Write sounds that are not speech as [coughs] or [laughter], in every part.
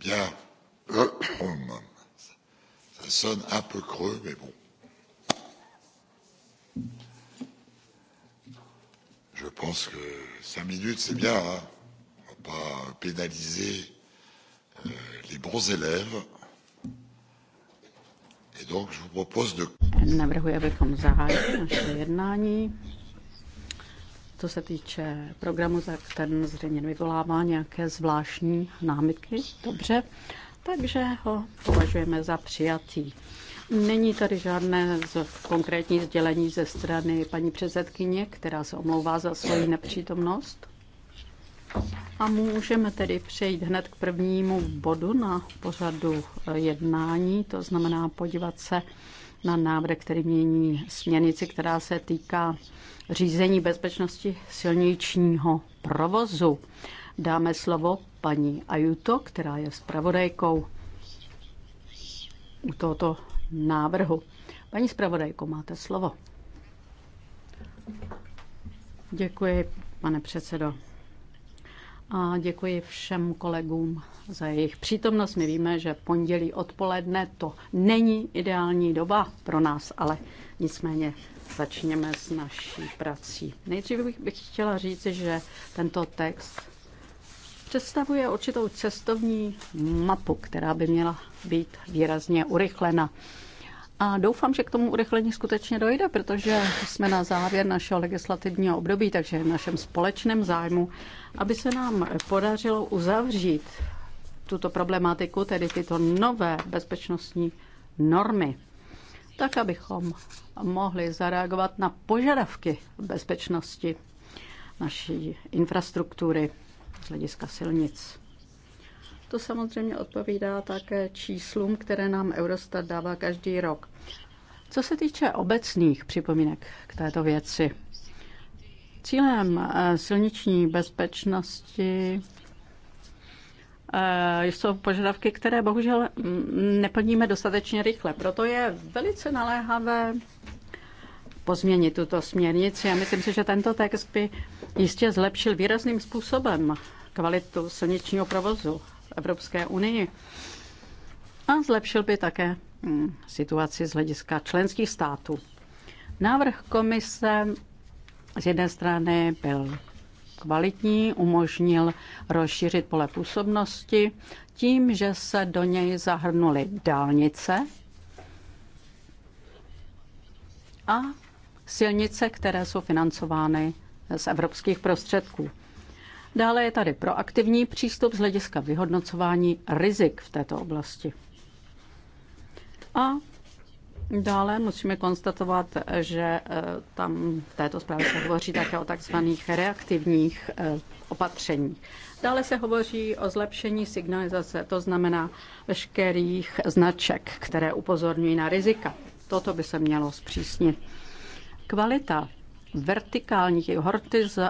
Bien. [coughs] Oh, Ça sonne un peu creux, mais bon. Je pense que cinq minutes, c'est bien. Hein On ne va pas pénaliser euh, les bons élèves. Et donc, je vous propose de... Navrhuji, abychom zahájili naše jednání. Co se týče programu, tak ten zřejmě nevyvolává nějaké zvláštní námitky. Dobře, takže ho považujeme za přijatý. Není tady žádné z konkrétní sdělení ze strany paní předsedkyně, která se omlouvá za svoji nepřítomnost. A můžeme tedy přejít hned k prvnímu bodu na pořadu jednání, to znamená podívat se na návrh, který mění směrnici, která se týká řízení bezpečnosti silničního provozu. Dáme slovo paní Ajuto, která je zpravodajkou u tohoto návrhu. Paní zpravodajko, máte slovo. Děkuji, pane předsedo a děkuji všem kolegům za jejich přítomnost. My víme, že pondělí odpoledne to není ideální doba pro nás, ale nicméně začněme s naší prací. Nejdříve bych, bych chtěla říci, že tento text představuje určitou cestovní mapu, která by měla být výrazně urychlena. A doufám, že k tomu urychlení skutečně dojde, protože jsme na závěr našeho legislativního období, takže v našem společném zájmu, aby se nám podařilo uzavřít tuto problematiku, tedy tyto nové bezpečnostní normy, tak abychom mohli zareagovat na požadavky bezpečnosti naší infrastruktury z hlediska silnic. To samozřejmě odpovídá také číslům, které nám Eurostat dává každý rok. Co se týče obecných připomínek k této věci, cílem eh, silniční bezpečnosti eh, jsou požadavky, které bohužel mm, neplníme dostatečně rychle. Proto je velice naléhavé pozměnit tuto směrnici Já myslím si, že tento text by jistě zlepšil výrazným způsobem kvalitu silničního provozu v Evropské unii. A zlepšil by také mm, situaci z hlediska členských států. Návrh komise z jedné strany byl kvalitní, umožnil rozšířit pole působnosti tím, že se do něj zahrnuly dálnice a silnice, které jsou financovány z evropských prostředků. Dále je tady proaktivní přístup z hlediska vyhodnocování rizik v této oblasti. A dále musíme konstatovat, že eh, tam v této zprávě se hovoří také o takzvaných reaktivních eh, opatřeních. Dále se hovoří o zlepšení signalizace, to znamená veškerých značek, které upozorňují na rizika. Toto by se mělo zpřísnit. Kvalita vertikálních i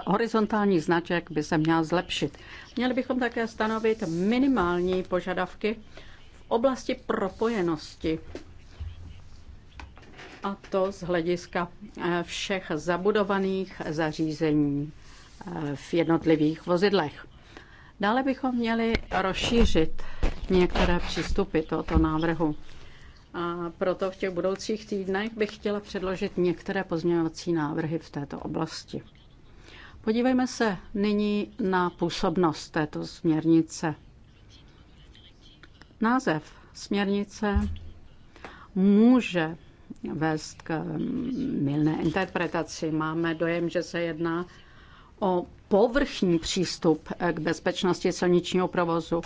horizontálních značek by se měla zlepšit. Měli bychom také stanovit minimální požadavky v oblasti propojenosti a to z hlediska eh, všech zabudovaných zařízení eh, v jednotlivých vozidlech. Dále bychom měli rozšířit některé přístupy tohoto návrhu. A proto v těch budoucích týdnech bych chtěla předložit některé pozměňovací návrhy v této oblasti. Podívejme se nyní na působnost této směrnice. Název směrnice může vést k milné mm, interpretaci. Máme dojem, že se jedná o povrchní přístup k bezpečnosti silničního provozu.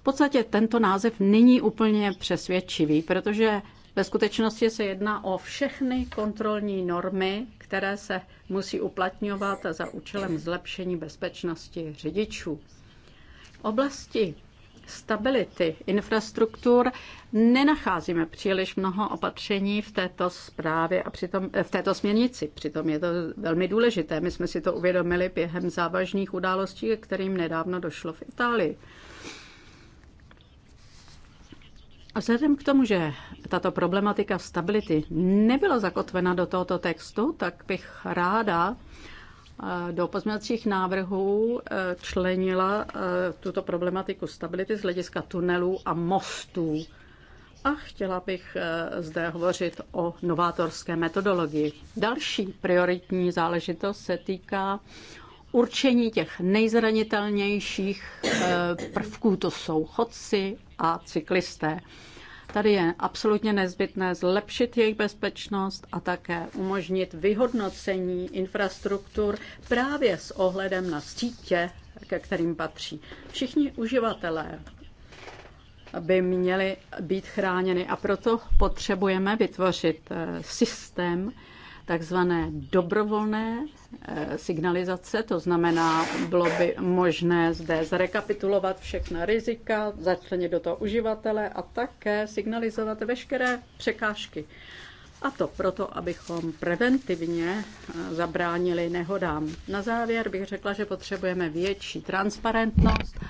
V podstatě tento název není úplně přesvědčivý, protože ve skutečnosti se jedná o všechny kontrolní normy, které se musí uplatňovat za účelem zlepšení bezpečnosti řidičů. V oblasti stability infrastruktur nenacházíme příliš mnoho opatření v této zprávě a přitom, v této směrnici. Přitom je to velmi důležité. My jsme si to uvědomili během závažných událostí, kterým nedávno došlo v Itálii. Vzhledem k tomu, že tato problematika stability nebyla zakotvena do tohoto textu, tak bych ráda eh, do pozměnacích návrhů eh, členila eh, tuto problematiku stability z hlediska tunelů a mostů. A chtěla bych zde hovořit o novátorské metodologii. Další prioritní záležitost se týká určení těch nejzranitelnějších eh, prvků, to jsou chodci a cyklisté. Tady je absolutně nezbytné zlepšit jejich bezpečnost a také umožnit vyhodnocení infrastruktur právě s ohledem na sítě, ke kterým patří. Všichni uživatelé by měli být chráněny a proto potřebujeme vytvořit eh, systém takzvané dobrovolné Eh, signalizace, to znamená, bylo by možné zde zrekapitulovat všechna rizika, začlenit do toho uživatele a také signalizovat veškeré překážky. A to proto, abychom preventivně eh, zabránili nehodám. Na závěr bych řekla, že potřebujeme větší transparentnost,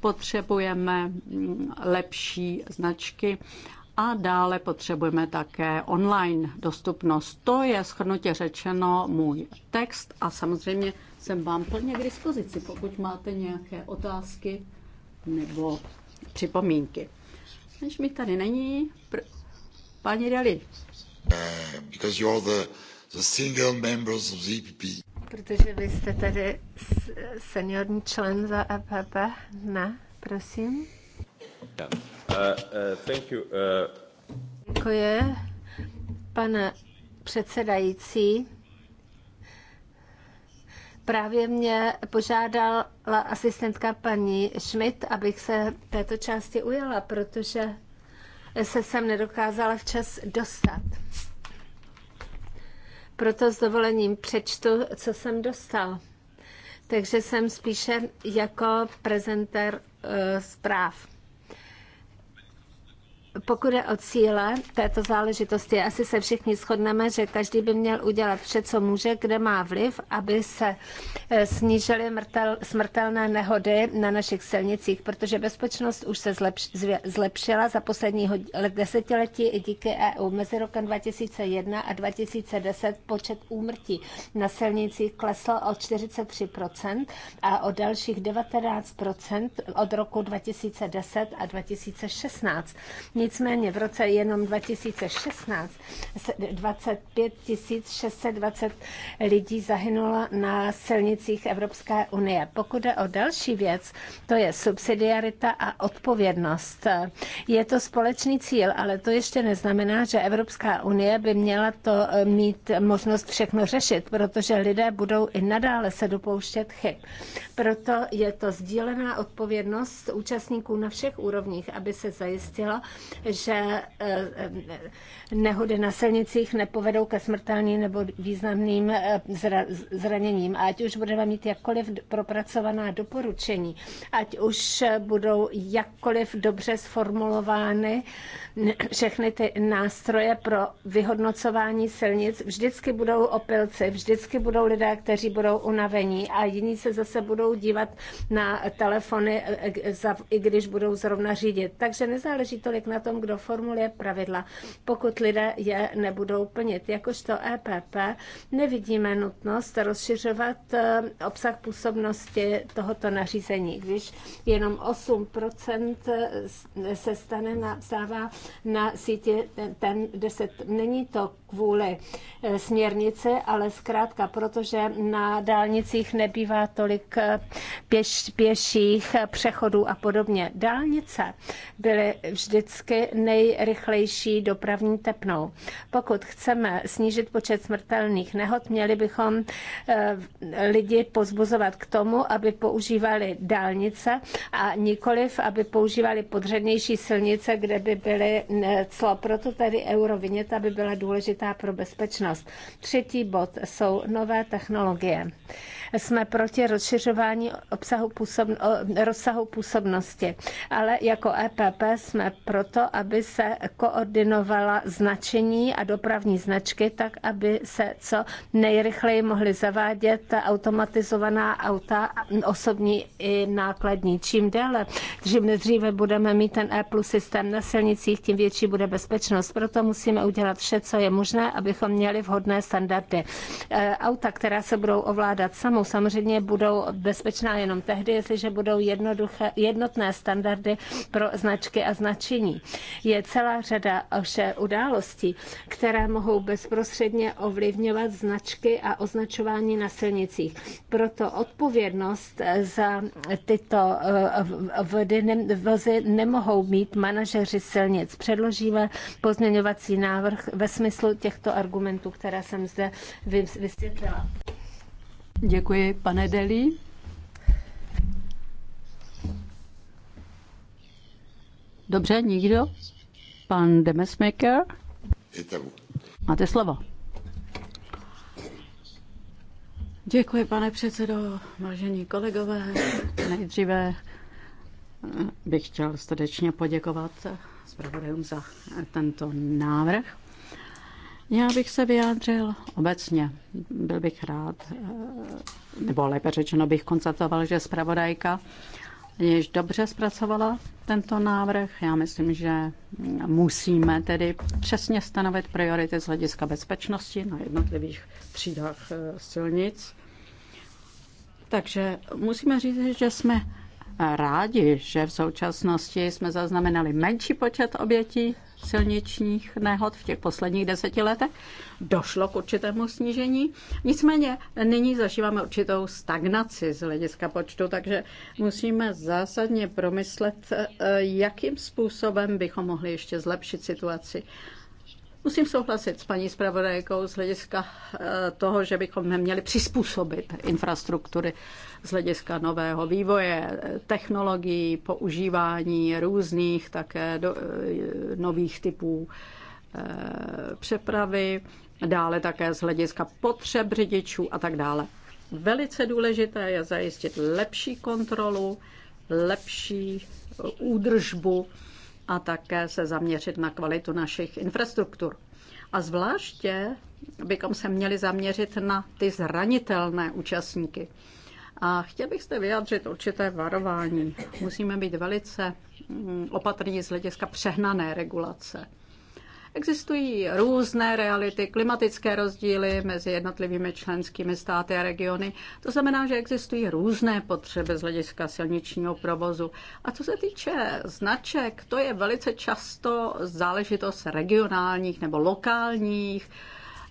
potřebujeme mm, lepší značky a dále potřebujeme také online dostupnost. To je schrnutě řečeno můj text a samozřejmě jsem vám plně k dispozici, pokud máte nějaké otázky nebo připomínky. Než mi tady není, pr- paní Dali. Uh, the, the e Protože vy jste tady seniorní člen za EPP, ne, prosím. Uh, uh, uh, Děkuji, pane předsedající. Právě mě požádala asistentka paní Schmidt, abych se této části ujala, protože se sem nedokázala včas dostat. Proto s dovolením přečtu, co jsem dostal. Takže jsem spíše jako prezentér eh, zpráv. Pokud je o cíle této záležitosti, asi se všichni shodneme, že každý by měl udělat vše, co může, kde má vliv, aby se eh, snížily mrtel, smrtelné nehody na našich silnicích, protože bezpečnost už se zlepš, zlepšila za poslední desetiletí i díky EU. Mezi rokem 2001 a 2010 počet úmrtí na silnicích klesl o 43% a o dalších 19% od roku 2010 a 2016. Nicméně v roce jenom 2016 25 620 lidí zahynulo na silnicích Evropské unie. Pokud jde o další věc, to je subsidiarita a odpovědnost. Je to společný cíl, ale to ještě neznamená, že Evropská unie by měla to eh, mít možnost všechno řešit, protože lidé budou i nadále se dopouštět chyb. Proto je to sdílená odpovědnost účastníků na všech úrovních, aby se zajistilo, že eh, eh, nehody na silnicích nepovedou ke smrtelným nebo významným eh, zraněním. Ať už budeme mít jakkoliv propracovaná doporučení, ať už budou jakkoliv dobře sformulovány všechny ty nástroje pro vyhodnocování silnic, vždycky budou opilci, vždycky budou lidé, kteří budou unavení a jiní se zase budou dívat na telefony, i když budou zrovna řídit. Takže nezáleží tolik na tom, kdo formuluje pravidla, pokud lidé je nebudou plnit. Jakožto EPP nevidíme nutnost rozšiřovat eh, obsah působnosti tohoto nařízení, když jenom 8% eh, se stane na, stává na sítě ten 10. Není to kvůli eh, směrnice, ale zkrátka, protože na dálnicích nebývá tolik pěš, pěších přechodů a podobně. Dálnice byly vždycky vždycky nejrychlejší dopravní tepnou. Pokud chceme snížit počet smrtelných nehod, měli bychom eh, lidi pozbuzovat k tomu, aby používali dálnice a nikoliv, aby používali podřednější silnice, kde by byly eh, clo. Proto tady euroviněta by byla důležitá pro bezpečnost. Třetí bod jsou nové technologie jsme proti rozšiřování obsahu působn- rozsahu působnosti, ale jako EPP jsme proto, aby se koordinovala značení a dopravní značky tak, aby se co nejrychleji mohly zavádět automatizovaná auta osobní i nákladní. Čím déle, čím dříve budeme mít ten E plus systém na silnicích, tím větší bude bezpečnost. Proto musíme udělat vše, co je možné, abychom měli vhodné standardy. E, auta, která se budou ovládat samou jednou samozřejmě budou bezpečná jenom tehdy, jestliže budou jednoduché, jednotné standardy pro značky a značení. Je celá řada vše událostí, které mohou bezprostředně ovlivňovat značky a označování na silnicích. Proto odpovědnost za tyto eh, vody vozy nemohou mít manažeři silnic. Předložíme pozměňovací návrh ve smyslu těchto argumentů, které jsem zde vysvětlila. Děkuji, pane Deli. Dobře, nikdo? Pan Demesmaker? Máte slovo. Děkuji, pane předsedo, vážení kolegové. Nejdříve eh, bych chtěl srdečně poděkovat zpravodajům za tento návrh. Já bych se vyjádřil obecně. Byl bych rád, eh, nebo lépe řečeno bych konstatoval, že zpravodajka již dobře zpracovala tento návrh. Já myslím, že musíme tedy přesně stanovit priority z hlediska bezpečnosti na jednotlivých třídách eh, silnic. Takže musíme říct, že jsme rádi, že v současnosti jsme zaznamenali menší počet obětí silničních nehod v těch posledních deseti letech. Došlo k určitému snížení. Nicméně nyní zažíváme určitou stagnaci z hlediska počtu, takže musíme zásadně promyslet, eh, jakým způsobem bychom mohli ještě zlepšit situaci. Musím souhlasit s paní zpravodajkou z hlediska eh, toho, že bychom měli přizpůsobit infrastruktury z hlediska nového vývoje, technologií, používání různých také do, eh, nových typů eh, přepravy, dále také z hlediska potřeb řidičů a tak dále. Velice důležité je zajistit lepší kontrolu, lepší údržbu a také se zaměřit na kvalitu našich infrastruktur. A zvláště bychom se měli zaměřit na ty zranitelné účastníky. A chtěl bych zde vyjádřit určité varování. Musíme být velice mm, opatrní z hlediska přehnané regulace. Existují různé reality, klimatické rozdíly mezi jednotlivými členskými státy a regiony. To znamená, že existují různé potřeby z hlediska silničního provozu. A co se týče značek, to je velice často záležitost regionálních nebo lokálních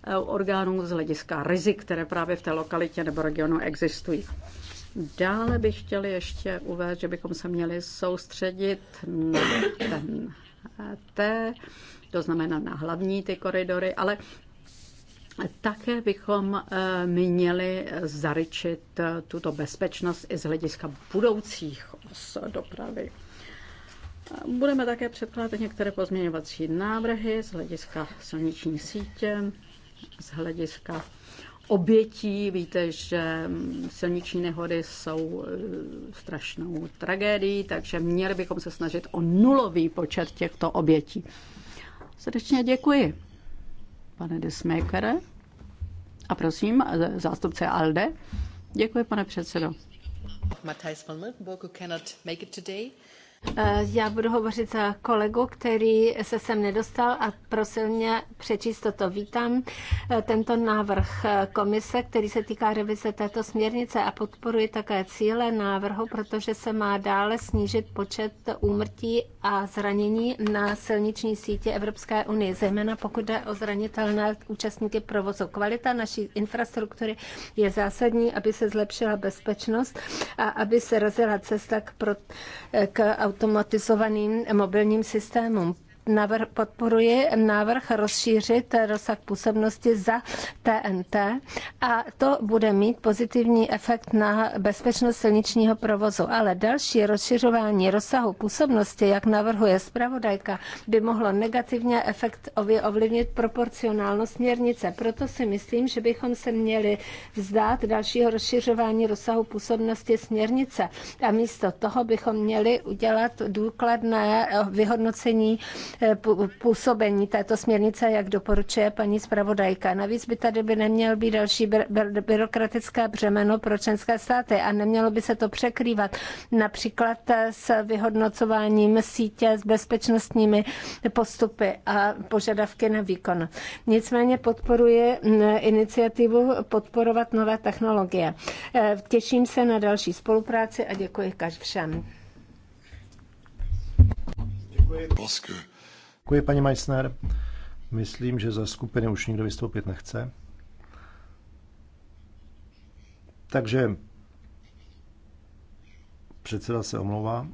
eh, orgánů z hlediska rizik, které právě v té lokalitě nebo regionu existují. Dále bych chtěli ještě uvést, že bychom se měli soustředit na ten eh, T, to znamená na hlavní ty koridory, ale také bychom eh, měli zaryčit eh, tuto bezpečnost i z hlediska budoucích os dopravy. Eh, budeme také předkládat některé pozměňovací návrhy z hlediska silniční sítě, z hlediska obětí. Víte, že mm, silniční nehody jsou strašnou tragédií, takže měli bychom se snažit o nulový počet těchto obětí. Srdečně děkuji, pane Dismakere. A prosím, zástupce ALDE. Děkuji, pane předsedo. Matthijs van Miltenburg, who cannot make it today. Eh, já budu hovořit za kolegu, který se sem nedostal a prosil mě přečíst toto. Vítám eh, tento návrh eh, komise, který se týká revize této směrnice a podporuji také cíle návrhu, protože se má dále snížit počet úmrtí a zranění na silniční sítě Evropské unie, zejména pokud jde o zranitelné účastníky provozu. Kvalita naší infrastruktury je zásadní, aby se zlepšila bezpečnost a aby se razila cesta k, pro, k automatizovaným mobilním systémům navrh, podporuji návrh rozšířit rozsah působnosti za TNT a to bude mít pozitivní efekt na bezpečnost silničního provozu. Ale další rozšiřování rozsahu působnosti, jak navrhuje zpravodajka, by mohlo negativně efekt ovlivnit proporcionálnost směrnice. Proto si myslím, že bychom se měli vzdát dalšího rozšiřování rozsahu působnosti směrnice a místo toho bychom měli udělat důkladné vyhodnocení Eh, působení této směrnice, jak doporučuje paní zpravodajka. Navíc by tady by neměl být další byrokratické břemeno pro členské státy a nemělo by se to překrývat například eh, s vyhodnocováním sítě, s bezpečnostními postupy a požadavky na výkon. Nicméně podporuje mm, iniciativu podporovat nové technologie. Eh, těším se na další spolupráci a děkuji každým všem. Děkuji. Děkuji, paní Meissner. Myslím, že za skupiny už nikdo vystoupit nechce. Takže předseda se omlouvá.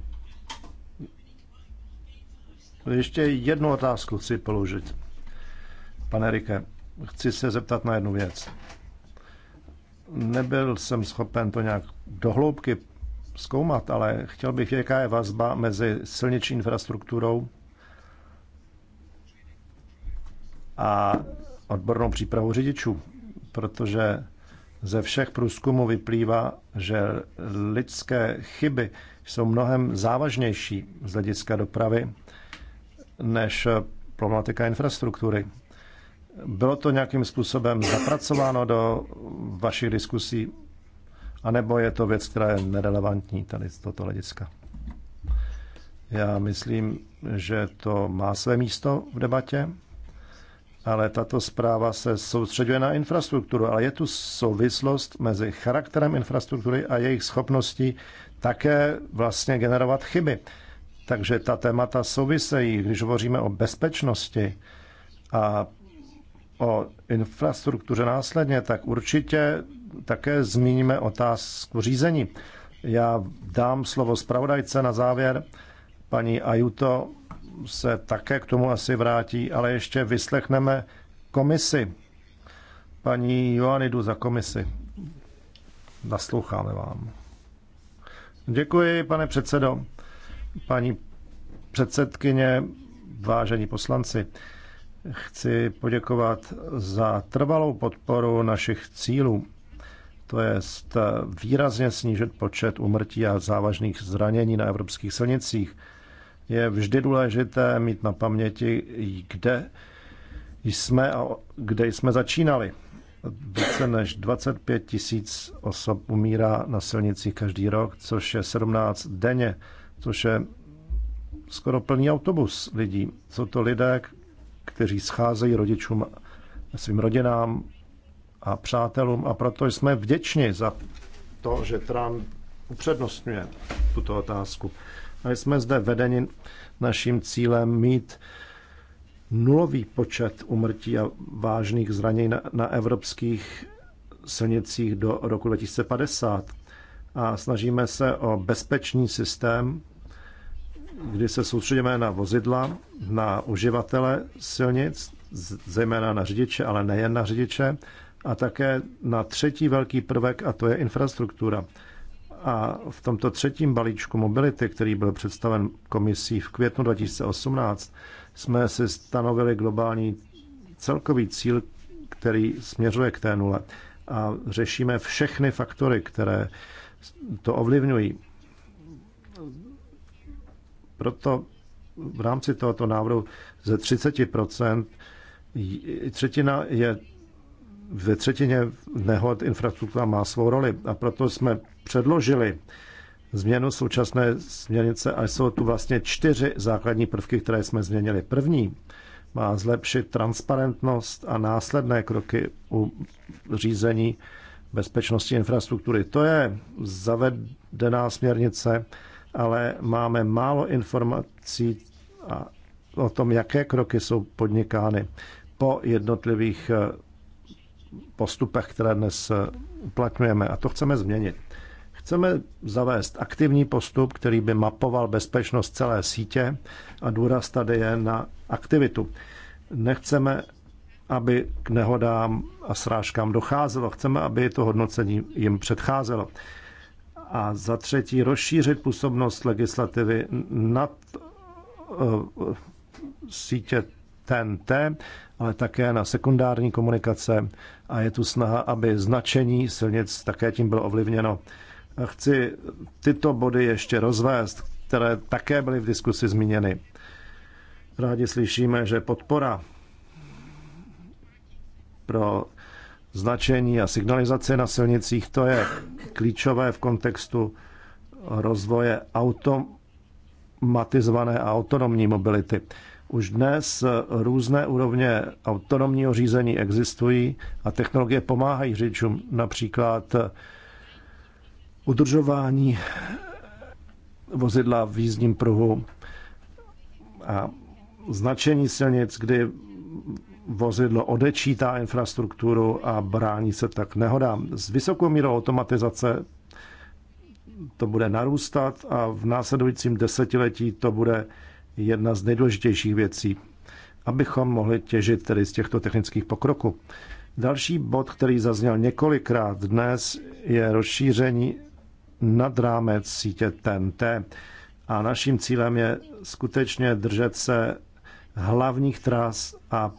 Ještě jednu otázku chci položit. Pane Rike, chci se zeptat na jednu věc. Nebyl jsem schopen to nějak dohloubky zkoumat, ale chtěl bych, jaká je vazba mezi silniční infrastrukturou a odbornou přípravu řidičů, protože ze všech průzkumů vyplývá, že lidské chyby jsou mnohem závažnější z hlediska dopravy než problematika infrastruktury. Bylo to nějakým způsobem zapracováno do vašich diskusí, anebo je to věc, která je nerelevantní tady z tohoto hlediska? Já myslím, že to má své místo v debatě ale tato zpráva se soustředuje na infrastrukturu, ale je tu souvislost mezi charakterem infrastruktury a jejich schopností také vlastně generovat chyby. Takže ta témata souvisejí, když hovoříme o bezpečnosti a o infrastruktuře následně, tak určitě také zmíníme otázku řízení. Já dám slovo zpravodajce na závěr. Paní Ajuto se také k tomu asi vrátí, ale ještě vyslechneme komisi. Paní Joanidu za komisi. Nasloucháme vám. Děkuji, pane předsedo. Paní předsedkyně, vážení poslanci, chci poděkovat za trvalou podporu našich cílů, to je eh, výrazně snížit počet umrtí a závažných zranění na evropských silnicích je vždy důležité mít na paměti, kde jsme a kde jsme začínali. Více než 25 tisíc osob umírá na silnicích každý rok, což je 17 denně, což je skoro plný autobus lidí. Jsou to lidé, kteří scházejí rodičům, svým rodinám a přátelům a proto jsme vděční za to, že Trump upřednostňuje tuto otázku. A jsme zde vedeni naším cílem mít nulový počet umrtí a vážných zranění na, na evropských silnicích do roku 2050. A snažíme se o bezpečný systém, kdy se soustředíme na vozidla, na uživatele silnic, zejména na řidiče, ale nejen na řidiče, a také na třetí velký prvek, a to je infrastruktura. A v tomto třetím balíčku mobility, který byl představen komisí v květnu 2018, jsme si stanovili globální celkový cíl, který směřuje k té nule. A řešíme všechny faktory, které to ovlivňují. Proto v rámci tohoto návrhu ze 30 třetina je ve třetině nehod infrastruktura má svou roli a proto jsme předložili změnu současné směrnice a jsou tu vlastně čtyři základní prvky, které jsme změnili. První má zlepšit transparentnost a následné kroky u řízení bezpečnosti infrastruktury. To je zavedená směrnice, ale máme málo informací o tom, jaké kroky jsou podnikány po jednotlivých postupech, které dnes eh, uplatňujeme. A to chceme změnit. Chceme zavést aktivní postup, který by mapoval bezpečnost celé sítě a důraz tady je na aktivitu. Nechceme, aby k nehodám a srážkám docházelo. Chceme, aby to hodnocení jim předcházelo. A za třetí rozšířit působnost legislativy nad uh, sítě TNT ale také na sekundární komunikace a je tu snaha, aby značení silnic také tím bylo ovlivněno. chci tyto body ještě rozvést, které také byly v diskusi zmíněny. Rádi slyšíme, že podpora pro značení a signalizaci na silnicích, to je klíčové v kontextu rozvoje automatizované a autonomní mobility. Už dnes různé úrovně autonomního řízení existují a technologie pomáhají řidičům, například udržování vozidla v jízdním pruhu a značení silnic, kdy vozidlo odečítá infrastrukturu a brání se tak nehodám. S vysokou mírou automatizace to bude narůstat a v následujícím desetiletí to bude jedna z nejdůležitějších věcí, abychom mohli těžit tedy z těchto technických pokroků. Další bod, který zazněl několikrát dnes, je rozšíření nad rámec sítě TNT. A naším cílem je skutečně držet se hlavních tras a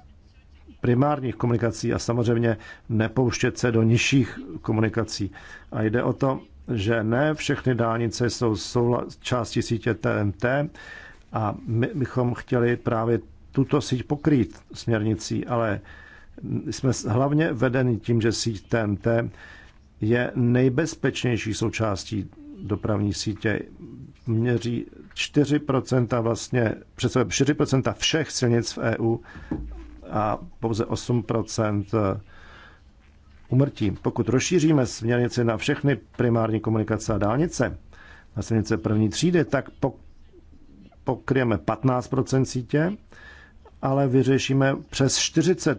primárních komunikací a samozřejmě nepouštět se do nižších komunikací. A jde o to, že ne všechny dálnice jsou součástí sítě TNT a my bychom chtěli právě tuto síť pokrýt směrnicí, ale jsme hlavně vedeni tím, že síť TNT je nejbezpečnější součástí dopravní sítě. Měří 4% vlastně, představuje 4% všech silnic v EU a pouze 8% umrtí. Eh, Pokud rozšíříme směrnici na všechny primární komunikace a dálnice, na silnice první třídy, tak po, pokryjeme 15 sítě, ale vyřešíme přes 40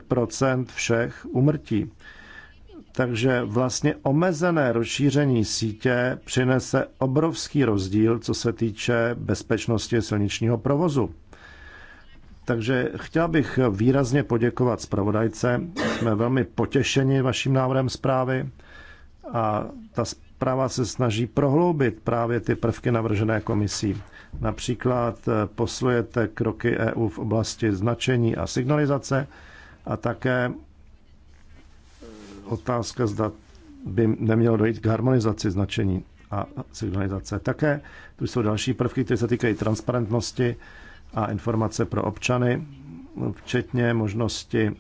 všech umrtí. Takže vlastně omezené rozšíření sítě přinese obrovský rozdíl, co se týče bezpečnosti silničního provozu. Takže chtěl bych výrazně poděkovat zpravodajce. Jsme velmi potěšeni vaším návrhem zprávy a ta zpráva se snaží prohloubit právě ty prvky navržené komisí. Například eh, posilujete kroky EU v oblasti značení a signalizace a také eh, otázka, zda by nemělo dojít k harmonizaci značení a signalizace. Také tu jsou další prvky, které se týkají transparentnosti a informace pro občany, včetně možnosti,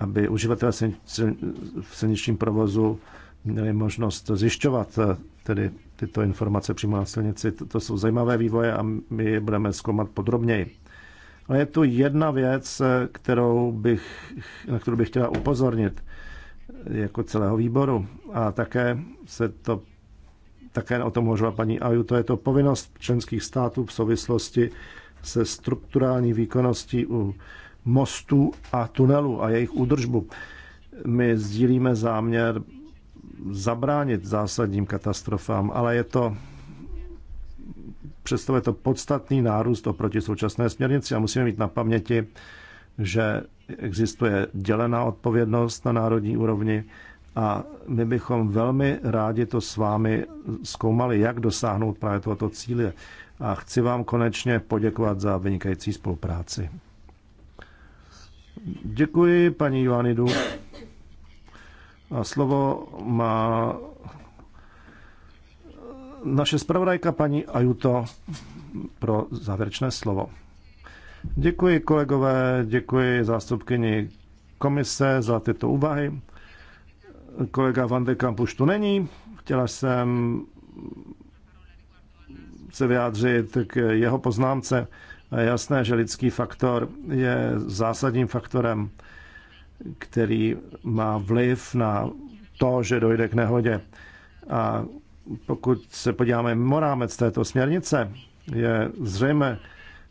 aby uživatelé v silničním provozu měli možnost zjišťovat eh, tedy tyto informace přímo na silnici. To jsou zajímavé vývoje a my je budeme zkoumat podrobněji. Ale je tu jedna věc, eh, kterou bych, na kterou bych chtěla upozornit eh, jako celého výboru. A také se to také o tom hovořila paní Aju, to je to povinnost členských států v souvislosti se strukturální výkonností u mostů a tunelů a jejich údržbu. My sdílíme záměr zabránit zásadním katastrofám, ale je to je to podstatný nárůst oproti současné směrnici a musíme mít na paměti, že existuje dělená odpovědnost na národní úrovni a my bychom velmi rádi to s vámi zkoumali, jak dosáhnout právě tohoto cíle. A chci vám konečně poděkovat za vynikající spolupráci. Děkuji, paní Joanidu. A slovo má naše spravodajka paní Ajuto pro závěrečné slovo. Děkuji kolegové, děkuji zástupkyni komise za tyto úvahy. Kolega Van de Kamp už tu není. Chtěla jsem se vyjádřit k jeho poznámce. jasné, že lidský faktor je zásadním faktorem který má vliv na to, že dojde k nehodě. A pokud se podíváme mimo rámec této směrnice, je zřejmé,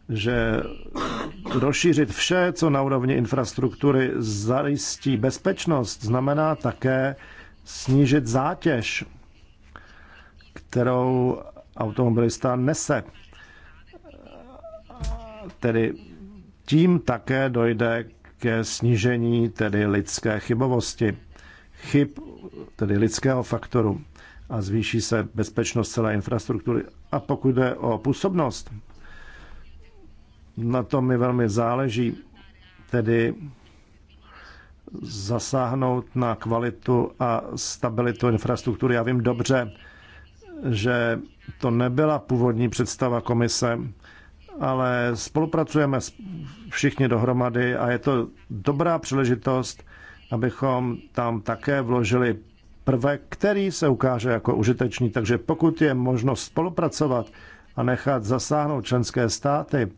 že rozšířit vše, co na úrovni infrastruktury zajistí bezpečnost, znamená také snížit zátěž, kterou automobilista nese. Tedy tím také dojde ke snížení tedy lidské chybovosti, chyb tedy lidského faktoru a zvýší se bezpečnost celé infrastruktury. A pokud jde o působnost, na to mi velmi záleží, tedy zasáhnout na kvalitu a stabilitu infrastruktury. Já vím dobře, že to nebyla původní představa komise, ale spolupracujeme všichni dohromady a je to dobrá příležitost, abychom tam také vložili prvek, který se ukáže jako užitečný. Takže pokud je možnost spolupracovat a nechat zasáhnout členské státy,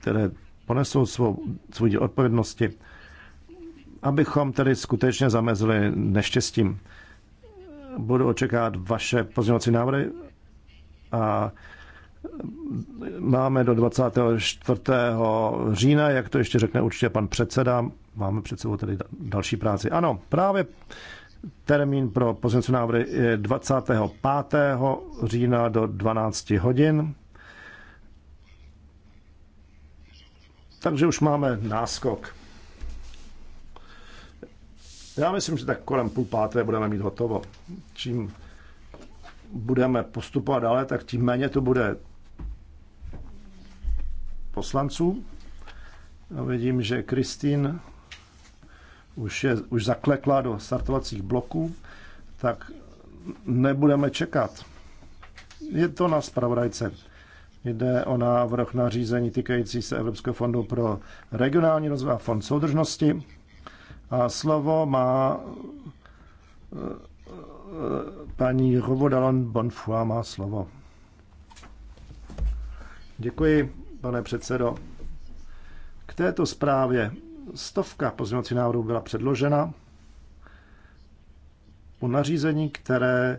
které ponesou svou, svůj díl odpovědnosti, abychom tedy skutečně zamezili neštěstím. Budu očekávat vaše pozměňovací návrhy a Máme do 24. října, jak to ještě řekne určitě pan předseda. Máme před sebou tedy další práci. Ano, právě termín pro pozměňovací návrhy je 25. října do 12 hodin. Takže už máme náskok. Já myslím, že tak kolem půl páté budeme mít hotovo. Čím budeme postupovat dále, tak tím méně to bude poslanců. A vidím, že Kristýn už, je, už zaklekla do startovacích bloků, tak nebudeme čekat. Je to na spravodajce. Jde o návrh na řízení týkající se Evropského fondu pro regionální rozvoj a fond soudržnosti. A slovo má eh, paní Robodalon Bonfua má slovo. Děkuji, pane předsedo. K této zprávě stovka pozměňovacích návrhů byla předložena u nařízení, které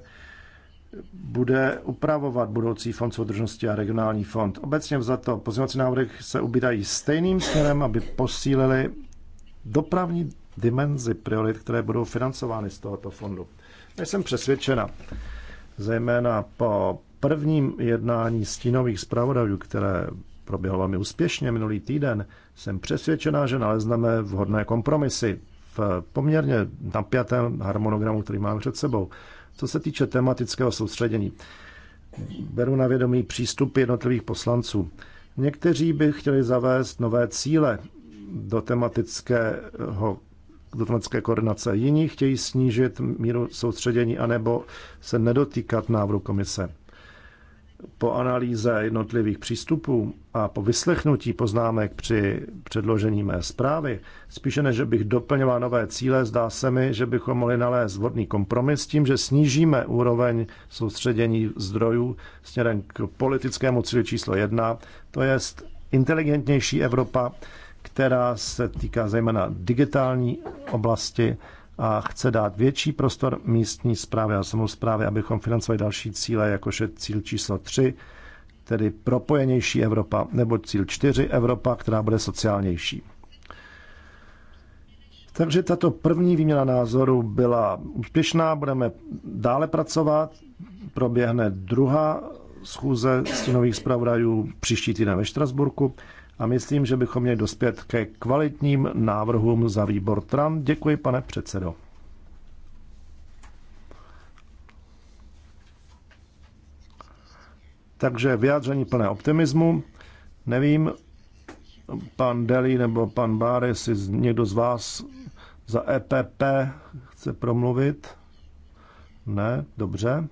bude upravovat budoucí fond soudržnosti a regionální fond. Obecně to pozměňovací návrhy se ubírají stejným směrem, aby posílili dopravní dimenzi priorit, které budou financovány z tohoto fondu. Já jsem přesvědčena, zejména po prvním jednání stínových zpravodajů, které proběhl velmi úspěšně minulý týden, jsem přesvědčená, že nalezneme vhodné kompromisy v poměrně napjatém harmonogramu, který máme před sebou. Co se týče tematického soustředění, beru na vědomí přístup jednotlivých poslanců. Někteří by chtěli zavést nové cíle do tematického do tematické koordinace. Jiní chtějí snížit míru soustředění anebo se nedotýkat návrhu komise po analýze jednotlivých přístupů a po vyslechnutí poznámek při předložení mé zprávy, spíše než bych doplňoval nové cíle, zdá se mi, že bychom mohli nalézt vhodný kompromis s tím, že snížíme úroveň soustředění zdrojů směrem k politickému cíli číslo jedna, to je inteligentnější Evropa, která se týká zejména digitální oblasti a chce dát větší prostor místní zprávy a samozprávy, abychom financovali další cíle, jakož je cíl číslo 3, tedy propojenější Evropa, nebo cíl 4 Evropa, která bude sociálnější. Takže tato první výměna názorů byla úspěšná, budeme dále pracovat, proběhne druhá schůze stínových zpravodajů příští týden ve Štrasburku a myslím, že bychom měli dospět ke kvalitním návrhům za výbor TRAN. Děkuji, pane předsedo. Takže vyjádření plné optimismu. Nevím, pan Deli nebo pan Bár, jestli někdo z vás za EPP chce promluvit. Ne, dobře.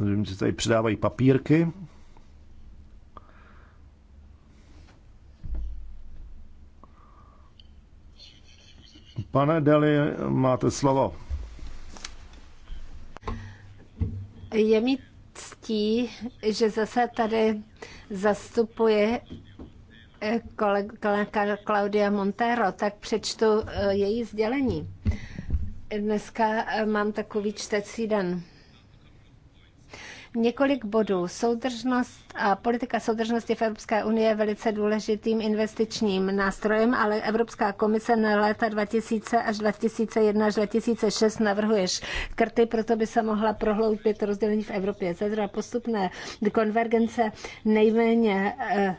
mi se tady předávají papírky. Pane Deli, máte slovo. Je mi ctí, že zase tady zastupuje eh, kolega Claudia Montero, tak přečtu eh, její sdělení. Dneska eh, mám takový čtecí den. Několik bodů. Soudržnost a politika soudržnosti v Evropské unii je velice důležitým investičním nástrojem, ale Evropská komise na léta 2000 až 2001 až 2006 navrhuje škrty, proto by se mohla prohloubit rozdělení v Evropě. Zedra postupné konvergence nejméně eh,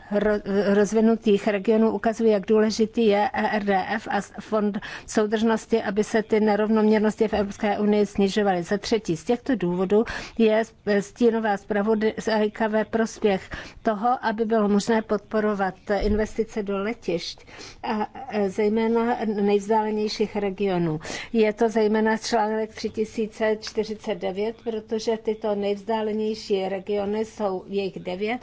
rozvinutých regionů ukazuje, jak důležitý je ERDF a fond soudržnosti, aby se ty nerovnoměrnosti v Evropské unii snižovaly. Za třetí, z těchto důvodů je stínová zpravodajka ve prospěch prospěch toho, aby bylo možné podporovat investice do letišť a e, zejména nejvzdálenějších regionů. Je to zejména článek 3049, protože tyto nejvzdálenější regiony jsou jejich devět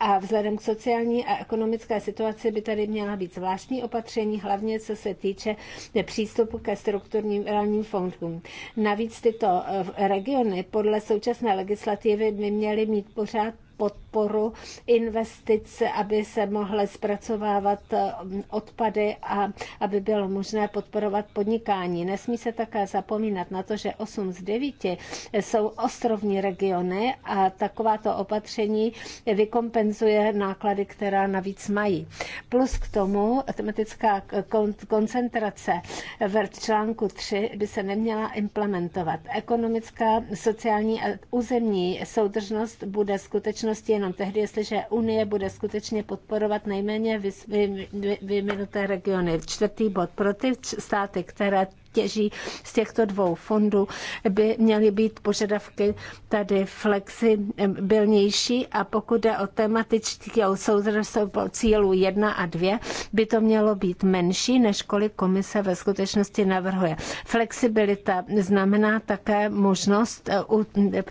a vzhledem k sociální a ekonomické situaci by tady měla být zvláštní opatření, hlavně co se týče přístupu ke strukturním realním fondům. Navíc tyto e, regiony podle současné legislativy by měly mít pořád podporu investice, aby se mohly zpracovávat um, odpady a aby bylo možné podporovat podnikání. Nesmí se také zapomínat na to, že 8 z 9 jsou ostrovní regiony a takováto opatření vykompenzuje náklady, která navíc mají. Plus k tomu tematická koncentrace v článku 3 by se neměla implementovat. Ekonomická, sociální a územní soudržnost bude skutečnost možnosti jenom tehdy, jestliže Unie bude skutečně podporovat nejméně vyvinuté regiony. Čtvrtý bod pro ty státy, které těží z těchto dvou fondů, by měly být požadavky tady flexibilnější a pokud jde o tematickou po cílů 1 a 2, by to mělo být menší, než kolik komise ve skutečnosti navrhuje. Flexibilita znamená také možnost eh,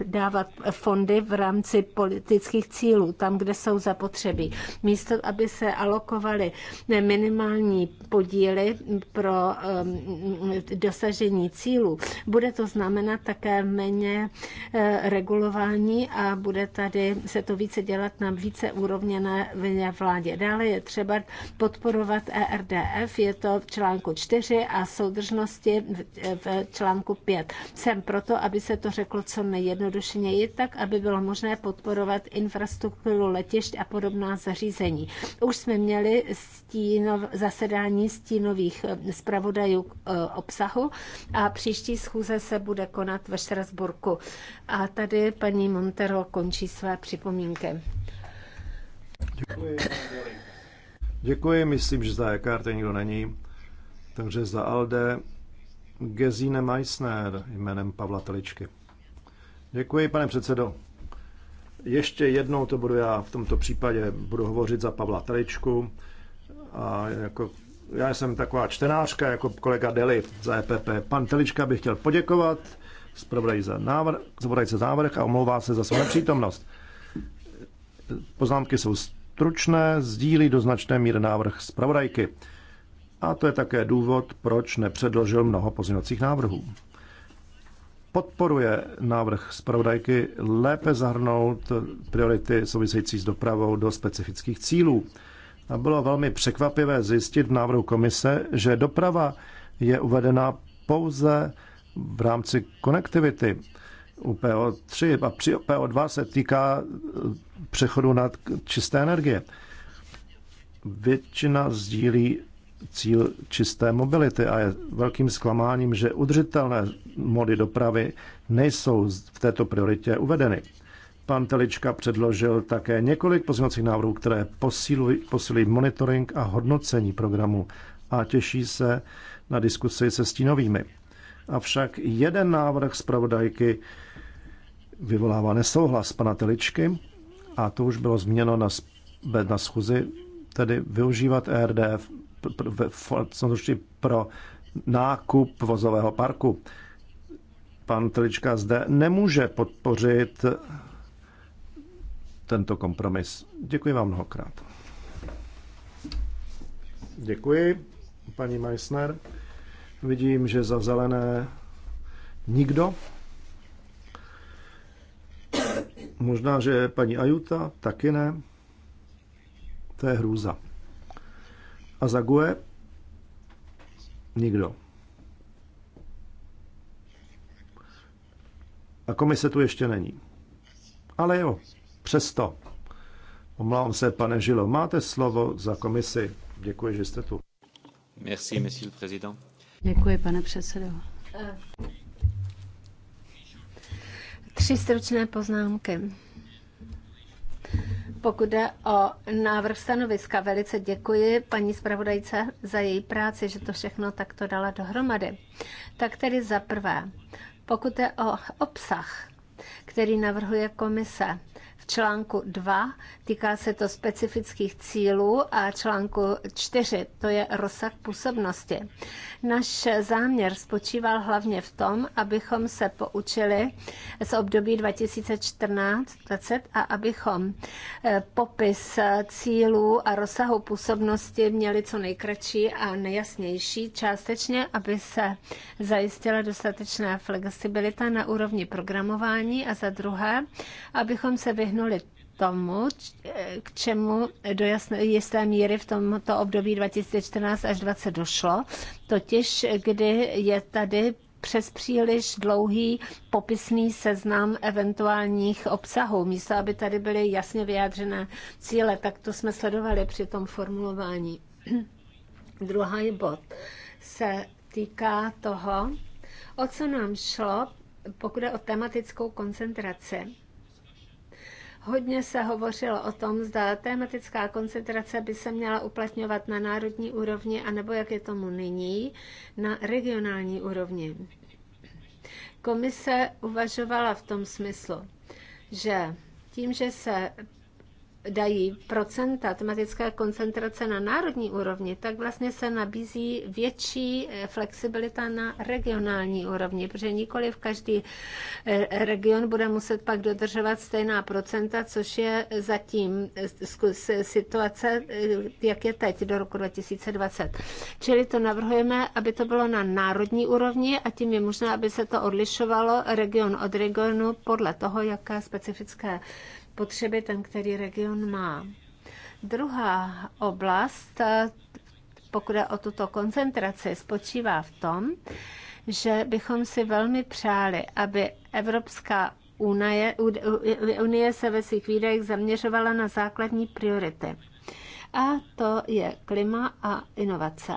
dávat fondy v rámci politických cílů, tam, kde jsou zapotřebí. Místo, aby se alokovaly minimální podíly pro ehm, dosažení cílů. Bude to znamenat také méně e, regulování a bude tady se to více dělat na více úrovněné vládě. Dále je třeba podporovat ERDF, je to v článku 4 a soudržnosti v e, článku 5. Jsem proto, aby se to řeklo co nejjednodušněji, tak aby bylo možné podporovat infrastrukturu letišť a podobná zařízení. Už jsme měli stínov, zasedání stínových e, zpravodajů obsahu obsahu a příští schůze se bude konat ve Štrasburku. A tady paní Montero končí své připomínky. Děkuji. Děkuji, myslím, že za Ekart nikdo není. Takže za Alde Gesine Meissner jménem Pavla Teličky. Děkuji, pane předsedo. Ještě jednou to budu já v tomto případě, budu hovořit za Pavla Teličku a jako já jsem taková čtenářka jako kolega Deli za EPP. Pan Telička bych chtěl poděkovat zpravodaj za návrh, za návrh a omlouvá se za svou nepřítomnost. Poznámky jsou stručné, sdílí do značné míry návrh zpravodajky. A to je také důvod, proč nepředložil mnoho pozměňovacích návrhů. Podporuje návrh zpravodajky lépe zahrnout priority související s dopravou do specifických cílů. A bylo velmi překvapivé zjistit v návrhu komise, že doprava je uvedena pouze v rámci konektivity. U PO3 a při PO2 se týká eh, přechodu na čisté energie. Většina sdílí cíl čisté mobility a je velkým zklamáním, že udržitelné mody dopravy nejsou v této prioritě uvedeny. Pan Telička předložil také několik pozměňovacích návrhů, které posílují, posílují monitoring a hodnocení programu a těší se na diskusi se stínovými. Avšak jeden návrh zpravodajky vyvolává nesouhlas pana Teličky a to už bylo změněno na, na schůzi, tedy využívat ERDF samozřejmě pro nákup vozového parku. Pan Telička zde nemůže podpořit tento kompromis. Děkuji vám mnohokrát. Děkuji, paní Meissner. Vidím, že za zelené nikdo. Možná, že paní Ajuta, taky ne. To je hrůza. A za GUE nikdo. A komise tu ještě není. Ale jo, Přesto, omlouvám se, pane Žilo, máte slovo za komisi. Děkuji, že jste tu. Merci, monsieur le président. Děkuji, pane předsedo. Tři stručné poznámky. Pokud jde o návrh stanoviska, velice děkuji paní zpravodajce za její práci, že to všechno takto dala dohromady. Tak tedy za prvé, pokud jde o obsah, který navrhuje komise, článku 2 Týká se to specifických cílů a článku 4, to je rozsah působnosti. Náš záměr spočíval hlavně v tom, abychom se poučili z období 2014-2020 a abychom eh, popis cílů a rozsahu působnosti měli co nejkratší a nejasnější, částečně, aby se zajistila dostatečná flexibilita na úrovni programování a za druhé, abychom se vyhnuli tomu, k čemu do jasné, jisté míry v tomto období 2014 až 2020 došlo, totiž kdy je tady přes příliš dlouhý popisný seznam eventuálních obsahů. Místo, aby tady byly jasně vyjádřené cíle, tak to jsme sledovali při tom formulování. [clears throat] Druhý bod se týká toho, o co nám šlo, pokud je o tematickou koncentraci Hodně se hovořilo o tom, zda tématická koncentrace by se měla uplatňovat na národní úrovni, anebo jak je tomu nyní, na regionální úrovni. Komise uvažovala v tom smyslu, že tím, že se dají procenta tematické koncentrace na národní úrovni, tak vlastně se nabízí větší eh, flexibilita na regionální úrovni, protože nikoli v každý eh, region bude muset pak dodržovat stejná procenta, což je zatím eh, situace, jak je teď do roku 2020. Čili to navrhujeme, aby to bylo na národní úrovni a tím je možné, aby se to odlišovalo region od regionu podle toho, jaké specifické potřeby ten, který region má. Druhá oblast, pokud je o tuto koncentraci, spočívá v tom, že bychom si velmi přáli, aby Evropská unie, unie se ve svých výdajích zaměřovala na základní priority. A to je klima a inovace.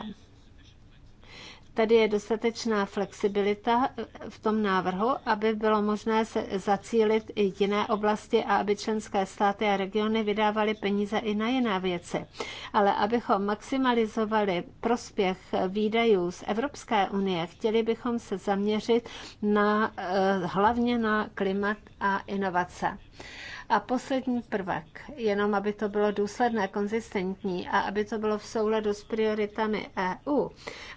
Tady je dostatečná flexibilita eh, v tom návrhu, aby bylo možné se zacílit i jiné oblasti a aby členské státy a regiony vydávaly peníze i na jiné věci. Ale abychom maximalizovali prospěch výdajů z Evropské unie, chtěli bychom se zaměřit na, eh, hlavně na klimat a inovace. A poslední prvek, jenom aby to bylo důsledné, konzistentní a aby to bylo v souladu s prioritami EU.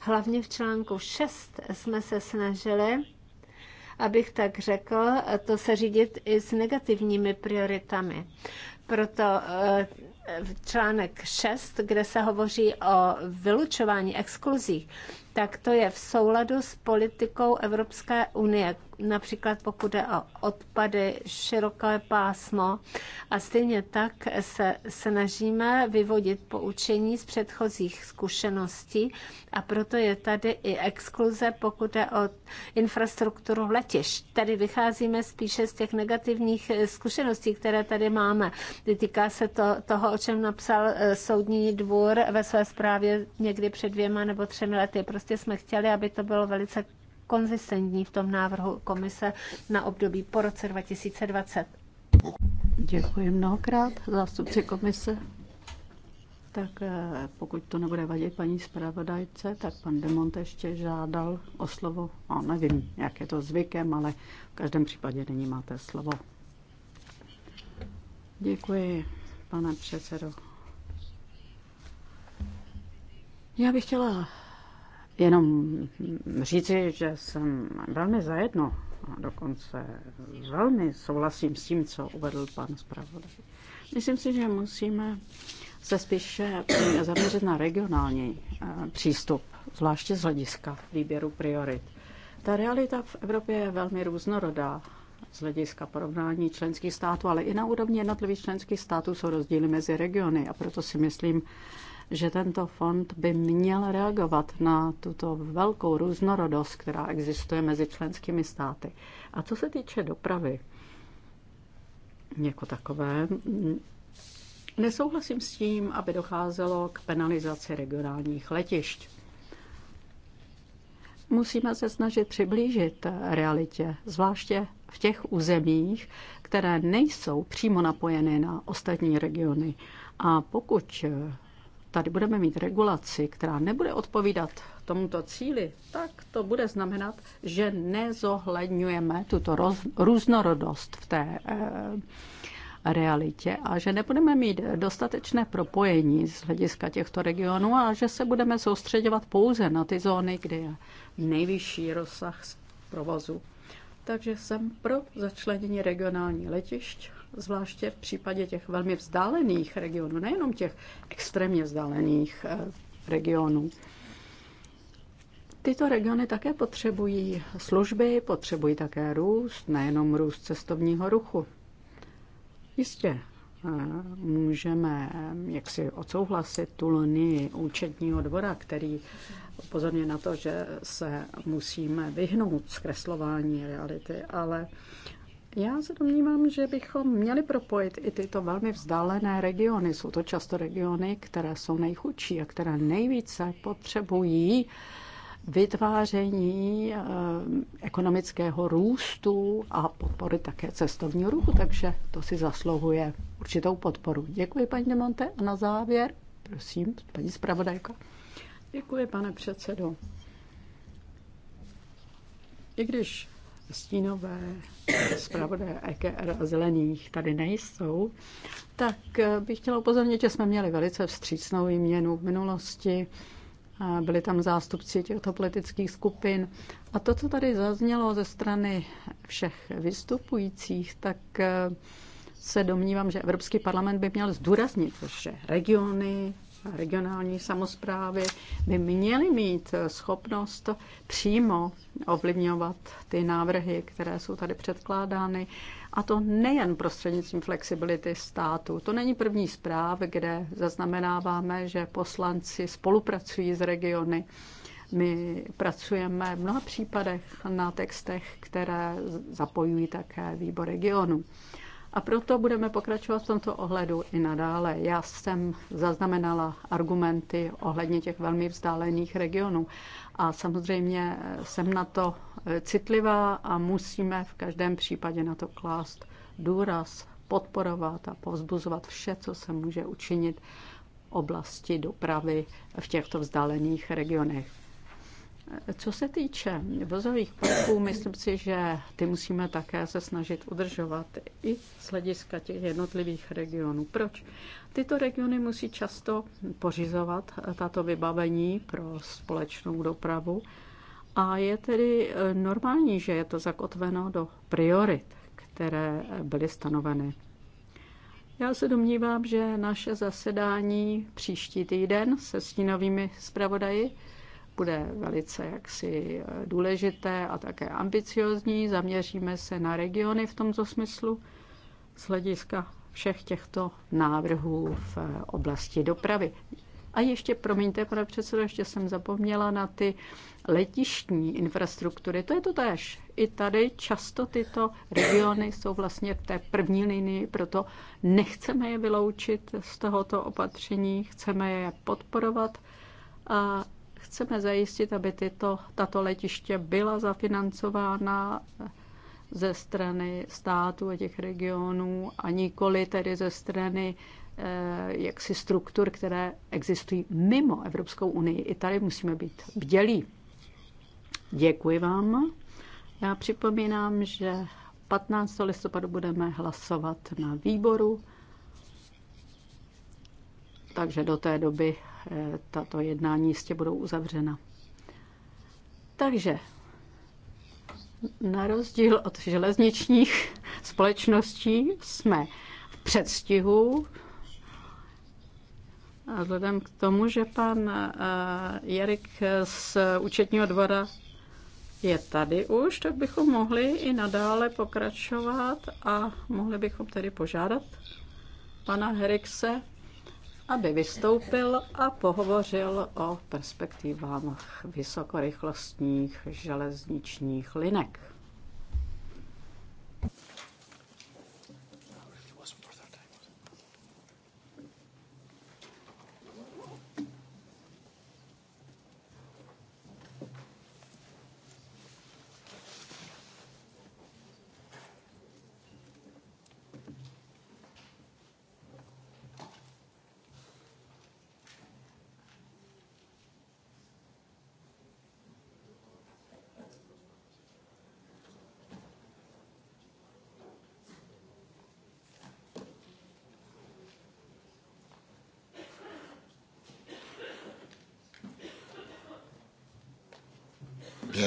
Hlavně v článku 6 jsme se snažili abych tak řekl, to se řídit i s negativními prioritami. Proto eh, článek 6, kde se hovoří o vylučování exkluzích, tak to je v souladu s politikou Evropské unie, například pokud jde o odpady, široké pásmo a stejně tak se snažíme vyvodit poučení z předchozích zkušeností a proto je tady i exkluze, pokud jde o infrastrukturu letišť. Tady vycházíme spíše z těch negativních eh, zkušeností, které tady máme. Týká se to toho, o čem napsal eh, soudní dvůr ve své zprávě někdy před dvěma nebo třemi lety. Prostě jsme chtěli, aby to bylo velice konzistentní v tom návrhu komise na období po roce 2020. Děkuji mnohokrát, zástupci komise. Tak eh, pokud to nebude vadit paní zpravodajce, tak pan Demont ještě žádal o slovo. A no, nevím, jak je to zvykem, ale v každém případě nyní máte slovo. Děkuji, pane předsedo. Já bych chtěla jenom říci, že jsem velmi zajedno a dokonce velmi souhlasím s tím, co uvedl pan zpravodaj. Myslím si, že musíme se spíše zaměřit na regionální eh, přístup, zvláště z hlediska výběru priorit. Ta realita v Evropě je velmi různorodá z hlediska porovnání členských států, ale i na úrovni jednotlivých členských států jsou rozdíly mezi regiony a proto si myslím, že tento fond by měl reagovat na tuto velkou různorodost, která existuje mezi členskými státy. A co se týče dopravy jako takové, nesouhlasím s tím, aby docházelo k penalizaci regionálních letišť. Musíme se snažit přiblížit realitě, zvláště v těch územích, které nejsou přímo napojeny na ostatní regiony. A pokud tady budeme mít regulaci, která nebude odpovídat tomuto cíli, tak to bude znamenat, že nezohledňujeme tuto roz, různorodost v té eh, realitě a že nebudeme mít dostatečné propojení z hlediska těchto regionů a že se budeme soustředovat pouze na ty zóny, kde je nejvyšší rozsah provozu. Takže jsem pro začlenění regionální letišť zvláště v případě těch velmi vzdálených regionů, nejenom těch extrémně vzdálených eh, regionů. Tyto regiony také potřebují služby, potřebují také růst, nejenom růst cestovního ruchu. Jistě eh, můžeme eh, jaksi odsouhlasit tu linii účetního dvora, který upozorně na to, že se musíme vyhnout zkreslování reality, ale já se domnívám, že bychom měli propojit i tyto velmi vzdálené regiony. Jsou to často regiony, které jsou nejchudší a které nejvíce potřebují vytváření eh, ekonomického růstu a podpory také cestovního ruchu, takže to si zasluhuje určitou podporu. Děkuji, paní Demonte. A na závěr, prosím, paní zpravodajka. Děkuji, pane předsedo. I když stínové zpravodaje EKR a zelených tady nejsou, tak eh, bych chtěla upozornit, že jsme měli velice vstřícnou výměnu v minulosti. Byli tam zástupci těchto politických skupin. A to, co tady zaznělo ze strany všech vystupujících, tak eh, se domnívám, že Evropský parlament by měl zdůraznit, že regiony, regionální samozprávy by měly mít schopnost přímo ovlivňovat ty návrhy, které jsou tady předkládány. A to nejen prostřednictvím flexibility státu. To není první zpráv, kde zaznamenáváme, že poslanci spolupracují s regiony. My pracujeme v mnoha případech na textech, které zapojují také výbor regionu. A proto budeme pokračovat v tomto ohledu i nadále. Já jsem zaznamenala argumenty ohledně těch velmi vzdálených regionů a samozřejmě jsem na to eh, citlivá a musíme v každém případě na to klást důraz, podporovat a povzbuzovat vše, co se může učinit oblasti dopravy v těchto vzdálených regionech. Co se týče vozových parků, myslím si, že ty musíme také se snažit udržovat i z hlediska těch jednotlivých regionů. Proč? Tyto regiony musí často pořizovat tato vybavení pro společnou dopravu a je tedy e, normální, že je to zakotveno do priorit, které byly stanoveny. Já se domnívám, že naše zasedání příští týden se stínovými zpravodaji bude velice jaksi eh, důležité a také ambiciozní. Zaměříme se na regiony v tomto smyslu z hlediska všech těchto návrhů v eh, oblasti dopravy. A ještě, promiňte, pane předsedo, ještě jsem zapomněla na ty letištní infrastruktury. To je to tež. I tady často tyto regiony jsou vlastně v té první linii, proto nechceme je vyloučit z tohoto opatření, chceme je podporovat a chceme zajistit, aby tyto, tato letiště byla zafinancována ze strany státu a těch regionů a nikoli tedy ze strany eh, jaksi struktur, které existují mimo Evropskou unii. I tady musíme být bdělí. Děkuji vám. Já připomínám, že 15. listopadu budeme hlasovat na výboru, takže do té doby tato jednání jistě budou uzavřena. Takže na rozdíl od železničních společností jsme v předstihu. A vzhledem k tomu, že pan eh, Jarek z účetního dvora je tady už, tak bychom mohli i nadále pokračovat a mohli bychom tedy požádat pana Herikse, aby vystoupil a pohovořil o perspektivách vysokorychlostních železničních linek.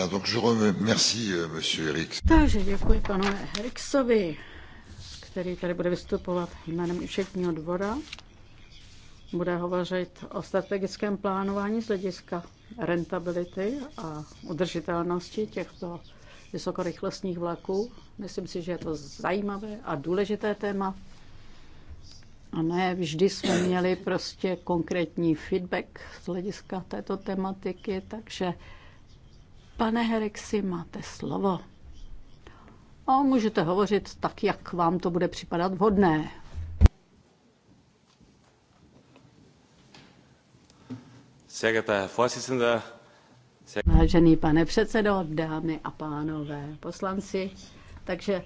Voilà, donc je remercie euh, monsieur Eric. Takže děkuji panu Eriksovi, který tady bude vystupovat jménem účetního dvora. Bude hovořit o strategickém plánování z hlediska rentability a udržitelnosti těchto vysokorychlostních vlaků. Myslím si, že je to zajímavé a důležité téma. A ne vždy jsme měli prostě konkrétní feedback z hlediska této tematiky, takže Pane Herexi, máte slovo. A můžete hovořit tak, jak vám to bude připadat vhodné. Vážený pane předsedo, dámy a pánové poslanci, takže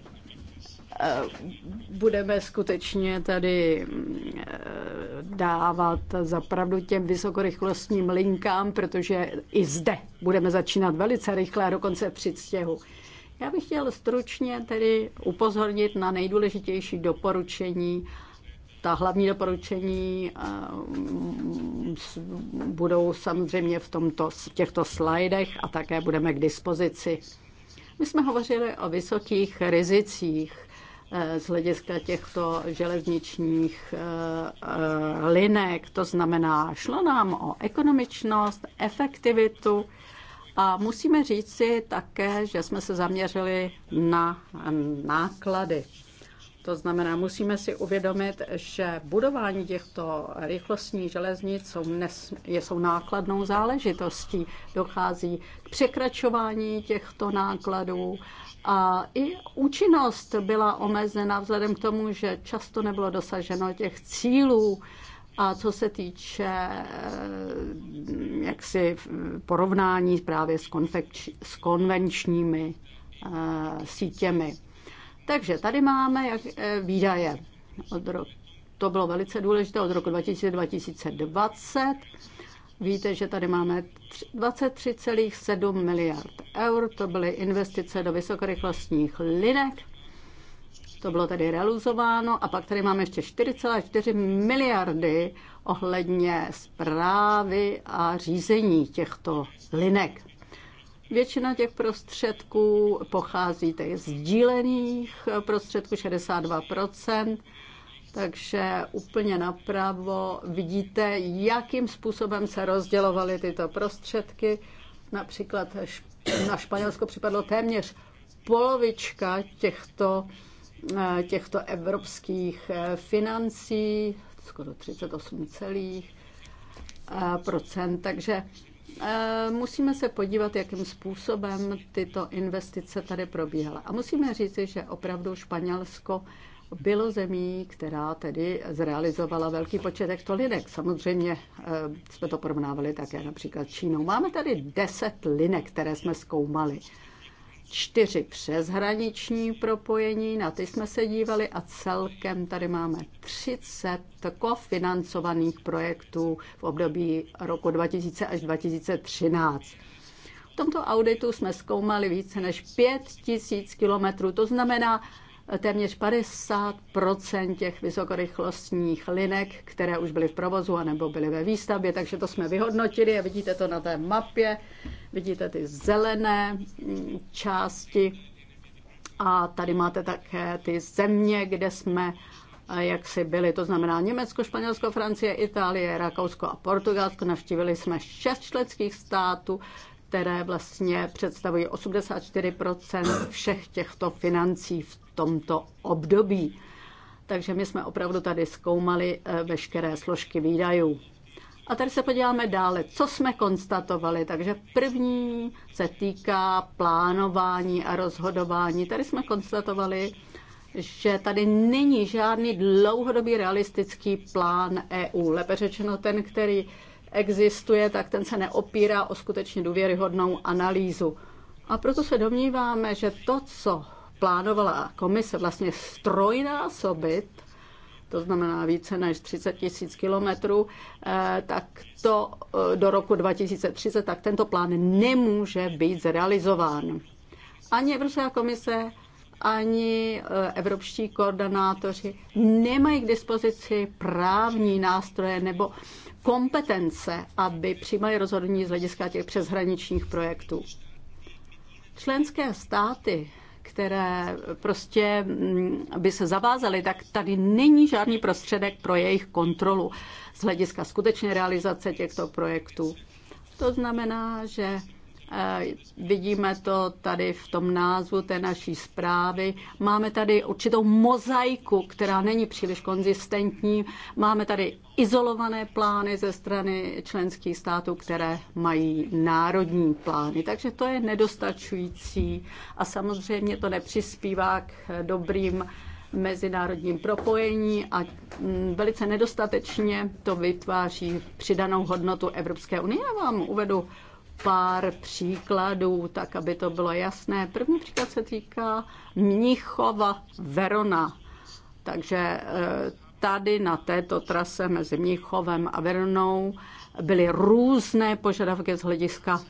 Eh, budeme skutečně tady eh, dávat zapravdu těm vysokorychlostním linkám, protože i zde budeme začínat velice rychle a dokonce při stěhu. Já bych chtěl stručně tedy upozornit na nejdůležitější doporučení. Ta hlavní doporučení eh, budou samozřejmě v, tomto, v těchto slajdech a také budeme k dispozici. My jsme hovořili o vysokých rizicích Eh, z hlediska těchto železničních eh, eh, linek. To znamená, šlo nám o ekonomičnost, efektivitu a musíme říci také, že jsme se zaměřili na náklady. To znamená, musíme si uvědomit, že budování těchto rychlostních železnic jsou, nes, jsou nákladnou záležitostí. Dochází k překračování těchto nákladů a i účinnost byla omezena vzhledem k tomu, že často nebylo dosaženo těch cílů. A co se týče eh, jaksi porovnání právě s, konfekč, s konvenčními eh, sítěmi. Takže tady máme jak, eh, výdaje. Od ro- to bylo velice důležité od roku 2020 Víte, že tady máme 23,7 miliard eur, to byly investice do vysokorychlostních linek, to bylo tedy realizováno a pak tady máme ještě 4,4 miliardy ohledně zprávy a řízení těchto linek. Většina těch prostředků pochází z sdílených prostředků 62 takže úplně napravo vidíte, jakým způsobem se rozdělovaly tyto prostředky. Například na Španělsko připadlo téměř polovička těchto, eh, těchto evropských eh, financí, skoro 38 celých eh, procent. Takže musíme se podívat, jakým způsobem tyto investice tady probíhaly. A musíme říci, že opravdu Španělsko bylo zemí, která tedy zrealizovala velký počet hektolinek. Samozřejmě eh, jsme to porovnávali také například Čínou. Máme tady deset linek, které jsme zkoumali. Čtyři přeshraniční propojení, na ty jsme se dívali a celkem tady máme 30 kofinancovaných projektů v období roku 2000 až 2013. V tomto auditu jsme zkoumali více než 5 tisíc kilometrů, to znamená téměř 50 těch vysokorychlostních linek, které už byly v provozu anebo byly ve výstavbě, takže to jsme vyhodnotili a vidíte to na té mapě, vidíte ty zelené mm, části a tady máte také ty země, kde jsme eh, jak si byli, to znamená Německo, Španělsko, Francie, Itálie, Rakousko a Portugalsko. Navštívili jsme šest členských států, které vlastně představují 84 všech těchto financí v tomto období. Takže my jsme opravdu tady zkoumali eh, veškeré složky výdajů. A tady se podíváme dále, co jsme konstatovali. Takže první se týká plánování a rozhodování. Tady jsme konstatovali, že tady není žádný dlouhodobý realistický plán EU. Lépe řečeno ten, který existuje, tak ten se neopírá o skutečně důvěryhodnou analýzu. A proto se domníváme, že to, co plánovala komise vlastně strojnásobit, to znamená více než 30 tisíc kilometrů, eh, tak to eh, do roku 2030, tak tento plán nemůže být zrealizován. Ani Evropská komise, ani eh, evropští koordinátoři nemají k dispozici právní nástroje nebo kompetence, aby přijímali rozhodnutí z hlediska těch přeshraničních projektů. Členské státy, které prostě mm, by se zavázaly, tak tady není žádný prostředek pro jejich kontrolu z hlediska skutečné realizace těchto projektů. To znamená, že Eh, vidíme to tady v tom názvu té naší zprávy. Máme tady určitou mozaiku, která není příliš konzistentní. Máme tady izolované plány ze strany členských států, které mají národní plány. Takže to je nedostačující a samozřejmě to nepřispívá k dobrým mezinárodním propojení a mm, velice nedostatečně to vytváří přidanou hodnotu Evropské unie. Já vám uvedu pár příkladů, tak aby to bylo jasné. První příklad se týká Mnichova Verona. Takže e, tady na této trase mezi Mnichovem a Veronou byly různé požadavky z hlediska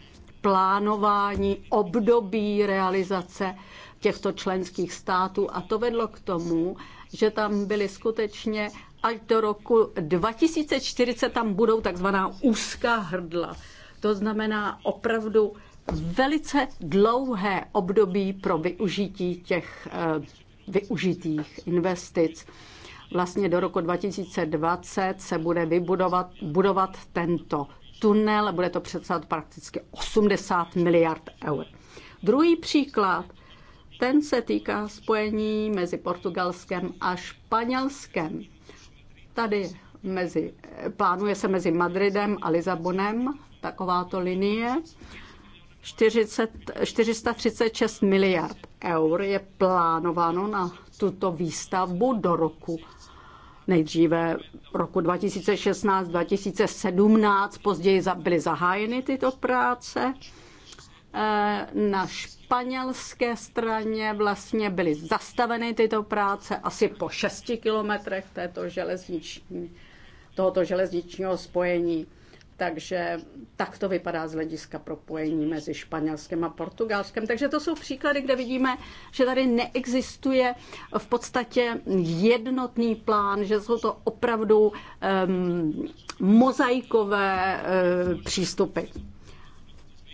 plánování, období realizace těchto členských států a to vedlo k tomu, že tam byly skutečně až do roku 2040 tam budou takzvaná úzká hrdla. To znamená opravdu velice dlouhé období pro využití těch eh, využitých investic. Vlastně do roku 2020 se bude vybudovat budovat tento tunel, bude to představovat prakticky 80 miliard eur. Druhý příklad, ten se týká spojení mezi Portugalskem a Španělskem. Tady mezi, plánuje se mezi Madridem a Lisabonem takováto linie. 40, 436 miliard eur je plánováno na tuto výstavbu do roku nejdříve roku 2016, 2017, později byly zahájeny tyto práce. Eh, na španělské straně vlastně byly zastaveny tyto práce asi po šesti kilometrech této železniční, tohoto železničního spojení. Takže tak to vypadá z hlediska propojení mezi Španělskem a Portugalskem. Takže to jsou příklady, kde vidíme, že tady neexistuje v podstatě jednotný plán, že jsou to opravdu um, mozaikové uh, přístupy.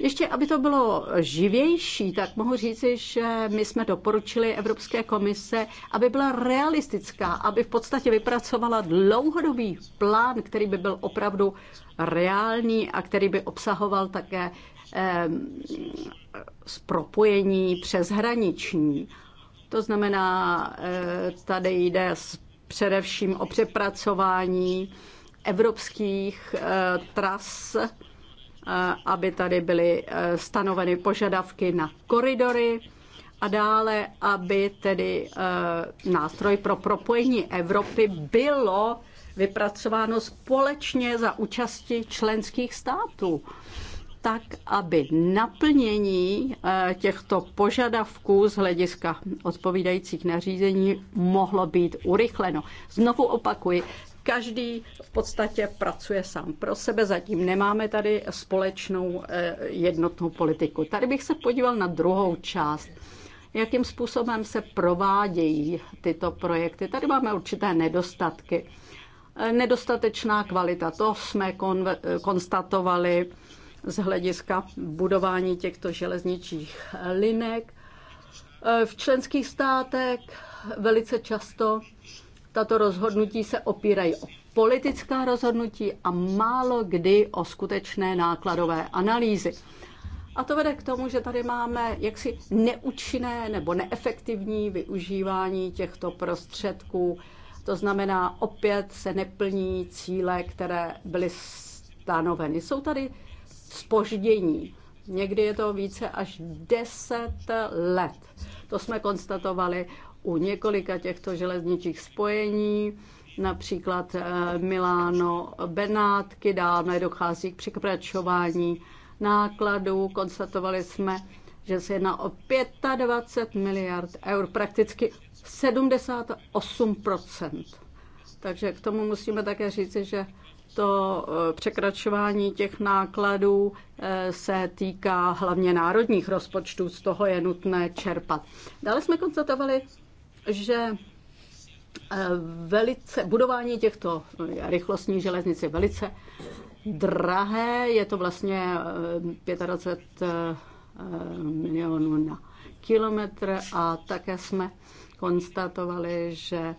Ještě, aby to bylo živější, tak mohu říci, že my jsme doporučili Evropské komise, aby byla realistická, aby v podstatě vypracovala dlouhodobý plán, který by byl opravdu reálný a který by obsahoval také eh, propojení přeshraniční. To znamená, eh, tady jde především o přepracování evropských eh, tras, eh, aby tady byly eh, stanoveny požadavky na koridory a dále, aby tedy eh, nástroj pro propojení Evropy bylo vypracováno společně za účasti členských států tak, aby naplnění eh, těchto požadavků z hlediska odpovídajících nařízení mohlo být urychleno. Znovu opakuji, Každý v podstatě pracuje sám pro sebe, zatím nemáme tady společnou eh, jednotnou politiku. Tady bych se podíval na druhou část jakým způsobem se provádějí tyto projekty. Tady máme určité nedostatky. Eh, nedostatečná kvalita, to jsme kon- eh, konstatovali z hlediska budování těchto železničních linek. V členských státech velice často tato rozhodnutí se opírají o politická rozhodnutí a málo kdy o skutečné nákladové analýzy. A to vede k tomu, že tady máme jaksi neúčinné nebo neefektivní využívání těchto prostředků. To znamená, opět se neplní cíle, které byly stanoveny. Jsou tady spoždění. Někdy je to více až 10 let. To jsme konstatovali u několika těchto železničních spojení, například eh, Miláno Benátky, dále dochází k překračování nákladů. Konstatovali jsme, že se jedná o 25 miliard eur, prakticky 78 Takže k tomu musíme také říci, že to eh, překračování těch nákladů eh, se týká hlavně národních rozpočtů, z toho je nutné čerpat. Dále jsme konstatovali, že eh, velice, budování těchto eh, rychlostních železnic je velice drahé, je to vlastně 25 eh, milionů na kilometr a také jsme konstatovali, že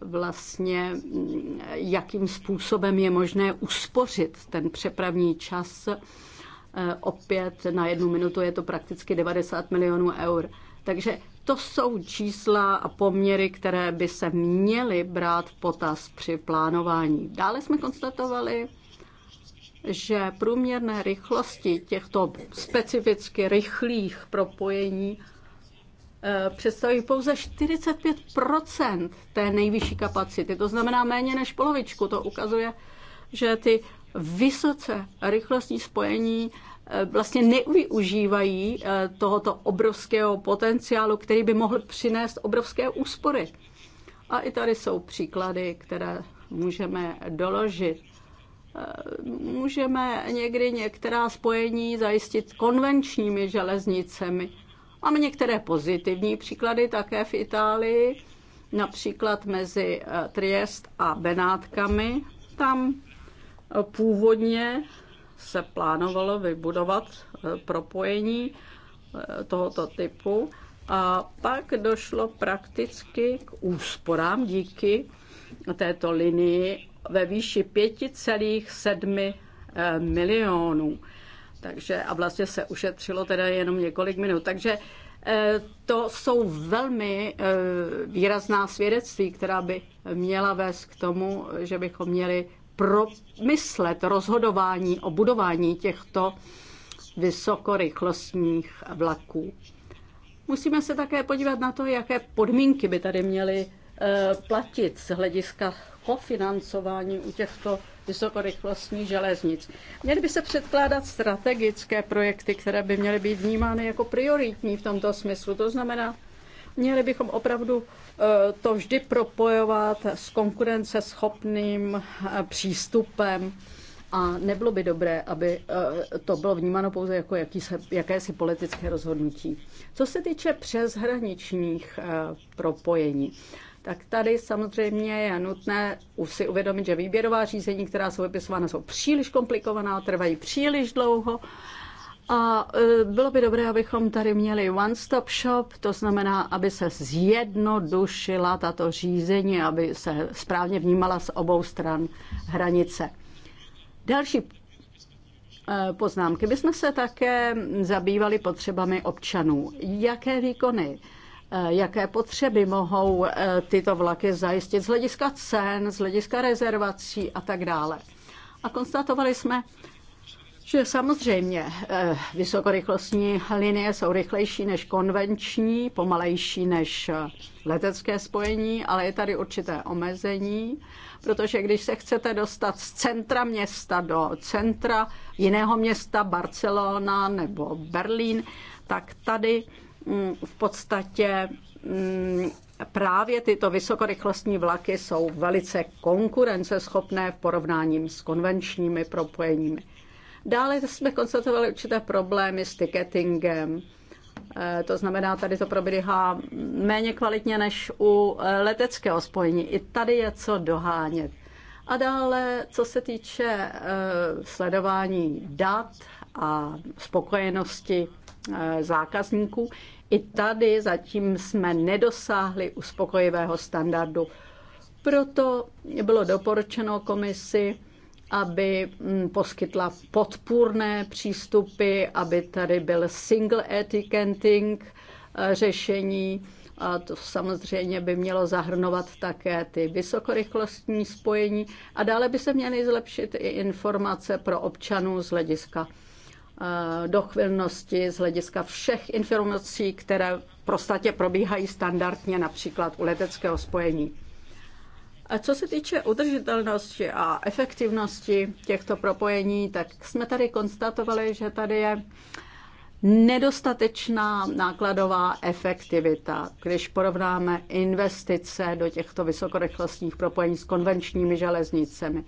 vlastně mm, jakým způsobem je možné uspořit ten přepravní čas. Opět na jednu minutu je to prakticky 90 milionů eur. Takže to jsou čísla a poměry, které by se měly brát v potaz při plánování. Dále jsme konstatovali, že průměrné rychlosti těchto specificky rychlých propojení eh, představují pouze 45 té nejvyšší kapacity. To znamená méně než polovičku. To ukazuje, že ty vysoce rychlostní spojení Eh, vlastně nevyužívají eh, tohoto obrovského potenciálu, který by mohl přinést obrovské úspory. A i tady jsou příklady, které můžeme doložit. Eh, můžeme někdy některá spojení zajistit konvenčními železnicemi. Máme některé pozitivní příklady také v Itálii, například mezi Triest a Benátkami. Tam původně se plánovalo vybudovat eh, propojení eh, tohoto typu a pak došlo prakticky k úsporám díky této linii ve výši 5,7 eh, milionů. Takže a vlastně se ušetřilo teda jenom několik minut. Takže to jsou velmi výrazná svědectví, která by měla vést k tomu, že bychom měli promyslet rozhodování o budování těchto vysokorychlostních vlaků. Musíme se také podívat na to, jaké podmínky by tady měly eh, platit z hlediska kofinancování u těchto vysokorychlostních železnic. Měly by se předkládat strategické projekty, které by měly být vnímány jako prioritní v tomto smyslu. To znamená, měli bychom opravdu Eh, to vždy propojovat s konkurenceschopným eh, přístupem a nebylo by dobré, aby eh, to bylo vnímáno pouze jako jakýse, jakési politické rozhodnutí. Co se týče přeshraničních propojení, tak tady samozřejmě je nutné už si uvědomit, že výběrová řízení, která jsou vypisována, jsou příliš komplikovaná, trvají příliš dlouho a e, bylo by dobré, abychom tady měli one-stop shop, to znamená, aby se zjednodušila tato řízení, aby se správně vnímala z obou stran hranice. Další e, poznámky. My jsme se také zabývali potřebami občanů. Jaké výkony, e, jaké potřeby mohou tyto vlaky zajistit z hlediska cen, z hlediska rezervací a tak dále. A konstatovali jsme, že samozřejmě eh, vysokorychlostní linie jsou rychlejší než konvenční, pomalejší než eh, letecké spojení, ale je tady určité omezení, protože když se chcete dostat z centra města do centra jiného města, Barcelona nebo Berlín, tak tady mm, v podstatě mm, právě tyto vysokorychlostní vlaky jsou velice konkurenceschopné v porovnání s konvenčními propojeními. Dále jsme konstatovali určité problémy s ticketingem. E, to znamená, tady to probíhá méně kvalitně než u e, leteckého spojení. I tady je co dohánět. A dále, co se týče e, sledování dat a spokojenosti zákazníků, i tady zatím jsme nedosáhli uspokojivého standardu. Proto bylo doporučeno komisi aby mm, poskytla podpůrné přístupy, aby tady byl single etiketing eh, řešení. A to samozřejmě by mělo zahrnovat také ty vysokorychlostní spojení. A dále by se měly zlepšit i informace pro občanů z hlediska eh, dochvilnosti, z hlediska všech informací, které v prostatě probíhají standardně, například u leteckého spojení. A co se týče udržitelnosti a efektivnosti těchto propojení, tak jsme tady konstatovali, že tady je nedostatečná nákladová efektivita, když porovnáme investice do těchto vysokorychlostních propojení s konvenčními železnicemi.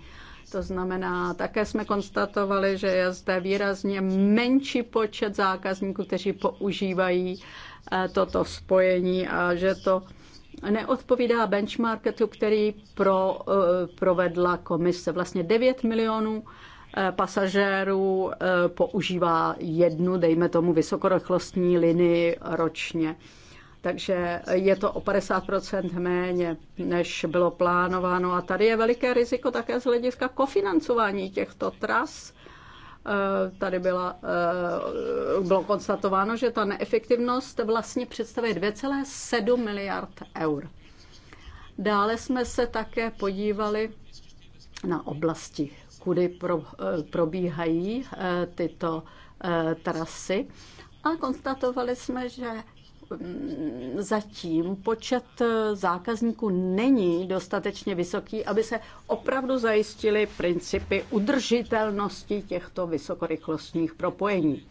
To znamená, také jsme konstatovali, že je zde výrazně menší počet zákazníků, kteří používají eh, toto spojení a že to neodpovídá benchmarketu, který pro, eh, provedla komise. Vlastně 9 milionů eh, pasažérů eh, používá jednu, dejme tomu, vysokorychlostní linii ročně. Takže je to o 50 méně, než bylo plánováno. A tady je veliké riziko také z hlediska kofinancování těchto tras Eh, tady byla, eh, bylo konstatováno, že ta neefektivnost vlastně představuje 2,7 miliard eur. Dále jsme se také podívali na oblasti, kudy pro, eh, probíhají tyto trasy a konstatovali jsme, že zatím počet zákazníků není dostatečně vysoký, aby se opravdu zajistily principy udržitelnosti těchto vysokorychlostních propojení.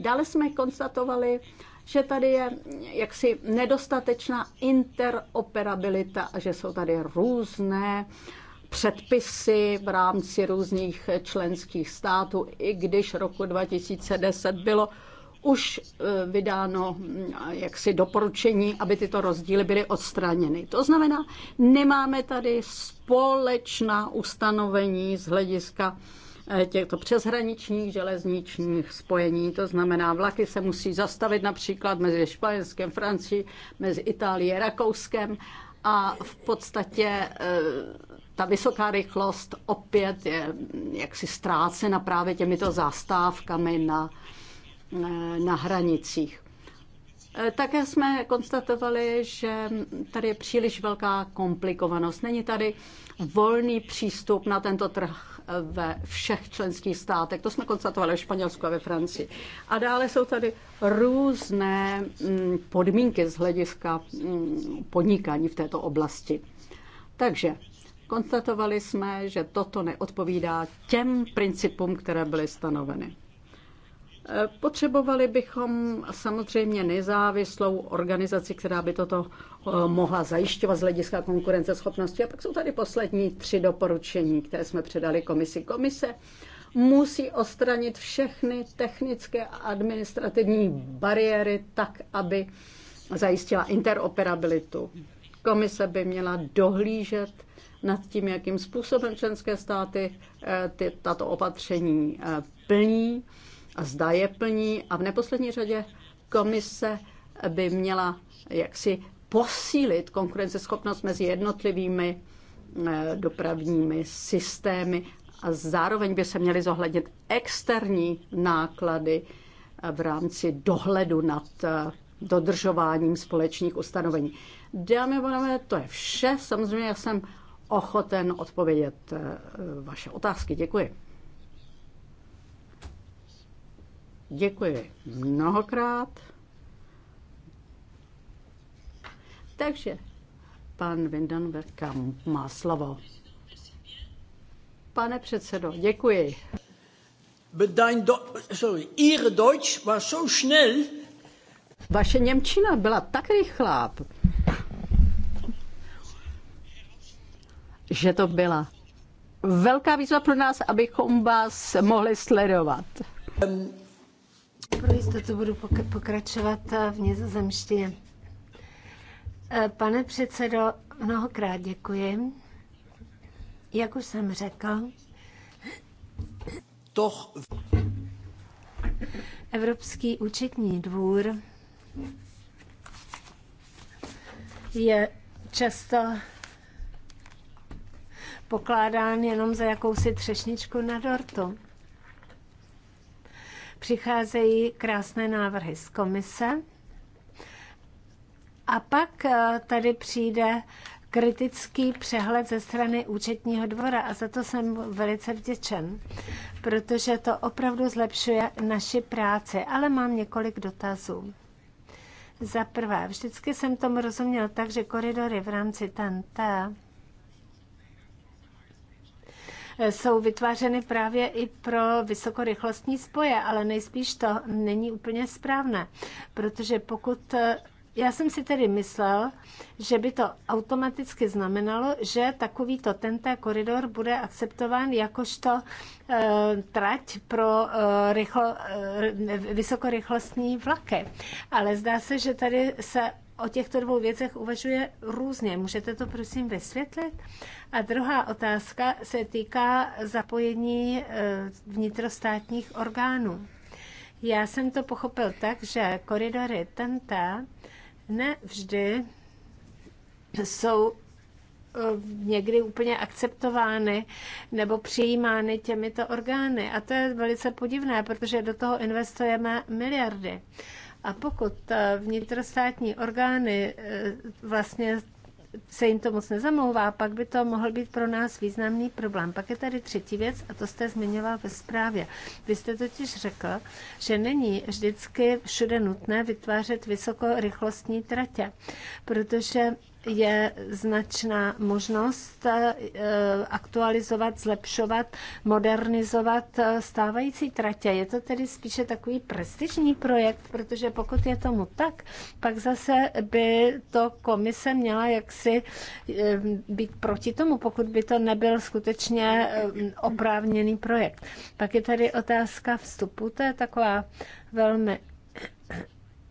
Dále jsme konstatovali, že tady je jaksi nedostatečná interoperabilita a že jsou tady různé předpisy v rámci různých členských států, i když roku 2010 bylo už e, vydáno mm, jaksi doporučení, aby tyto rozdíly byly odstraněny. To znamená, nemáme tady společná ustanovení z hlediska e, těchto přeshraničních železničních spojení. To znamená, vlaky se musí zastavit například mezi Španělskem, Francií, mezi Itálií, Rakouskem a v podstatě e, ta vysoká rychlost opět je jaksi ztrácena právě těmito zástávkami na Eh, na hranicích. Eh, také jsme konstatovali, že tady je příliš velká komplikovanost. Není tady volný přístup na tento trh eh, ve všech členských státech. To jsme konstatovali ve Španělsku a ve Francii. A dále jsou tady různé mm, podmínky z hlediska mm, podnikání v této oblasti. Takže konstatovali jsme, že toto neodpovídá těm principům, které byly stanoveny. Potřebovali bychom samozřejmě nezávislou organizaci, která by toto eh, mohla zajišťovat z hlediska konkurenceschopnosti. A pak jsou tady poslední tři doporučení, které jsme předali komisi. Komise musí odstranit všechny technické a administrativní bariéry tak, aby zajistila interoperabilitu. Komise by měla dohlížet nad tím, jakým způsobem členské státy eh, ty, tato opatření eh, plní zda je plní a v neposlední řadě komise by měla jaksi posílit konkurenceschopnost mezi jednotlivými eh, dopravními systémy a zároveň by se měly zohlednit externí náklady eh, v rámci dohledu nad eh, dodržováním společných ustanovení. Dámy a pánové, to je vše. Samozřejmě já jsem ochoten odpovědět vaše otázky. Děkuji. Děkuji mnohokrát. Takže pan Vindenberg má slovo. Pane předsedo, děkuji. Dein Do- sorry, ihre Deutsch war so schnell. Vaše Němčina byla tak rychlá, že to byla velká výzva pro nás, abychom vás mohli sledovat. Um, pro jistotu budu pokračovat eh, v nizozemštině. Eh, pane předsedo, mnohokrát děkuji. Jak už jsem řekl, Toch. Evropský účetní dvůr je často pokládán jenom za jakousi třešničku na dortu. Přicházejí krásné návrhy z komise. A pak eh, tady přijde kritický přehled ze strany účetního dvora a za to jsem velice vděčen, protože to opravdu zlepšuje naši práci, ale mám několik dotazů. Za prvé, vždycky jsem tomu rozuměl tak, že koridory v rámci TNT jsou vytvářeny právě i pro vysokorychlostní spoje, ale nejspíš to není úplně správné, protože pokud já jsem si tedy myslel, že by to automaticky znamenalo, že takovýto tento koridor bude akceptován jakožto e, trať pro e, rychlo, e, vysokorychlostní vlaky. Ale zdá se, že tady se o těchto dvou věcech uvažuje různě. Můžete to prosím vysvětlit? A druhá otázka se týká zapojení eh, vnitrostátních orgánů. Já jsem to pochopil tak, že koridory TNT ne vždy jsou eh, někdy úplně akceptovány nebo přijímány těmito orgány. A to je velice podivné, protože do toho investujeme miliardy. A pokud eh, vnitrostátní orgány eh, vlastně se jim to moc nezamlouvá, pak by to mohl být pro nás významný problém. Pak je tady třetí věc, a to jste zmiňoval ve zprávě. Vy jste totiž řekl, že není vždycky všude nutné vytvářet vysokorychlostní tratě, protože je značná možnost eh, aktualizovat, zlepšovat, modernizovat eh, stávající tratě. Je to tedy spíše takový prestižní projekt, protože pokud je tomu tak, pak zase by to komise měla jaksi eh, být proti tomu, pokud by to nebyl skutečně oprávněný projekt. Pak je tady otázka vstupu, to je taková velmi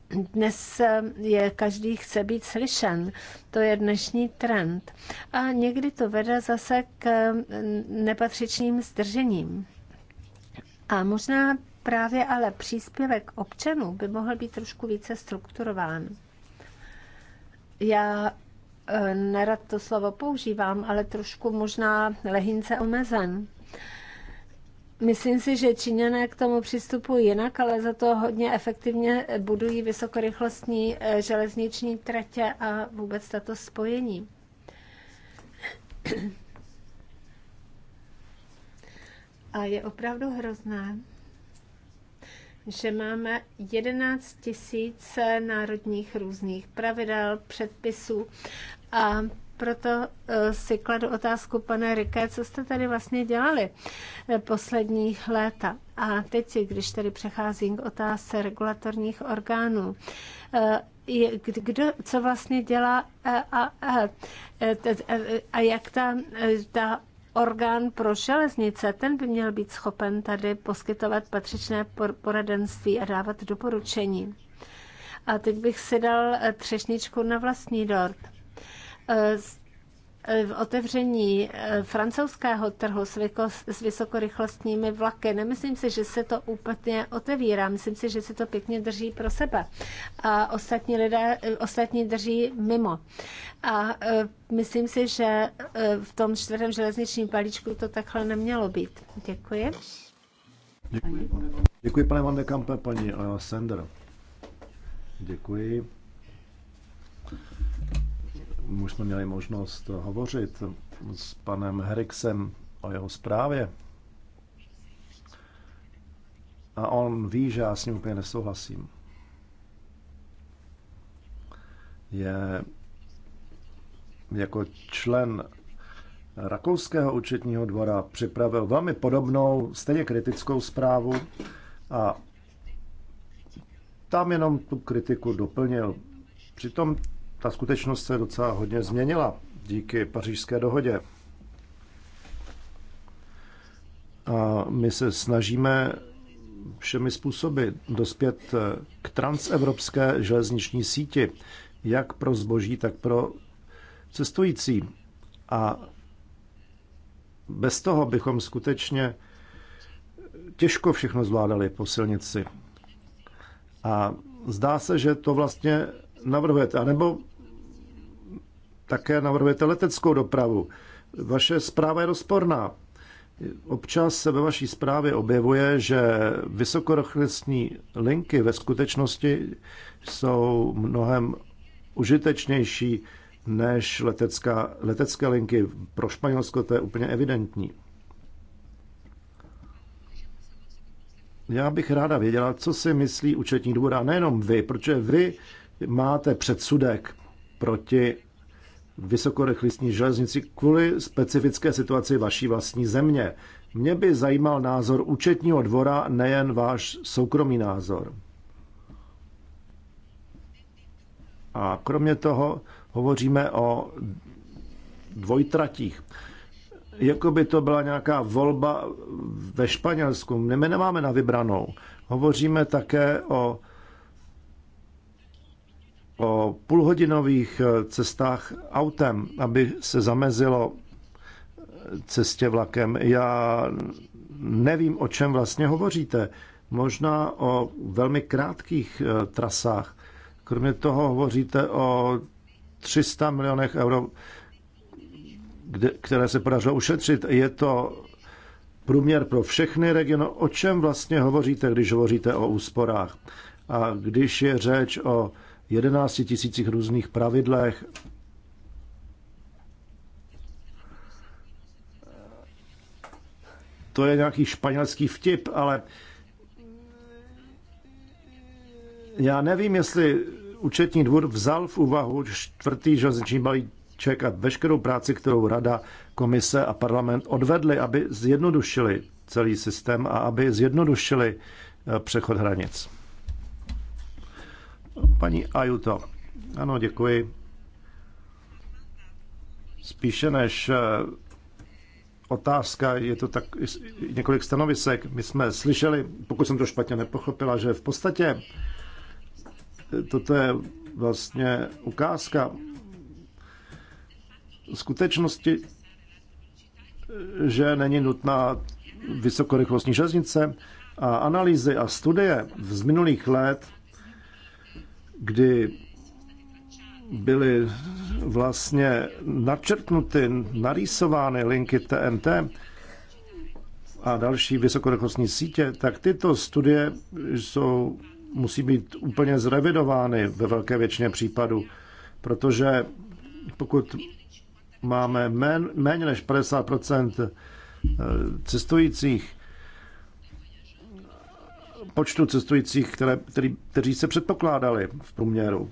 dnes eh, je každý chce být slyšen. To je dnešní trend. A někdy to vede zase k eh, nepatřičným zdržením. A možná právě ale příspěvek občanů by mohl být trošku více strukturován. Já eh, nerad to slovo používám, ale trošku možná lehince omezen. Myslím si, že Číňané k tomu přistupují jinak, ale za to hodně efektivně budují vysokorychlostní eh, železniční tratě a vůbec tato spojení. A je opravdu hrozné, že máme 11 tisíc národních různých pravidel, předpisů a proto eh, si kladu otázku, pane Riké, co jste tady vlastně dělali eh, poslední léta? A teď, když tady přecházím k otázce regulatorních orgánů, eh, kdo, co vlastně dělá a, a, a jak ta, ta orgán pro železnice, ten by měl být schopen tady poskytovat patřičné poradenství a dávat doporučení. A teď bych si dal třešničku na vlastní dort Eh, eh, v otevření eh, francouzského trhu s, vyko, s vysokorychlostními vlaky. Nemyslím si, že se to úplně otevírá, myslím si, že se to pěkně drží pro sebe a ostatní lidé, ostatní drží mimo. A myslím si, že v tom čtvrtém železničním palíčku to takhle nemělo být. Děkuji. Děkuji, pane, Děkuji, pane Van de Kampe, paní Sender. Děkuji už jsme měli možnost hovořit s panem Heriksem o jeho zprávě. A on ví, že já s ním úplně nesouhlasím. Je jako člen rakouského účetního dvora připravil velmi podobnou, stejně kritickou zprávu a tam jenom tu kritiku doplnil. Přitom ta skutečnost se docela hodně změnila díky pařížské dohodě. A my se snažíme všemi způsoby dospět k transevropské železniční síti, jak pro zboží, tak pro cestující. A bez toho bychom skutečně těžko všechno zvládali po silnici. A zdá se, že to vlastně navrhujete? A nebo také navrhujete leteckou dopravu. Vaše zpráva je rozporná. Občas se ve vaší zprávě objevuje, že vysokorychlostní linky ve skutečnosti jsou mnohem užitečnější než letecká, letecké linky. Pro Španělsko to je úplně evidentní. Já bych ráda věděla, co si myslí účetní dvůr a nejenom vy, protože vy máte předsudek proti vysokorychlostní železnici kvůli specifické situaci vaší vlastní země. Mě by zajímal názor účetního dvora, nejen váš soukromý názor. A kromě toho hovoříme o dvojtratích. Jako by to byla nějaká volba ve Španělsku. My nemáme na vybranou. Hovoříme také o o půlhodinových eh, cestách autem, aby se zamezilo eh, cestě vlakem. Já nevím, o čem vlastně hovoříte. Možná o velmi krátkých eh, trasách. Kromě toho hovoříte o 300 milionech euro, které se podařilo ušetřit. Je to průměr pro všechny regiony. O čem vlastně hovoříte, když hovoříte o úsporách? A když je řeč o 11 tisících různých pravidlech. To je nějaký španělský vtip, ale já nevím, jestli účetní dvůr vzal v úvahu čtvrtý železniční balíček a veškerou práci, kterou rada, komise a parlament odvedli, aby zjednodušili celý systém a aby zjednodušili eh, přechod hranic. Paní Ajuto, ano, děkuji. Spíše než eh, otázka, je to tak několik stanovisek. My jsme slyšeli, pokud jsem to špatně nepochopila, že v podstatě eh, toto je vlastně ukázka skutečnosti, eh, že není nutná vysokorychlostní železnice a analýzy a studie z minulých let kdy byly vlastně načrtnuty, narýsovány linky TNT a další vysokorychlostní sítě, tak tyto studie jsou, musí být úplně zrevidovány ve velké většině případů, protože pokud máme méně než 50 eh, cestujících, počtu cestujících, které, který, kteří se předpokládali v průměru.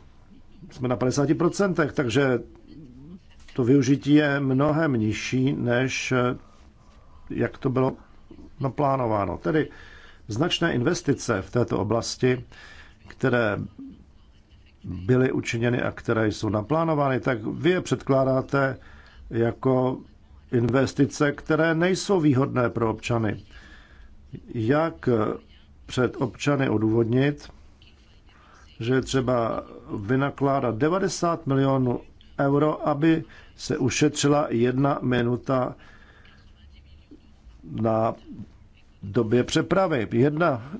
Jsme na 50%, takže to využití je mnohem nižší, než eh, jak to bylo naplánováno. Tedy značné investice v této oblasti, které byly učiněny a které jsou naplánovány, tak vy je předkládáte jako investice, které nejsou výhodné pro občany. Jak před občany odůvodnit, že je třeba vynakládat 90 milionů euro, aby se ušetřila jedna minuta na době přepravy. Jedna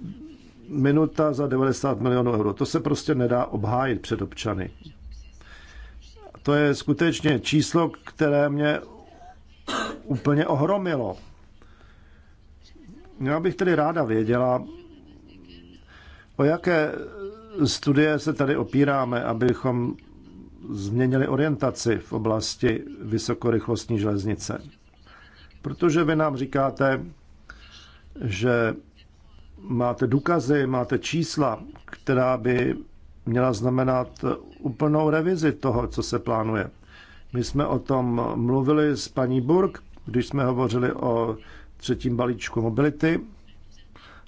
minuta za 90 milionů euro. To se prostě nedá obhájit před občany. To je skutečně číslo, které mě úplně ohromilo. Já bych tedy ráda věděla, O jaké studie se tady opíráme, abychom změnili orientaci v oblasti vysokorychlostní železnice? Protože vy nám říkáte, že máte důkazy, máte čísla, která by měla znamenat úplnou revizi toho, co se plánuje. My jsme o tom mluvili s paní Burg, když jsme hovořili o třetím balíčku mobility.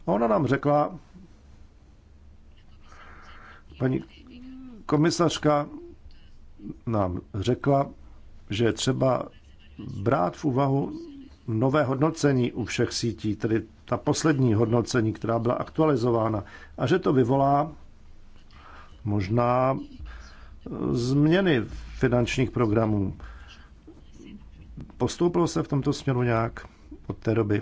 A ona nám řekla, Paní komisařka nám řekla, že je třeba brát v úvahu nové hodnocení u všech sítí, tedy ta poslední hodnocení, která byla aktualizována, a že to vyvolá možná změny finančních programů. Postoupilo se v tomto směru nějak od té doby?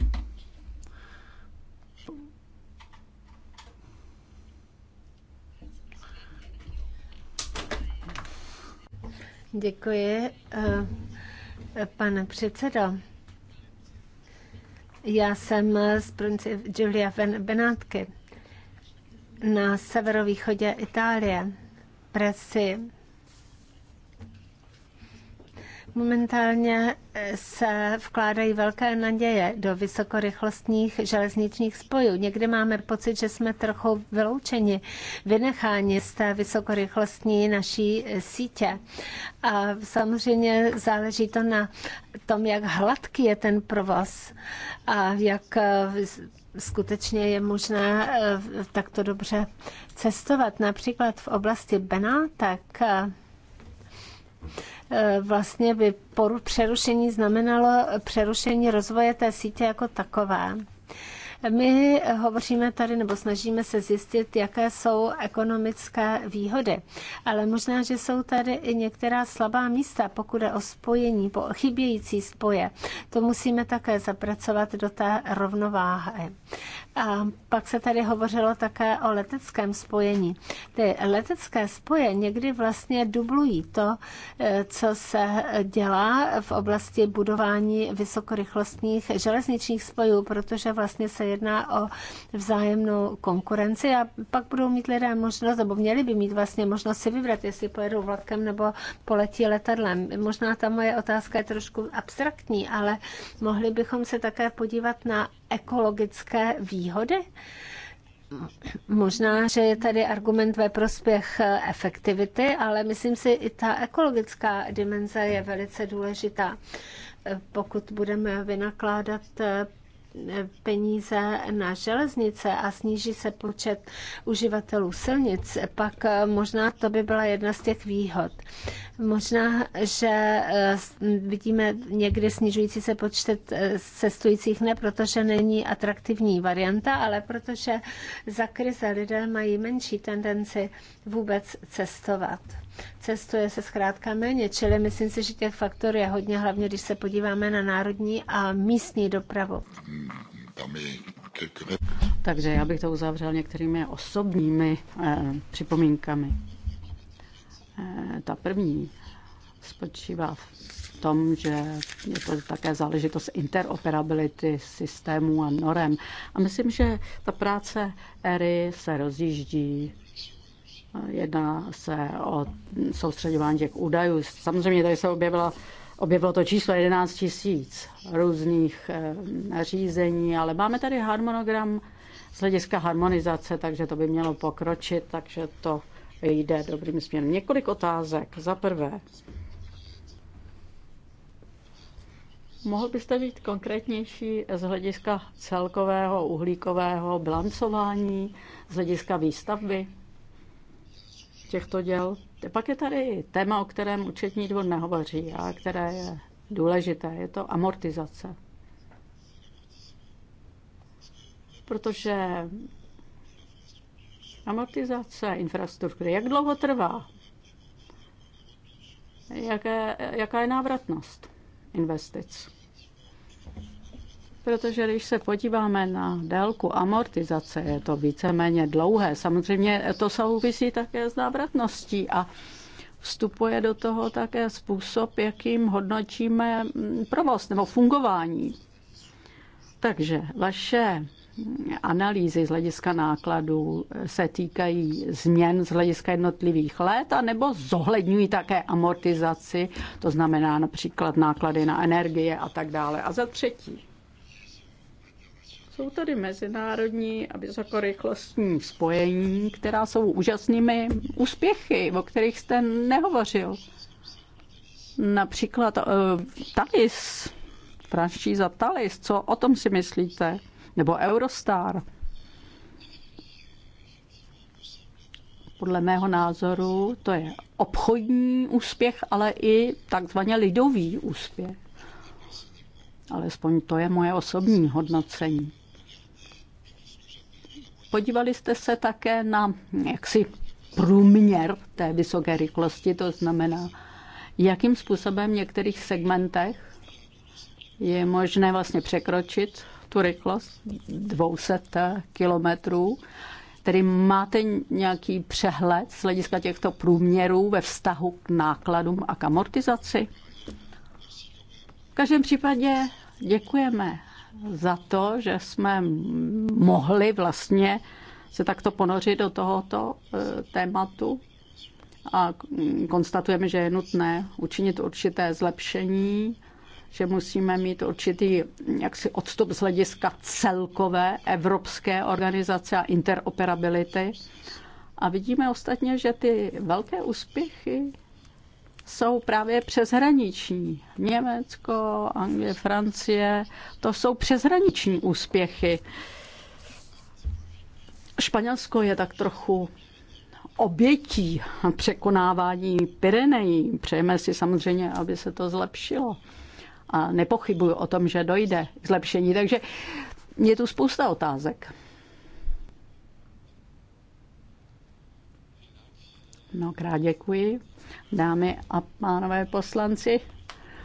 Děkuji, eh, pane předsedo. Já jsem z provincie Giulia Benátky na severovýchodě Itálie. Presi Momentálně eh, se vkládají velké naděje do vysokorychlostních železničních spojů. Někdy máme pocit, že jsme trochu vyloučeni, vynecháni z té vysokorychlostní naší eh, sítě. A samozřejmě záleží to na tom, jak hladký je ten provoz a jak eh, skutečně je možné takto dobře cestovat. Například v oblasti Benátek Eh, vlastně by přerušení znamenalo přerušení rozvoje té sítě jako takové. My hovoříme tady nebo snažíme se zjistit, jaké jsou ekonomické výhody, ale možná, že jsou tady i některá slabá místa, pokud je o spojení, po chybějící spoje. To musíme také zapracovat do té rovnováhy. A pak se tady hovořilo také o leteckém spojení. Ty letecké spoje někdy vlastně dublují to, e, co se dělá v oblasti budování vysokorychlostních železničních spojů, protože vlastně se jedná o vzájemnou konkurenci a pak budou mít lidé možnost, nebo měli by mít vlastně možnost si vybrat, jestli pojedou vlakem nebo poletí letadlem. Možná ta moje otázka je trošku abstraktní, ale mohli bychom se také podívat na ekologické výhody? Možná, že je tady argument ve prospěch efektivity, ale myslím si, i ta ekologická dimenze je velice důležitá. Pokud budeme vynakládat peníze na železnice a sníží se počet uživatelů silnic, pak eh, možná to by byla jedna z těch výhod. Možná, že eh, vidíme někdy snižující se počet eh, cestujících ne protože není atraktivní varianta, ale protože za krize lidé mají menší tendenci vůbec cestovat. Cestuje se zkrátka méně, čili myslím si, že těch faktorů je hodně, hlavně když se podíváme na národní a místní dopravu. Takže já bych to uzavřel některými osobními eh, připomínkami. Eh, ta první spočívá v tom, že je to také záležitost interoperability systémů a norem. A myslím, že ta práce ERY se rozjíždí Jedná se o soustředování těch údajů. Samozřejmě tady se objevilo, objevilo to číslo 11 tisíc různých eh, řízení, ale máme tady harmonogram z hlediska harmonizace, takže to by mělo pokročit, takže to jde dobrým směrem. Několik otázek. Za prvé, mohl byste být konkrétnější z hlediska celkového uhlíkového blancování, z hlediska výstavby? těchto děl. Pak je tady téma, o kterém účetní dvor nehovoří a které je důležité. Je to amortizace. Protože amortizace infrastruktury, jak dlouho trvá? Jaké, jaká je návratnost investic? Protože když se podíváme na délku amortizace, je to víceméně dlouhé. Samozřejmě to souvisí také s návratností a vstupuje do toho také způsob, jakým hodnotíme mm, provoz nebo fungování. Takže vaše analýzy z hlediska nákladů se týkají změn z hlediska jednotlivých let, a nebo zohledňují také amortizaci, to znamená například náklady na energie a tak dále. A za třetí, jsou tady mezinárodní a vysokorychlostní spojení, která jsou úžasnými úspěchy, o kterých jste nehovořil. Například uh, eh, Talis, franšíza Talis, co o tom si myslíte? Nebo Eurostar? Podle mého názoru to je obchodní úspěch, ale i takzvaně lidový úspěch. Alespoň to je moje osobní hodnocení. Podívali jste se také na jaksi průměr té vysoké rychlosti, to znamená, jakým způsobem v některých segmentech je možné vlastně překročit tu rychlost 200 kilometrů. Tedy máte nějaký přehled z hlediska těchto průměrů ve vztahu k nákladům a k amortizaci? V každém případě děkujeme za to, že jsme mohli vlastně se takto ponořit do tohoto eh, tématu a konstatujeme, že je nutné učinit určité zlepšení, že musíme mít určitý jaksi odstup z hlediska celkové evropské organizace a interoperability. A vidíme ostatně, že ty velké úspěchy jsou právě přeshraniční. Německo, Anglie, Francie, to jsou přeshraniční úspěchy. Španělsko je tak trochu obětí překonávání Pyrenejí. Přejeme si samozřejmě, aby se to zlepšilo. A nepochybuju o tom, že dojde k zlepšení. Takže je tu spousta otázek. Mnohokrát děkuji dámy a pánové poslanci.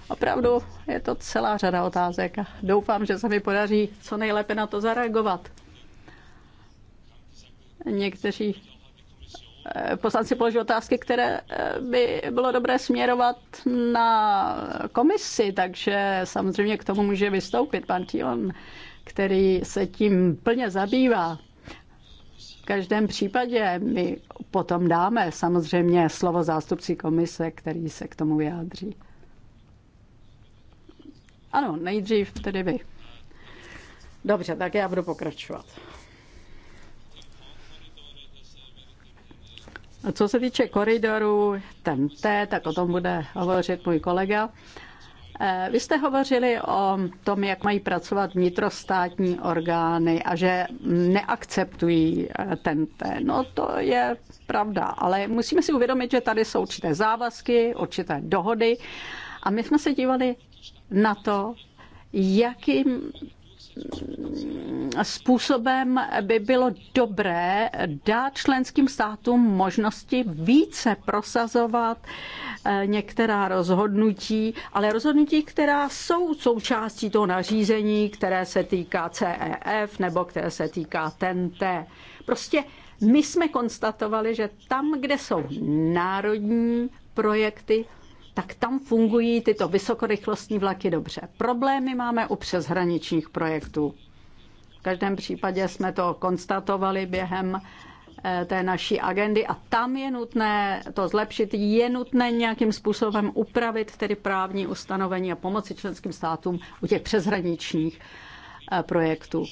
Opravdu je to celá řada otázek a doufám, že se mi podaří co nejlépe na to zareagovat. Někteří eh, poslanci položí otázky, které eh, by bylo dobré směrovat na komisi, takže samozřejmě k tomu může vystoupit pan Tion, který se tím plně zabývá každém případě my potom dáme samozřejmě slovo zástupci komise, který se k tomu vyjádří. Ano, nejdřív tedy vy. Dobře, tak já budu pokračovat. A co se týče koridoru ten T, tak o tom bude hovořit můj kolega. Eh, vy jste hovořili o tom, jak mají pracovat vnitrostátní orgány a že neakceptují eh, ten No to je pravda, ale musíme si uvědomit, že tady jsou určité závazky, určité dohody a my jsme se dívali na to, jakým způsobem by bylo dobré dát členským státům možnosti více prosazovat eh, některá rozhodnutí, ale rozhodnutí, která jsou součástí toho nařízení, které se týká CEF nebo které se týká TNT. Prostě my jsme konstatovali, že tam, kde jsou národní projekty, tak tam fungují tyto vysokorychlostní vlaky dobře. Problémy máme u přeshraničních projektů. V každém případě jsme to konstatovali během eh, té naší agendy a tam je nutné to zlepšit, je nutné nějakým způsobem upravit tedy právní ustanovení a pomoci členským státům u těch přeshraničních eh, projektů.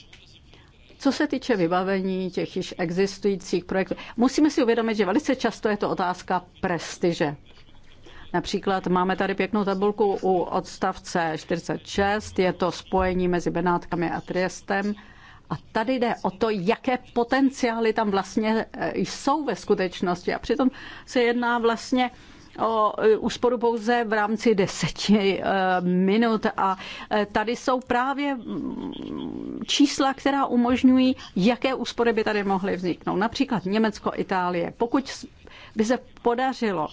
Co se týče vybavení těch již existujících projektů, musíme si uvědomit, že velice často je to otázka prestiže. Například máme tady pěknou tabulku u odstavce 46, je to spojení mezi Benátkami a Triestem. A tady jde o to, jaké potenciály tam vlastně eh, jsou ve skutečnosti. A přitom se jedná vlastně o eh, úsporu pouze v rámci deseti eh, minut a tady jsou právě mm, čísla, která umožňují, jaké úspory by tady mohly vzniknout. Například Německo, Itálie. Pokud by se podařilo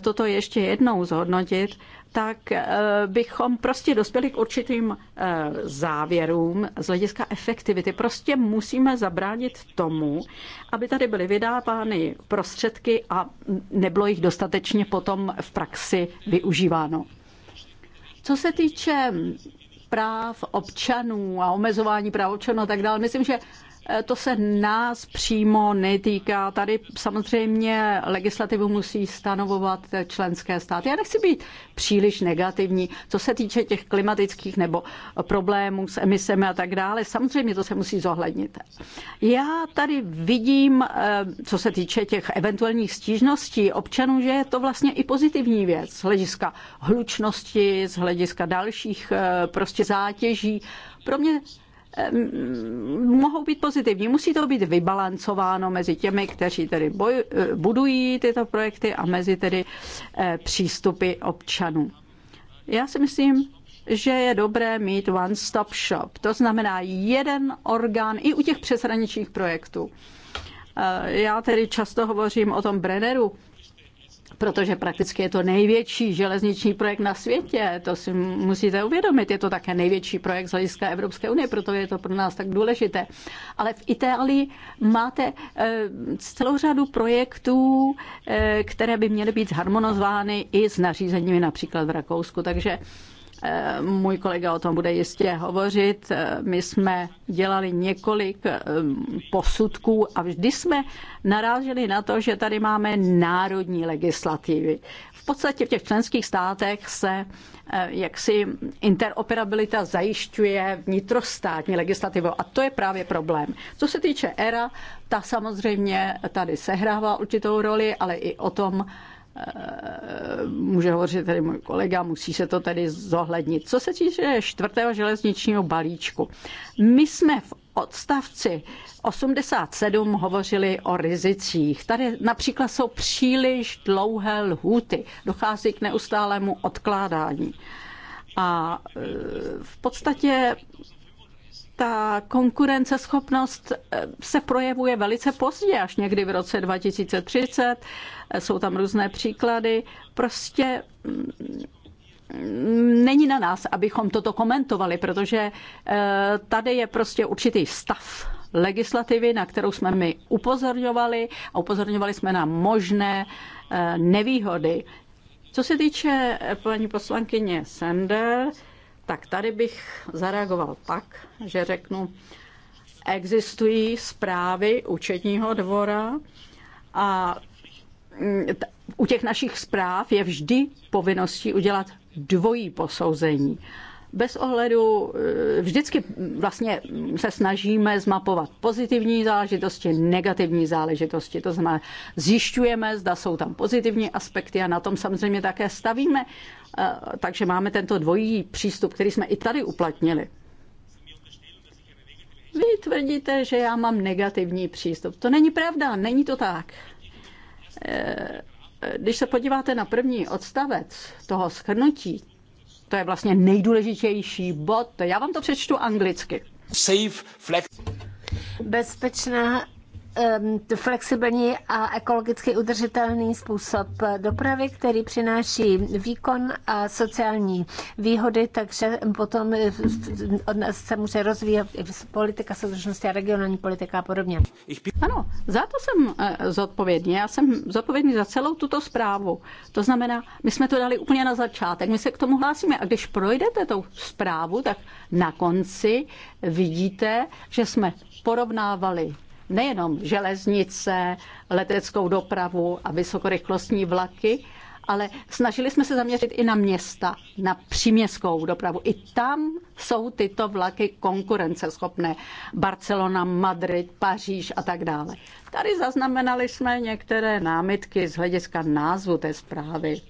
toto ještě jednou zhodnotit, tak eh, bychom prostě dospěli k určitým eh, závěrům z hlediska efektivity. Prostě musíme zabránit tomu, aby tady byly vydávány prostředky a nebylo jich dostatečně potom v praxi využíváno. Co se týče práv občanů a omezování práv občanů a tak dále. Myslím, že Eh, to se nás přímo netýká. Tady samozřejmě legislativu musí stanovovat členské státy. Já nechci být příliš negativní, co se týče těch klimatických nebo problémů s emisemi a tak dále. Samozřejmě to se musí zohlednit. Já tady vidím, eh, co se týče těch eventuálních stížností občanů, že je to vlastně i pozitivní věc z hlediska hlučnosti, z hlediska dalších eh, prostě zátěží. Pro mě mohou být pozitivní. Musí to být vybalancováno mezi těmi, kteří tedy boj, eh, budují tyto projekty a mezi tedy eh, přístupy občanů. Já si myslím, že je dobré mít one-stop shop, to znamená jeden orgán i u těch přeshraničních projektů. Eh, já tedy často hovořím o tom Brenneru, protože prakticky je to největší železniční projekt na světě. To si musíte uvědomit. Je to také největší projekt z hlediska Evropské unie, proto je to pro nás tak důležité. Ale v Itálii máte eh, celou řadu projektů, eh, které by měly být zharmonizovány i s nařízeními například v Rakousku. Takže Eh, můj kolega o tom bude jistě hovořit. Eh, my jsme dělali několik eh, posudků a vždy jsme naráželi na to, že tady máme národní legislativy. V podstatě v těch členských státech se jak si interoperabilita zajišťuje vnitrostátní legislativou a to je právě problém. Co se týče ERA, ta samozřejmě tady sehrává určitou roli, ale i o tom Eh, může hovořit tady můj kolega, musí se to tady zohlednit. Co se týče čtvrtého železničního balíčku, my jsme v odstavci 87 hovořili o rizicích. Tady například jsou příliš dlouhé lhůty, dochází k neustálému odkládání. A eh, v podstatě ta konkurenceschopnost eh, se projevuje velice pozdě, až někdy v roce 2030. Jsou tam různé příklady. Prostě mm, není na nás, abychom toto komentovali, protože eh, tady je prostě určitý stav legislativy, na kterou jsme my upozorňovali a upozorňovali jsme na možné eh, nevýhody. Co se týče paní poslankyně Sender, tak tady bych zareagoval tak, že řeknu, existují zprávy účetního dvora a mm, u těch našich zpráv je vždy povinností udělat dvojí posouzení bez ohledu eh, vždycky vlastně se snažíme zmapovat pozitivní záležitosti, negativní záležitosti. To znamená, zjišťujeme, zda jsou tam pozitivní aspekty a na tom samozřejmě také stavíme. Eh, takže máme tento dvojí přístup, který jsme i tady uplatnili. Vy tvrdíte, že já mám negativní přístup. To není pravda, není to tak. Eh, když se podíváte na první odstavec toho schrnutí, to je vlastně nejdůležitější bod. Já vám to přečtu anglicky. Safe, flex. Bezpečná Ehm, flexibilní a ekologicky udržitelný způsob dopravy, který přináší výkon a sociální výhody, takže potom eh, od nás se může rozvíjet politika soudržnosti a regionální politika a podobně. Ano, za to jsem eh, zodpovědný. Já jsem zodpovědný za celou tuto zprávu. To znamená, my jsme to dali úplně na začátek, my se k tomu hlásíme a když projdete tou zprávu, tak na konci vidíte, že jsme porovnávali nejenom železnice, leteckou dopravu a vysokorychlostní vlaky, ale snažili jsme se zaměřit i na města, na příměstskou dopravu. I tam jsou tyto vlaky konkurenceschopné. Barcelona, Madrid, Paříž a tak dále. Tady zaznamenali jsme některé námitky z hlediska názvu té zprávy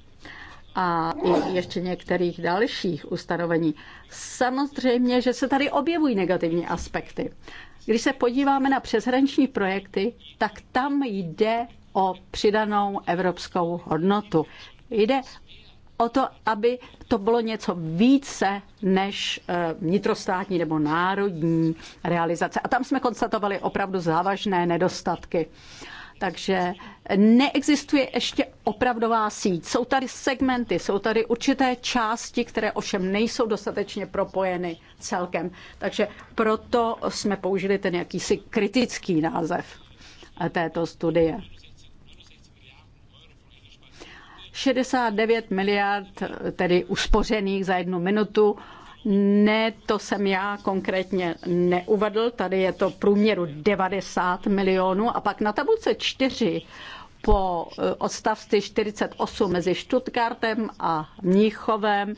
a i ještě některých dalších ustanovení. Samozřejmě, že se tady objevují negativní aspekty. Když se podíváme na přeshraniční projekty, tak tam jde o přidanou evropskou hodnotu. Jde o to, aby to bylo něco více než eh, vnitrostátní nebo národní realizace. A tam jsme konstatovali opravdu závažné nedostatky. Takže neexistuje ještě opravdová síť. Jsou tady segmenty, jsou tady určité části, které ovšem nejsou dostatečně propojeny celkem. Takže proto jsme použili ten jakýsi kritický název této studie. 69 miliard, tedy uspořených za jednu minutu, ne, to jsem já konkrétně neuvedl, tady je to průměru 90 milionů a pak na tabulce 4 po eh, odstavci 48 mezi Stuttgartem a Mníchovem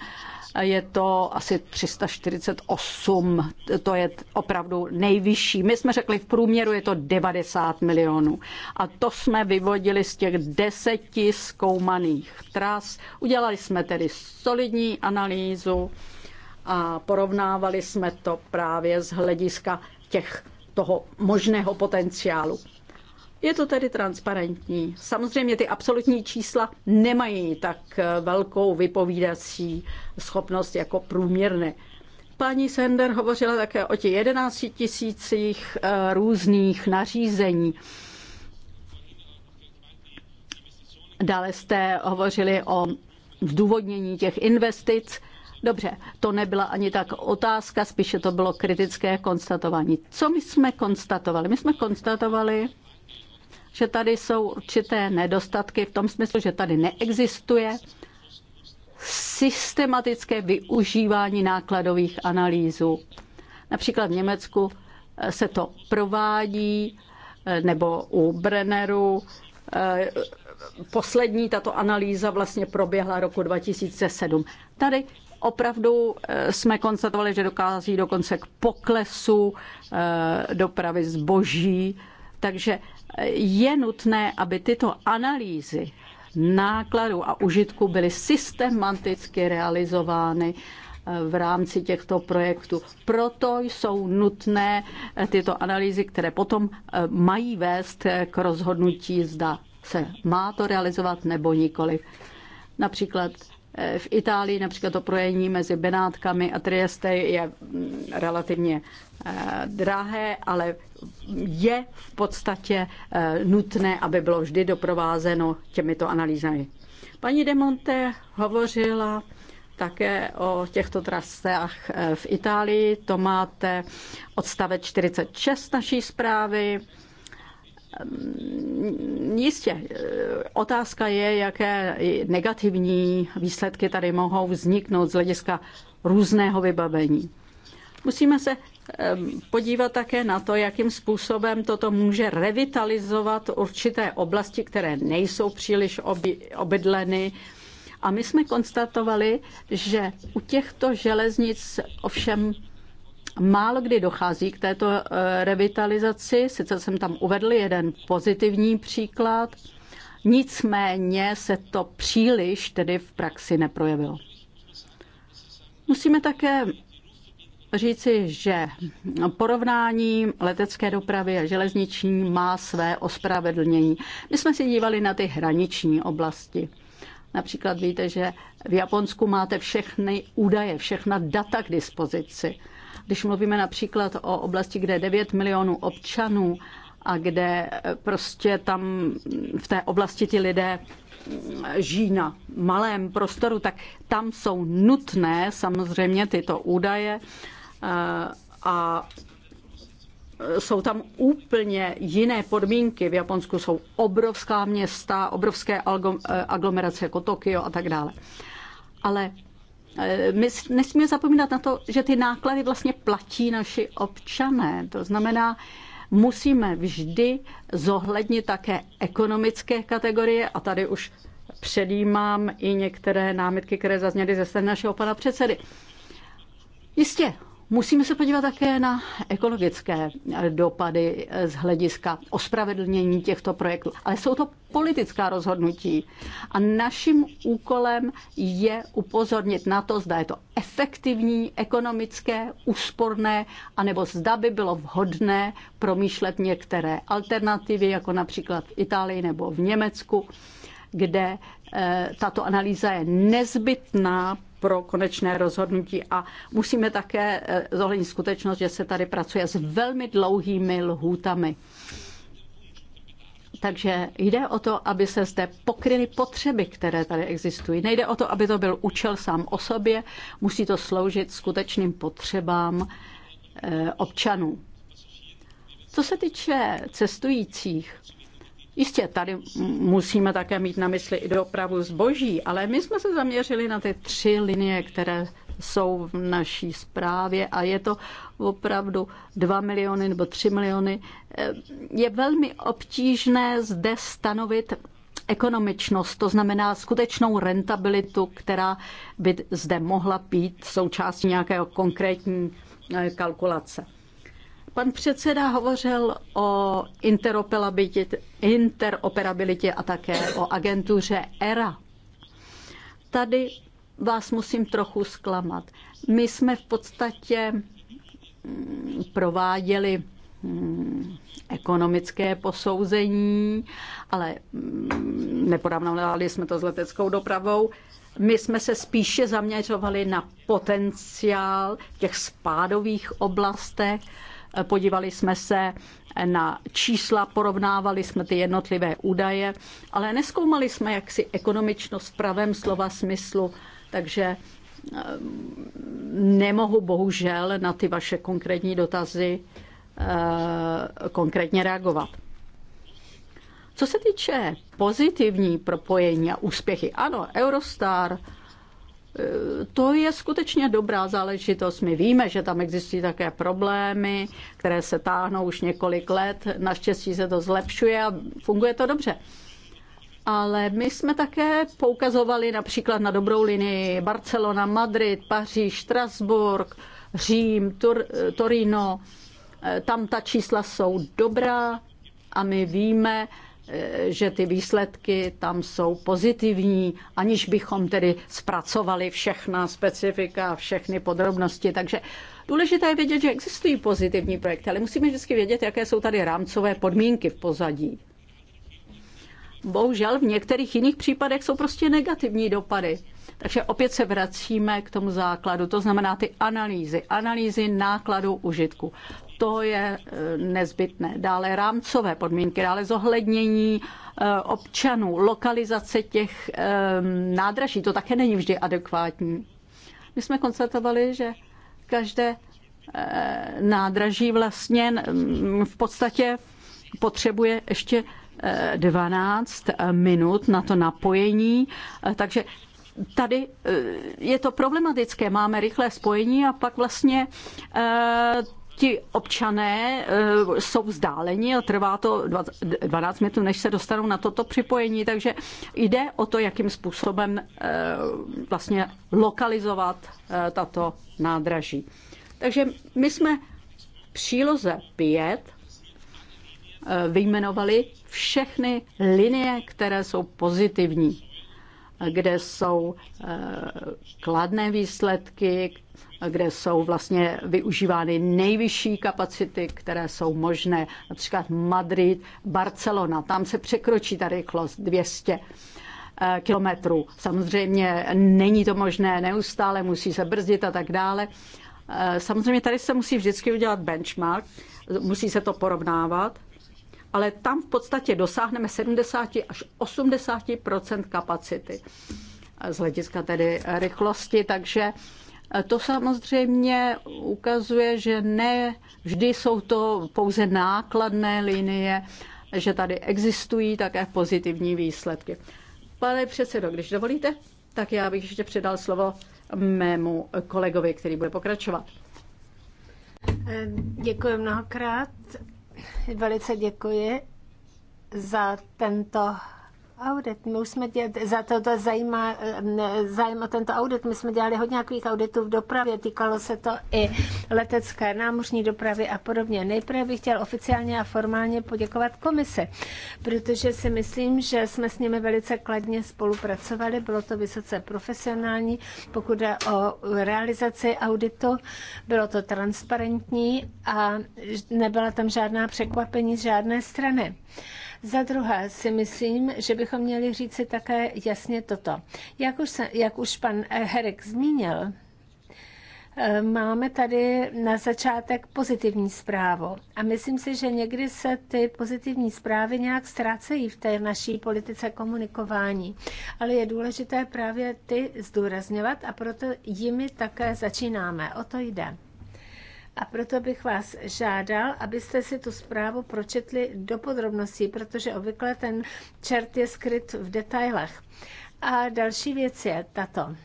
eh, je to asi 348, to je opravdu nejvyšší. My jsme řekli, v průměru je to 90 milionů. A to jsme vyvodili z těch deseti zkoumaných tras. Udělali jsme tedy solidní analýzu a porovnávali jsme to právě z hlediska těch toho možného potenciálu. Je to tedy transparentní. Samozřejmě ty absolutní čísla nemají tak eh, velkou vypovídací schopnost jako průměrné. Paní Sender hovořila také o těch 11 tisících eh, různých nařízení. Dále jste hovořili o zdůvodnění těch investic. Dobře, to nebyla ani tak otázka, spíše to bylo kritické konstatování. Co my jsme konstatovali? My jsme konstatovali, že tady jsou určité nedostatky v tom smyslu, že tady neexistuje systematické využívání nákladových analýzů. Například v Německu eh, se to provádí, eh, nebo u Brenneru. Eh, poslední tato analýza vlastně proběhla roku 2007. Tady Opravdu eh, jsme konstatovali, že dokází dokonce k poklesu eh, dopravy zboží, takže eh, je nutné, aby tyto analýzy nákladů a užitku byly systematicky realizovány v rámci těchto projektů. Proto jsou nutné tyto analýzy, které potom mají vést k rozhodnutí, zda se má to realizovat nebo nikoli. Například Eh, v Itálii například to projení mezi Benátkami a Trieste je mm, relativně eh, drahé, ale je v podstatě eh, nutné, aby bylo vždy doprovázeno těmito analýzami. Paní Demonte hovořila také o těchto trasách v Itálii. To máte odstavec 46 naší zprávy. Ehm, jistě, eh, otázka je, jaké negativní výsledky tady mohou vzniknout z hlediska různého vybavení. Musíme se ehm, podívat také na to, jakým způsobem toto může revitalizovat určité oblasti, které nejsou příliš obydleny. A my jsme konstatovali, že u těchto železnic ovšem Málo kdy dochází k této eh, revitalizaci, sice jsem tam uvedl jeden pozitivní příklad, nicméně se to příliš tedy v praxi neprojevilo. Musíme také říci, že porovnání letecké dopravy a železniční má své ospravedlnění. My jsme si dívali na ty hraniční oblasti. Například víte, že v Japonsku máte všechny údaje, všechna data k dispozici. Když mluvíme například o oblasti, kde je 9 milionů občanů a kde eh, prostě tam v té oblasti ti lidé mm, žijí na malém prostoru, tak tam jsou nutné samozřejmě tyto údaje eh, a eh, jsou tam úplně jiné podmínky. V Japonsku jsou obrovská města, obrovské aglomerace jako Tokio a tak dále. Ale Eh, my nesmíme zapomínat na to, že ty náklady vlastně platí naši občané. To znamená, musíme vždy zohlednit také ekonomické kategorie a tady už předjímám i některé námitky, které zazněly ze strany našeho pana předsedy. Jistě, Musíme se podívat také na ekologické dopady z hlediska ospravedlnění těchto projektů. Ale jsou to politická rozhodnutí a naším úkolem je upozornit na to, zda je to efektivní, ekonomické, úsporné, anebo zda by bylo vhodné promýšlet některé alternativy, jako například v Itálii nebo v Německu, kde eh, tato analýza je nezbytná pro konečné rozhodnutí a musíme také eh, zohlednit skutečnost, že se tady pracuje s velmi dlouhými lhůtami. Takže jde o to, aby se zde pokryly potřeby, které tady existují. Nejde o to, aby to byl účel sám o sobě, musí to sloužit skutečným potřebám eh, občanů. Co se týče cestujících, Jistě, tady musíme také mít na mysli i dopravu zboží, ale my jsme se zaměřili na ty tři linie, které jsou v naší zprávě a je to opravdu 2 miliony nebo 3 miliony. Je velmi obtížné zde stanovit ekonomičnost, to znamená skutečnou rentabilitu, která by zde mohla být součástí nějakého konkrétní eh, kalkulace. Pan předseda hovořil o interoperabilitě interoperabilitě a také o agentuře ERA. Tady vás musím trochu zklamat. My jsme v podstatě mm, prováděli mm, ekonomické posouzení, ale mm, neporovnávali jsme to s leteckou dopravou. My jsme se spíše zaměřovali na potenciál v těch spádových oblastech podívali jsme se na čísla, porovnávali jsme ty jednotlivé údaje, ale neskoumali jsme jaksi ekonomičnost v pravém slova smyslu, takže eh, nemohu bohužel na ty vaše konkrétní dotazy eh, konkrétně reagovat. Co se týče pozitivní propojení a úspěchy, ano, Eurostar to je skutečně dobrá záležitost. My víme, že tam existují také problémy, které se táhnou už několik let. Naštěstí se to zlepšuje a funguje to dobře. Ale my jsme také poukazovali například na dobrou linii Barcelona, Madrid, Paříž, Strasburg, Řím, Tur- Torino. Tam ta čísla jsou dobrá a my víme, že ty výsledky tam jsou pozitivní, aniž bychom tedy zpracovali všechna specifika a všechny podrobnosti. Takže důležité je vědět, že existují pozitivní projekty, ale musíme vždycky vědět, jaké jsou tady rámcové podmínky v pozadí. Bohužel v některých jiných případech jsou prostě negativní dopady. Takže opět se vracíme k tomu základu, to znamená ty analýzy, analýzy nákladů užitku to je e, nezbytné. Dále rámcové podmínky, dále zohlednění e, občanů, lokalizace těch e, nádraží, to také není vždy adekvátní. My jsme konstatovali, že každé nádraží vlastně v podstatě potřebuje ještě 12 minut na to napojení, takže tady je to problematické. Máme rychlé spojení a pak vlastně ti občané eh, jsou vzdáleni a trvá to 12 minut, než se dostanou na toto připojení, takže jde o to, jakým způsobem eh, vlastně lokalizovat eh, tato nádraží. Takže my jsme v příloze 5 vyjmenovali všechny linie, které jsou pozitivní kde jsou eh, kladné výsledky, kde jsou vlastně využívány nejvyšší kapacity, které jsou možné, například Madrid, Barcelona, tam se překročí ta rychlost 200 eh, kilometrů. Samozřejmě není to možné neustále, musí se brzdit a tak dále. Eh, samozřejmě tady se musí vždycky udělat benchmark, musí se to porovnávat ale tam v podstatě dosáhneme 70 až 80 kapacity z hlediska tedy rychlosti, takže eh, to samozřejmě ukazuje, že ne vždy jsou to pouze nákladné linie, že tady existují také pozitivní výsledky. Pane předsedo, když dovolíte, tak já bych ještě předal slovo mému kolegovi, který bude pokračovat. Eh, děkuji mnohokrát Velice děkuji za tento audit. My už jsme dělali, za to, to zajímá, eh, zájem o tento audit. My jsme dělali hodně nějakých auditů v dopravě, týkalo se to i letecké, námořní dopravy a podobně. Nejprve bych chtěl oficiálně a formálně poděkovat Komise, protože si myslím, že jsme s nimi velice kladně spolupracovali, bylo to vysoce profesionální, pokud jde o realizaci auditu, bylo to transparentní a nebyla tam žádná překvapení z žádné strany. Za druhé si myslím, že bychom měli říci také jasně toto. Jak už, se, jak už pan eh, Herek zmínil, eh, máme tady na začátek pozitivní zprávu. A myslím si, že někdy se ty pozitivní zprávy nějak ztrácejí v té naší politice komunikování. Ale je důležité právě ty zdůrazňovat a proto jimi také začínáme. O to jde. A proto bych vás žádal, abyste si tu zprávu pročetli do podrobností, protože obvykle ten čert je skryt v detailech. A další věc je tato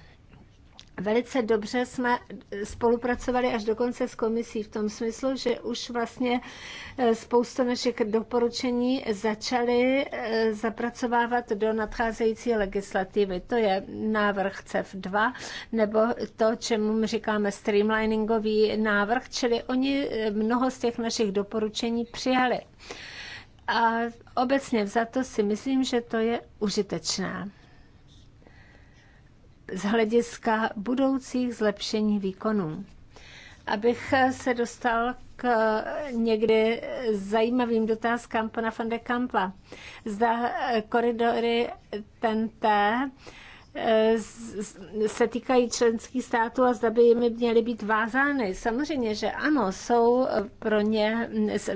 velice dobře jsme spolupracovali až dokonce s komisí v tom smyslu, že už vlastně eh, spousta našich doporučení začaly eh, zapracovávat do nadcházející legislativy. To je návrh CEF 2, nebo to, čemu my říkáme streamliningový návrh, čili oni eh, mnoho z těch našich doporučení přijali. A obecně za to si myslím, že to je užitečné z hlediska budoucích zlepšení výkonů. Abych se dostal k někdy zajímavým dotázkám pana van de Kampa. Zda koridory TNT Eh, se týkají členských států a zda by jimi měly být vázány. Samozřejmě, že ano, jsou eh, pro ně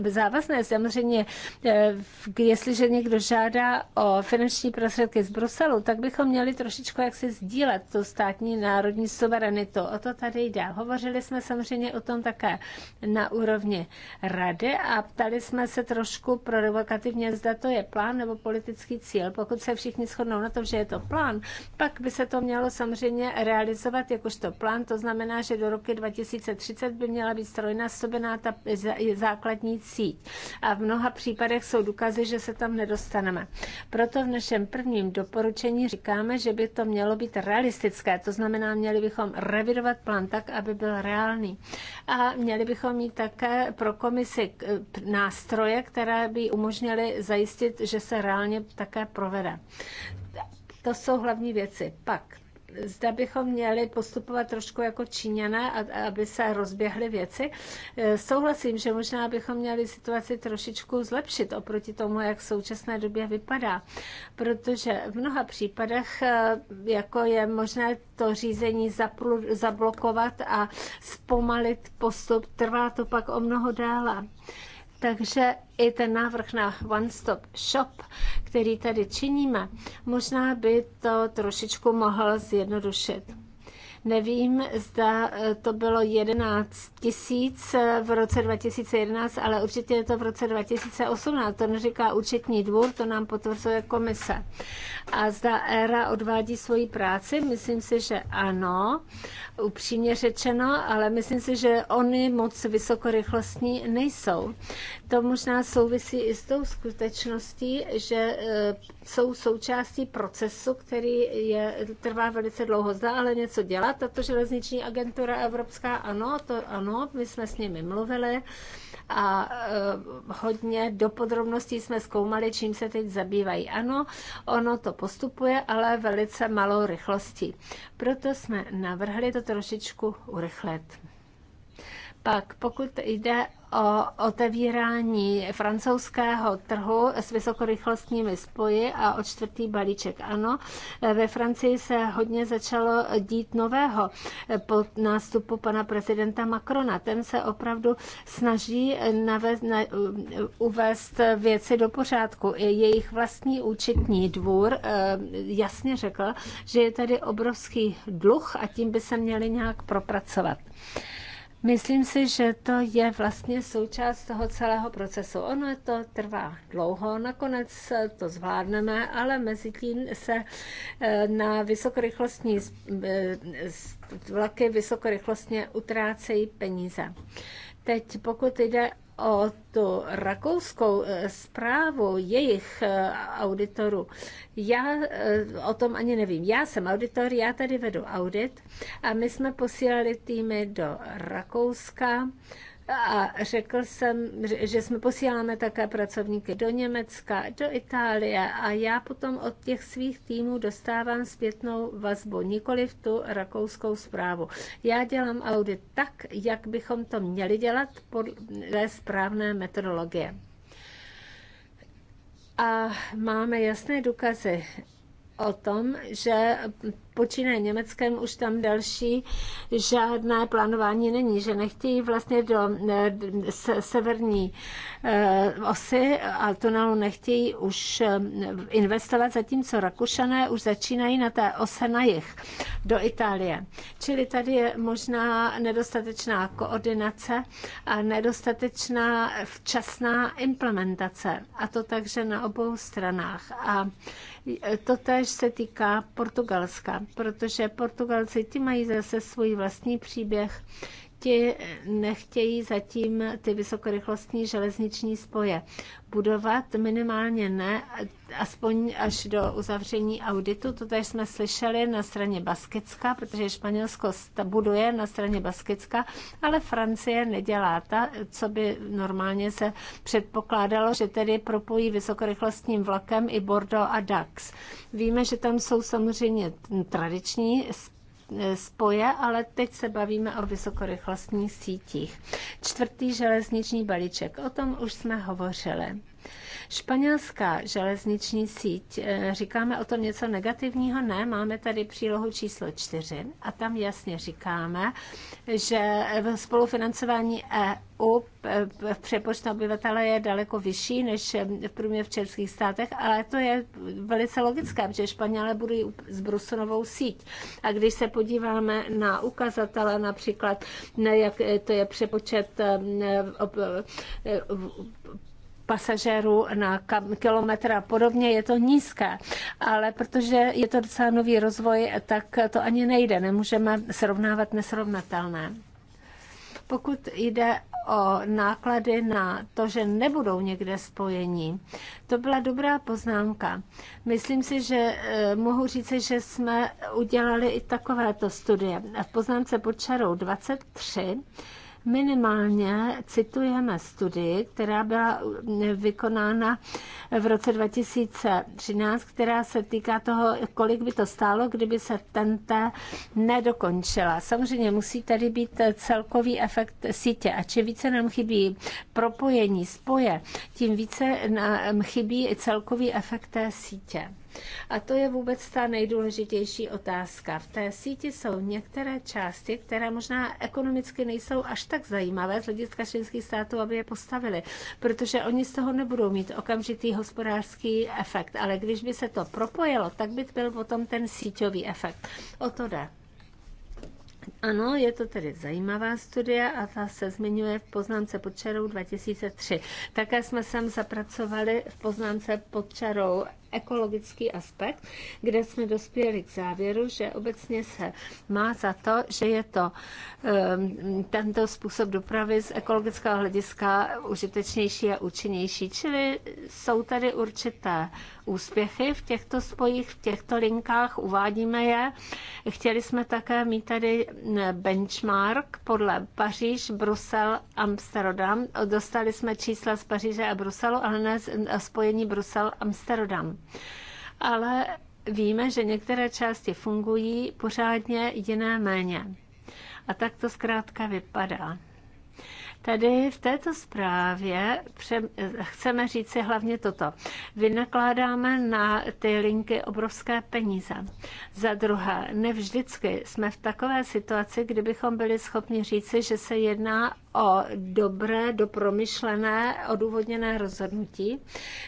závazné. Samozřejmě, eh, jestliže někdo žádá o finanční prostředky z Bruselu, tak bychom měli trošičku jaksi sdílet To státní národní suverenitu. O to tady jde. Hovořili jsme samozřejmě o tom také na úrovni rady a ptali jsme se trošku provokativně, zda to je plán nebo politický cíl. Pokud se všichni shodnou na tom, že je to plán, pak pak by se to mělo samozřejmě realizovat jakožto plán, to znamená, že do roku 2030 by měla být strojnásobená ta základní síť. A v mnoha případech jsou důkazy, že se tam nedostaneme. Proto v našem prvním doporučení říkáme, že by to mělo být realistické, to znamená, měli bychom revidovat plán tak, aby byl reálný. A měli bychom mít také pro komisi nástroje, které by umožnily zajistit, že se reálně také provede. To jsou hlavní věci. Pak zda bychom měli postupovat trošku jako Číňané, aby se rozběhly věci. E, souhlasím, že možná bychom měli situaci trošičku zlepšit oproti tomu, jak v současné době vypadá, protože v mnoha případech e, jako je možné to řízení zapl- zablokovat a zpomalit postup, trvá to pak o mnoho déle. Takže i ten návrh na One Stop Shop, který tady činíme, možná by to trošičku mohl zjednodušit. Nevím, zda eh, to bylo 11 tisíc eh, v roce 2011, ale určitě je to v roce 2018. To neříká účetní dvůr, to nám potvrzuje komise. A zda ERA odvádí svoji práci? Myslím si, že ano, upřímně řečeno, ale myslím si, že oni moc vysokorychlostní nejsou. To možná souvisí i s tou skutečností, že eh, jsou součástí procesu, který je, trvá velice dlouho. Zda ale něco dělá, dělá tato železniční agentura Evropská? Ano, to ano, my jsme s nimi mluvili a eh, hodně do podrobností jsme zkoumali, čím se teď zabývají. Ano, ono to postupuje, ale velice malou rychlostí. Proto jsme navrhli to trošičku urychlit. Pak pokud jde o otevírání francouzského trhu s vysokorychlostními spoji a o čtvrtý balíček. Ano, ve Francii se hodně začalo dít nového po nástupu pana prezidenta Macrona. Ten se opravdu snaží navést, na, uvést věci do pořádku. Jejich vlastní účetní dvůr eh, jasně řekl, že je tady obrovský dluh a tím by se měli nějak propracovat. Myslím si, že to je vlastně součást toho celého procesu. Ono to trvá dlouho, nakonec to zvládneme, ale mezi tím se eh, na vysokorychlostní eh, vlaky vysokorychlostně utrácejí peníze. Teď pokud jde o tu rakouskou e, zprávu jejich e, auditorů, já e, o tom ani nevím. Já jsem auditor, já tady vedu audit a my jsme posílali týmy do Rakouska a řekl jsem, že jsme posíláme také pracovníky do Německa, do Itálie a já potom od těch svých týmů dostávám zpětnou vazbu, nikoli v tu rakouskou zprávu. Já dělám audit tak, jak bychom to měli dělat podle správné metodologie. A máme jasné důkazy o tom, že počínaje Německem už tam další žádné plánování není, že nechtějí vlastně do severní eh, osy a tunelu nechtějí už eh, investovat, zatímco Rakušané už začínají na té ose na jich do Itálie. Čili tady je možná nedostatečná koordinace a nedostatečná včasná implementace. A to takže na obou stranách. A to též se týká Portugalska, protože Portugalci ti mají zase svůj vlastní příběh ti nechtějí zatím ty vysokorychlostní železniční spoje budovat, minimálně ne, aspoň až do uzavření auditu. To tady jsme slyšeli na straně Baskicka, protože Španělsko buduje na straně Baskicka, ale Francie nedělá ta, co by normálně se předpokládalo, že tedy propojí vysokorychlostním vlakem i Bordeaux a Dax. Víme, že tam jsou samozřejmě tradiční spoje, Eh, spoje, ale teď se bavíme o vysokorychlostních sítích. Čtvrtý železniční balíček, o tom už jsme hovořili. Španělská železniční síť, eh, říkáme o tom něco negativního? Ne, máme tady přílohu číslo čtyři a tam jasně říkáme, že spolufinancování EU eh, v přepočtu obyvatele je daleko vyšší než v průměr v českých státech, ale to je velice logické, protože Španělé budují zbrusunovou síť. A když se podíváme na ukazatele, například, ne jak eh, to je přepočet pasažérů na kilometr a podobně, je to nízké. Ale protože je to docela nový rozvoj, tak to ani nejde. Nemůžeme srovnávat nesrovnatelné. Pokud jde o náklady na to, že nebudou někde spojení. To byla dobrá poznámka. Myslím si, že eh, mohu říct, že jsme udělali i takovéto studie. v poznámce pod čarou 23 Minimálně citujeme studii, která byla vykonána v roce 2013, která se týká toho, kolik by to stálo, kdyby se TNT nedokončila. Samozřejmě musí tady být celkový efekt sítě a čím více nám chybí propojení, spoje, tím více nám chybí celkový efekt té sítě. A to je vůbec ta nejdůležitější otázka. V té síti jsou některé části, které možná ekonomicky nejsou až tak zajímavé z hlediska členských států, aby je postavili, protože oni z toho nebudou mít okamžitý hospodářský efekt. Ale když by se to propojilo, tak by byl potom ten síťový efekt. O to jde. Ano, je to tedy zajímavá studie a ta se zmiňuje v poznámce pod čarou 2003. Také jsme sem zapracovali v poznámce pod čarou ekologický aspekt, kde jsme dospěli k závěru, že obecně se má za to, že je to ehm, tento způsob dopravy z ekologického hlediska užitečnější a účinnější. Čili jsou tady určité úspěchy v těchto spojích, v těchto linkách, uvádíme je. Chtěli jsme také mít tady benchmark podle Paříž, Brusel, Amsterdam. Dostali jsme čísla z Paříže a Bruselu, ale ne z spojení Brusel, Amsterdam. Ale víme, že některé části fungují pořádně, jiné méně. A tak to zkrátka vypadá. Tady v této zprávě chceme říct si hlavně toto. Vynakládáme na ty linky obrovské peníze. Za druhé, nevždycky jsme v takové situaci, kdybychom byli schopni říci, že se jedná o dobré, dopromyšlené, odůvodněné rozhodnutí.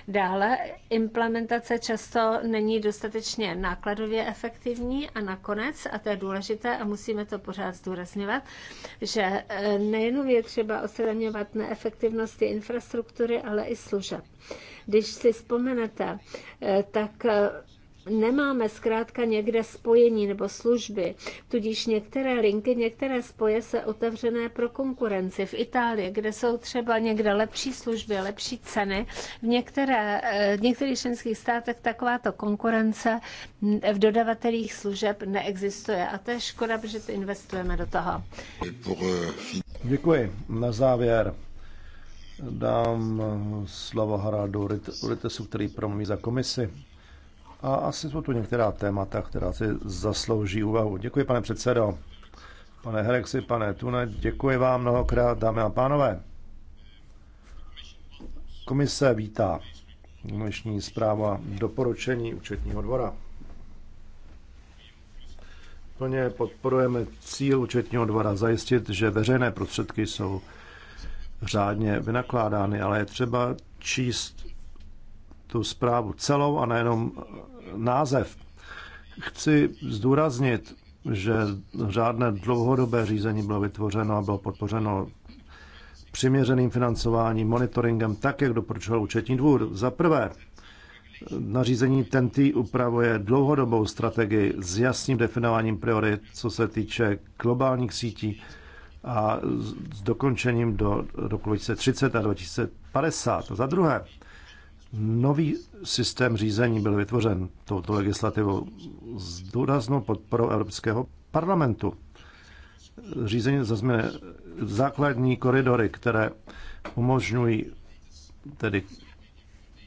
Dále implementace často není dostatečně nákladově efektivní a nakonec, a to je důležité a musíme to pořád zdůrazňovat, že eh, nejenom je třeba odstraňovat neefektivnosti infrastruktury, ale i služeb. Když si vzpomenete, eh, tak eh, nemáme zkrátka někde spojení nebo služby, tudíž některé linky, některé spoje se otevřené pro konkurenci. V Itálii, kde jsou třeba někde lepší služby, lepší ceny, v, některé, eh, v některých členských státech takováto konkurence v dodavatelích služeb neexistuje. A to je škoda, protože to investujeme do toho. Děkuji. Na závěr dám slovo Haraldu Ritesu, který promluví za komisi. A asi jsou tu některá témata, která si zaslouží úvahu. Děkuji, pane předsedo. Pane Herexi, pane Tune, děkuji vám mnohokrát, dámy a pánové. Komise vítá dnešní zpráva doporučení účetního dvora. Plně podporujeme cíl účetního dvora zajistit, že veřejné prostředky jsou řádně vynakládány, ale je třeba číst tu zprávu celou a nejenom eh, název. Chci zdůraznit, že žádné dlouhodobé řízení bylo vytvořeno a bylo podpořeno přiměřeným financováním, monitoringem, tak, jak doporučoval účetní dvůr. Za prvé, nařízení TNT upravuje dlouhodobou strategii s jasným definováním priorit, co se týče globálních sítí a s dokončením do roku 2030 a 2050. Za druhé, Nový systém řízení byl vytvořen touto legislativou s důraznou podporou Evropského parlamentu. Řízení zazměne základní koridory, které umožňují tedy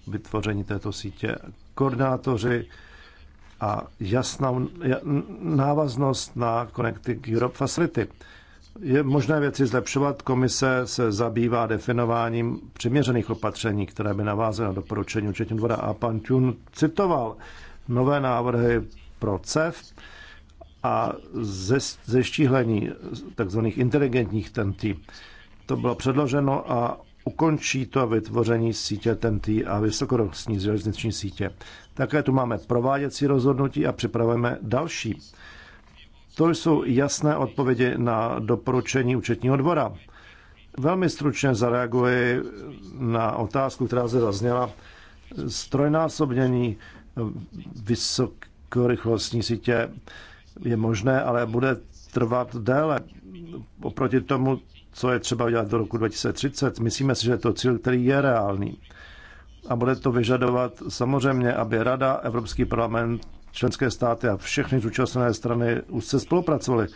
vytvoření této sítě. Koordinátoři a jasná návaznost na Connecting Europe Facility. Je možné věci zlepšovat. Komise se zabývá definováním přiměřených opatření, které by navázaly na doporučení účetního dvora. A pan Tun citoval nové návrhy pro CEF a zeštíhlení tzv. inteligentních TNT. To bylo předloženo a ukončí to vytvoření sítě TNT a vysokorostní železniční sítě. Také tu máme prováděcí rozhodnutí a připravujeme další. To jsou jasné odpovědi na doporučení účetního dvora. Velmi stručně zareaguji na otázku, která se zazněla. Strojnásobnění vysokorychlostní sítě je možné, ale bude trvat déle. Oproti tomu, co je třeba udělat do roku 2030, myslíme si, že je to cíl, který je reálný. A bude to vyžadovat samozřejmě, aby Rada, Evropský parlament členské státy a všechny zúčastněné strany už se spolupracovaly.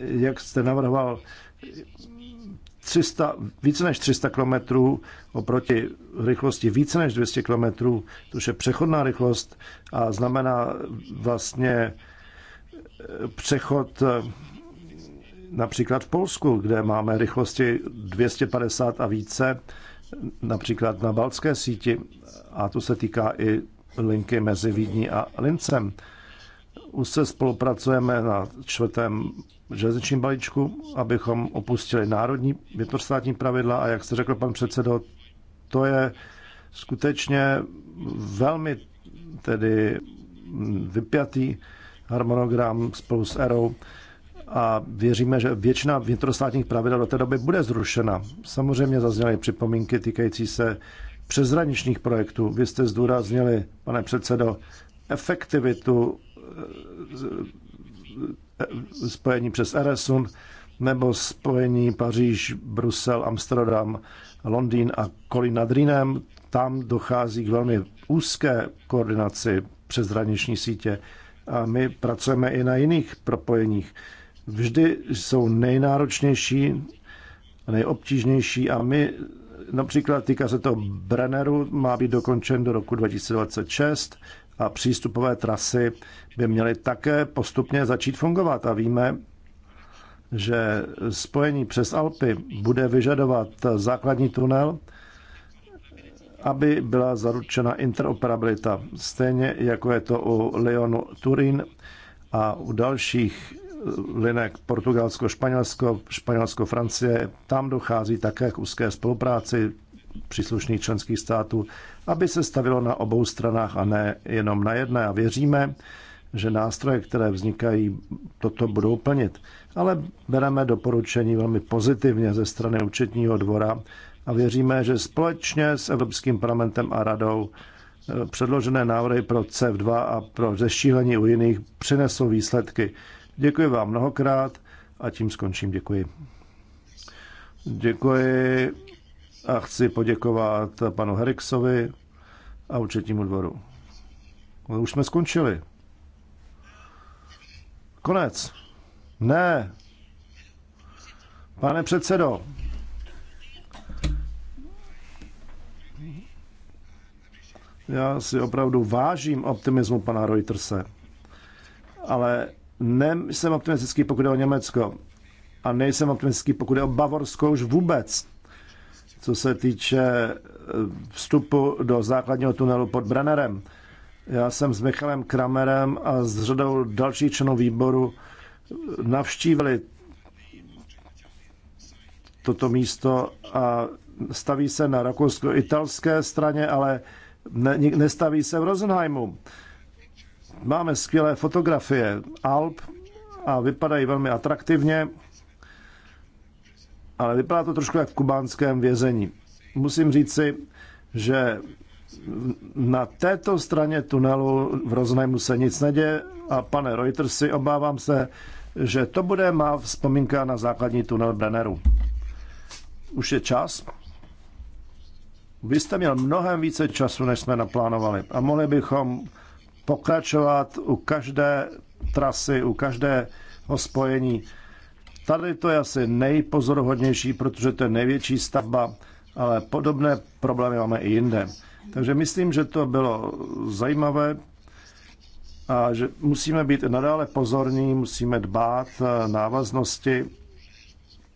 Jak jste navrhoval, 300, více než 300 km oproti rychlosti více než 200 km, to je přechodná rychlost a znamená vlastně eh, přechod eh, například v Polsku, kde máme rychlosti 250 a více, například na baltské síti a to se týká i linky mezi Vídní a Lincem. Už se spolupracujeme na čtvrtém železničním balíčku, abychom opustili národní vnitrostátní pravidla a jak jste řekl pan předsedo, to je skutečně velmi tedy vypjatý harmonogram spolu s ERou a věříme, že většina vnitrostátních pravidel do té doby bude zrušena. Samozřejmě zazněly připomínky týkající se přezraničních projektů. Vy jste zdůraznili, pane předsedo, efektivitu eh, spojení přes Eresun nebo spojení Paříž, Brusel, Amsterdam, Londýn a Kolín nad Rýnem. Tam dochází k velmi úzké koordinaci přeshraniční sítě a my pracujeme i na jiných propojeních. Vždy jsou nejnáročnější, nejobtížnější a my Například týká se to Brenneru, má být dokončen do roku 2026 a přístupové trasy by měly také postupně začít fungovat. A víme, že spojení přes Alpy bude vyžadovat základní tunel, aby byla zaručena interoperabilita, stejně jako je to u Lyonu Turín a u dalších linek Portugalsko, Španělsko, Španělsko, Francie. Tam dochází také k úzké spolupráci příslušných členských států, aby se stavilo na obou stranách a ne jenom na jedné. A věříme, že nástroje, které vznikají, toto budou plnit. Ale bereme doporučení velmi pozitivně ze strany účetního dvora a věříme, že společně s Evropským parlamentem a radou eh, předložené návrhy pro CEF2 a pro zešílení u jiných přinesou výsledky. Děkuji vám mnohokrát a tím skončím. Děkuji. Děkuji a chci poděkovat panu Heriksovi a účetnímu dvoru. Ale no, už jsme skončili. Konec. Ne. Pane předsedo. Já si opravdu vážím optimismu pana Reutersa, ale nejsem optimistický, pokud je o Německo. A nejsem optimistický, pokud je o Bavorsko už vůbec. Co se týče eh, vstupu do základního tunelu pod Brennerem. Já jsem s Michalem Kramerem a s řadou dalších členů výboru navštívili toto místo a staví se na rakousko-italské straně, ale ne, nestaví se v Rosenheimu. Máme skvělé fotografie Alp a vypadají velmi atraktivně, ale vypadá to trošku jak v kubánském vězení. Musím říci, že na této straně tunelu v Roznému se nic neděje a pane Reuters si obávám se, že to bude má vzpomínka na základní tunel Brenneru. Už je čas. Vy jste měl mnohem více času, než jsme naplánovali a mohli bychom pokračovat u každé trasy, u každého spojení. Tady to je asi nejpozoruhodnější, protože to je největší stavba, ale podobné problémy máme i jinde. Takže myslím, že to bylo zajímavé a že musíme být nadále pozorní, musíme dbát návaznosti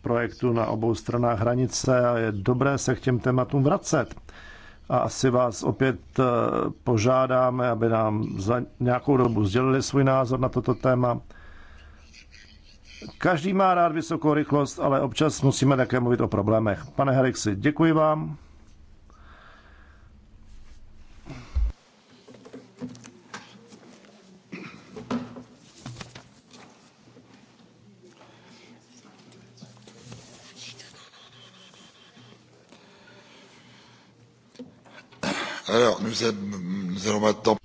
projektu na obou stranách hranice a je dobré se k těm tématům vracet a asi vás opět eh, požádáme, aby nám za nějakou dobu sdělili svůj názor na toto téma. Každý má rád vysokou rychlost, ale občas musíme také mluvit o problémech. Pane Herixi, děkuji vám.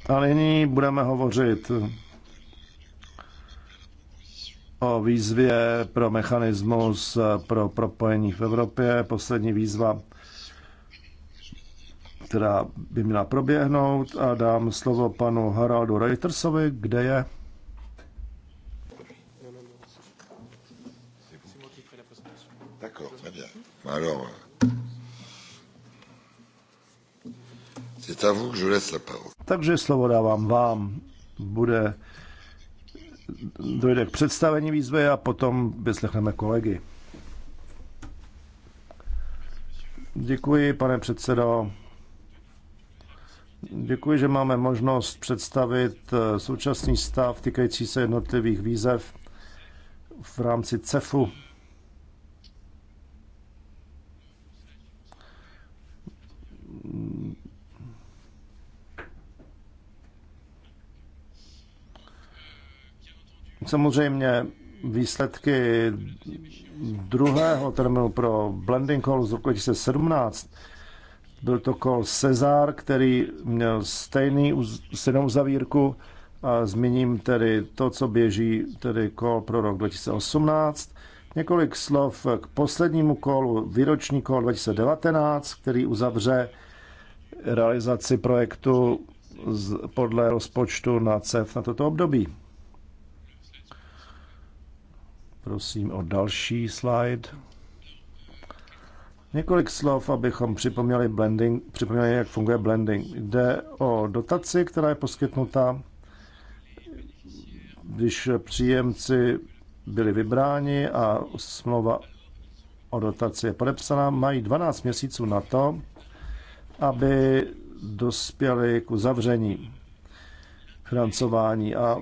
A nyní budeme hovořit o výzvě pro mechanismus pro propojení v Evropě. Poslední výzva, která by měla proběhnout. A dám slovo panu Haraldu Reutersovi, kde je. Takže slovo dávám vám. Bude, dojde k představení výzvy a potom vyslechneme kolegy. Děkuji, pane předsedo. Děkuji, že máme možnost představit eh, současný stav týkající se jednotlivých výzev v rámci CEFu. Samozřejmě výsledky druhého termínu pro blending call z roku 2017 byl to kol Cezar, který měl stejný, stejnou zavírku. A zmíním tedy to, co běží, tedy kol pro rok 2018. Několik slov k poslednímu kolu, výroční kol 2019, který uzavře realizaci projektu podle rozpočtu na CEF na toto období. Prosím o další slide. Několik slov, abychom připomněli, blending, připomněli, jak funguje blending. Jde o dotaci, která je poskytnuta, když příjemci byli vybráni a smlouva o dotaci je podepsaná, mají 12 měsíců na to, aby dospěli k uzavření financování. A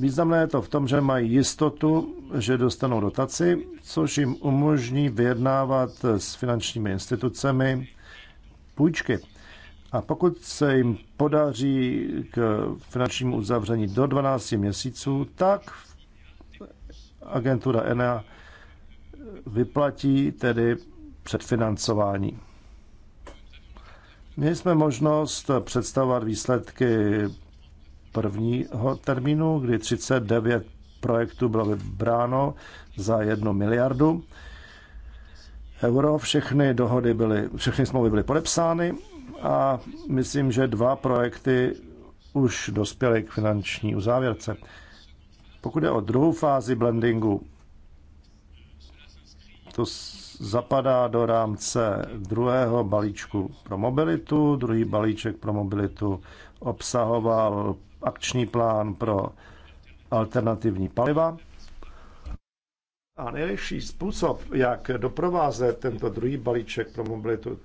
významné je to v tom, že mají jistotu, že dostanou dotaci, což jim umožní vyjednávat s finančními institucemi půjčky. A pokud se jim podaří k finančnímu uzavření do 12 měsíců, tak agentura ENA vyplatí tedy předfinancování. Měli jsme možnost představovat výsledky prvního termínu, kdy 39 Projektu bylo vybráno za jednu miliardu euro. Všechny dohody byly, všechny smlouvy byly podepsány a myslím, že dva projekty už dospěly k finanční uzávěrce. Pokud je o druhou fázi blendingu, to zapadá do rámce druhého balíčku pro mobilitu. Druhý balíček pro mobilitu obsahoval akční plán pro alternativní paliva. A nejlepší způsob, jak doprovázet tento druhý balíček pro mobilitu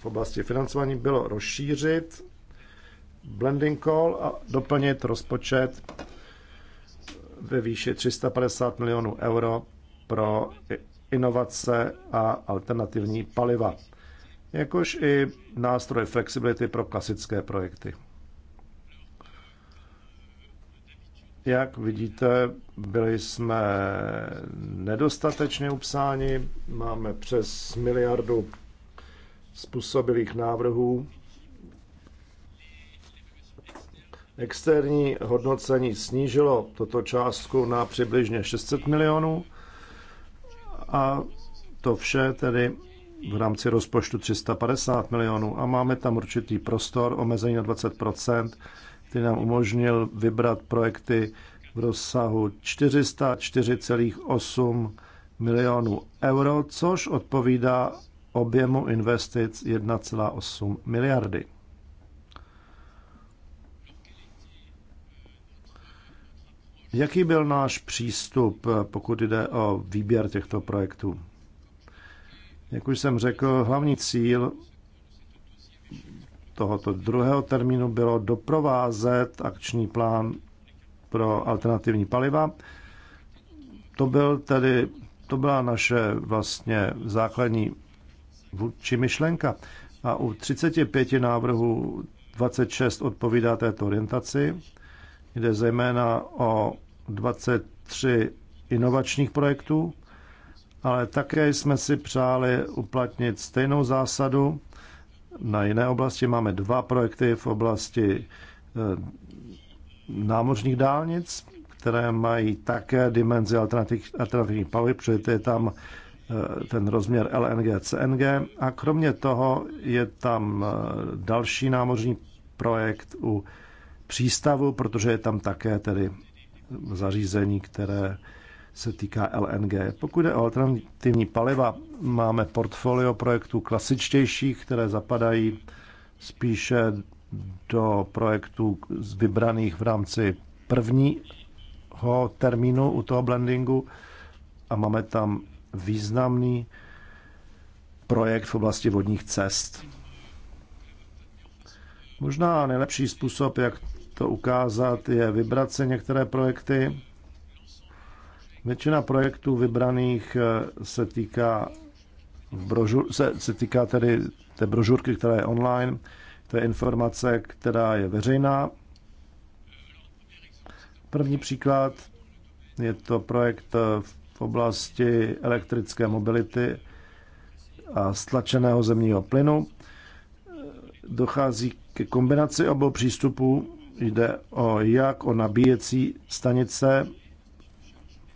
v oblasti financování, bylo rozšířit blending call a doplnit rozpočet ve výši 350 milionů euro pro inovace a alternativní paliva, jakož i nástroje flexibility pro klasické projekty. Jak vidíte, byli jsme nedostatečně upsáni, máme přes miliardu způsobilých návrhů. Externí hodnocení snížilo toto částku na přibližně 600 milionů a to vše tedy v rámci rozpočtu 350 milionů a máme tam určitý prostor, omezení na 20 který nám umožnil vybrat projekty v rozsahu 404,8 milionů euro, což odpovídá objemu investic 1,8 miliardy. Jaký byl náš přístup, pokud jde o výběr těchto projektů? Jak už jsem řekl, hlavní cíl tohoto druhého termínu bylo doprovázet akční plán pro alternativní paliva. To, byl tedy, to byla naše vlastně základní vůdčí myšlenka. A u 35 návrhů 26 odpovídá této orientaci. Jde zejména o 23 inovačních projektů, ale také jsme si přáli uplatnit stejnou zásadu na jiné oblasti. Máme dva projekty v oblasti eh, námořních dálnic, které mají také dimenzi alternativ, alternativní paliv, protože je tam eh, ten rozměr LNG, CNG. A kromě toho je tam eh, další námořní projekt u přístavu, protože je tam také tedy zařízení, které se týká LNG. Pokud je o alternativní paliva, máme portfolio projektů klasičtějších, které zapadají spíše do projektů vybraných v rámci prvního termínu u toho blendingu a máme tam významný projekt v oblasti vodních cest. Možná nejlepší způsob, jak to ukázat, je vybrat si některé projekty, Většina projektů vybraných eh, se týká, brožur, se, se týká tedy té brožurky, která je online, to je informace, která je veřejná. První příklad je to projekt eh, v oblasti elektrické mobility a stlačeného zemního plynu. Eh, dochází ke kombinaci obou přístupů. Jde o jak o nabíjecí stanice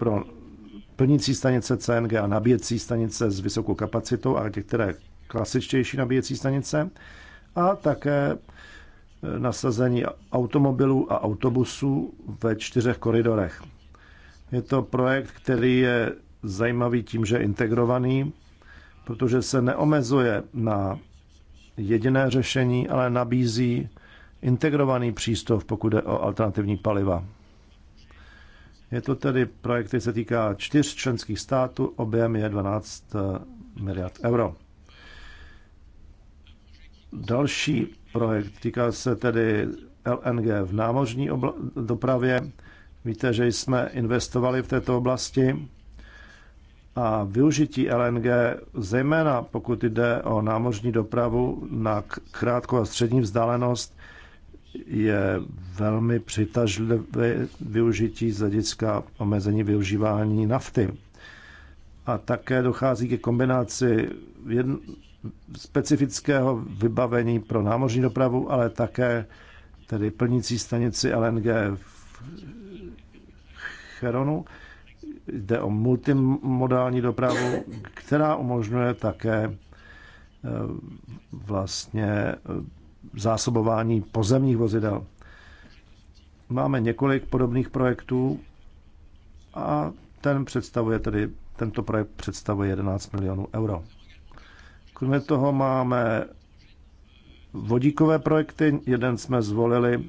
pro plnící stanice CNG a nabíjecí stanice s vysokou kapacitou a některé klasičtější nabíjecí stanice a také e, nasazení automobilů a autobusů ve čtyřech koridorech. Je to projekt, který je zajímavý tím, že je integrovaný, protože se neomezuje na jediné řešení, ale nabízí integrovaný přístup, pokud jde o alternativní paliva. Je to tedy projekt, který se týká čtyř členských států, objem je 12 eh, miliard euro. Další projekt týká se tedy LNG v námořní dopravě. Víte, že jsme investovali v této oblasti a využití LNG, zejména pokud jde o námořní dopravu na krátkou a střední vzdálenost, je velmi přitažlivé využití z hlediska omezení využívání nafty. A také dochází ke kombinaci jedn, specifického vybavení pro námořní dopravu, ale také tedy plnící stanici LNG v Cheronu. Jde o multimodální dopravu, která umožňuje také eh, vlastně eh, zásobování pozemních vozidel. Máme několik podobných projektů a ten představuje tedy, tento projekt představuje 11 milionů euro. Kromě toho máme vodíkové projekty. Jeden jsme zvolili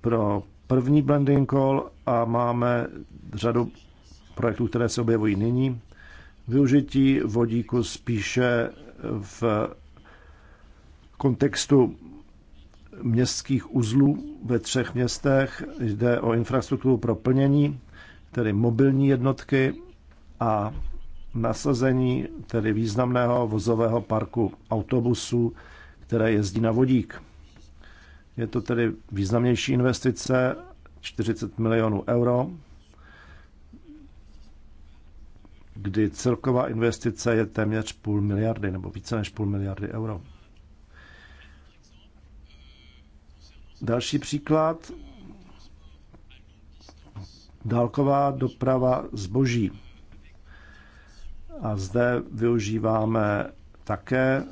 pro první blending call a máme řadu projektů, které se objevují nyní. Využití vodíku spíše v kontextu městských uzlů ve třech městech. Jde o infrastrukturu pro plnění, tedy mobilní jednotky a nasazení tedy významného vozového parku autobusů, které jezdí na vodík. Je to tedy významnější investice, 40 milionů euro, kdy celková investice je téměř půl miliardy nebo více než půl miliardy euro. Další příklad. Dálková doprava zboží. A zde využíváme také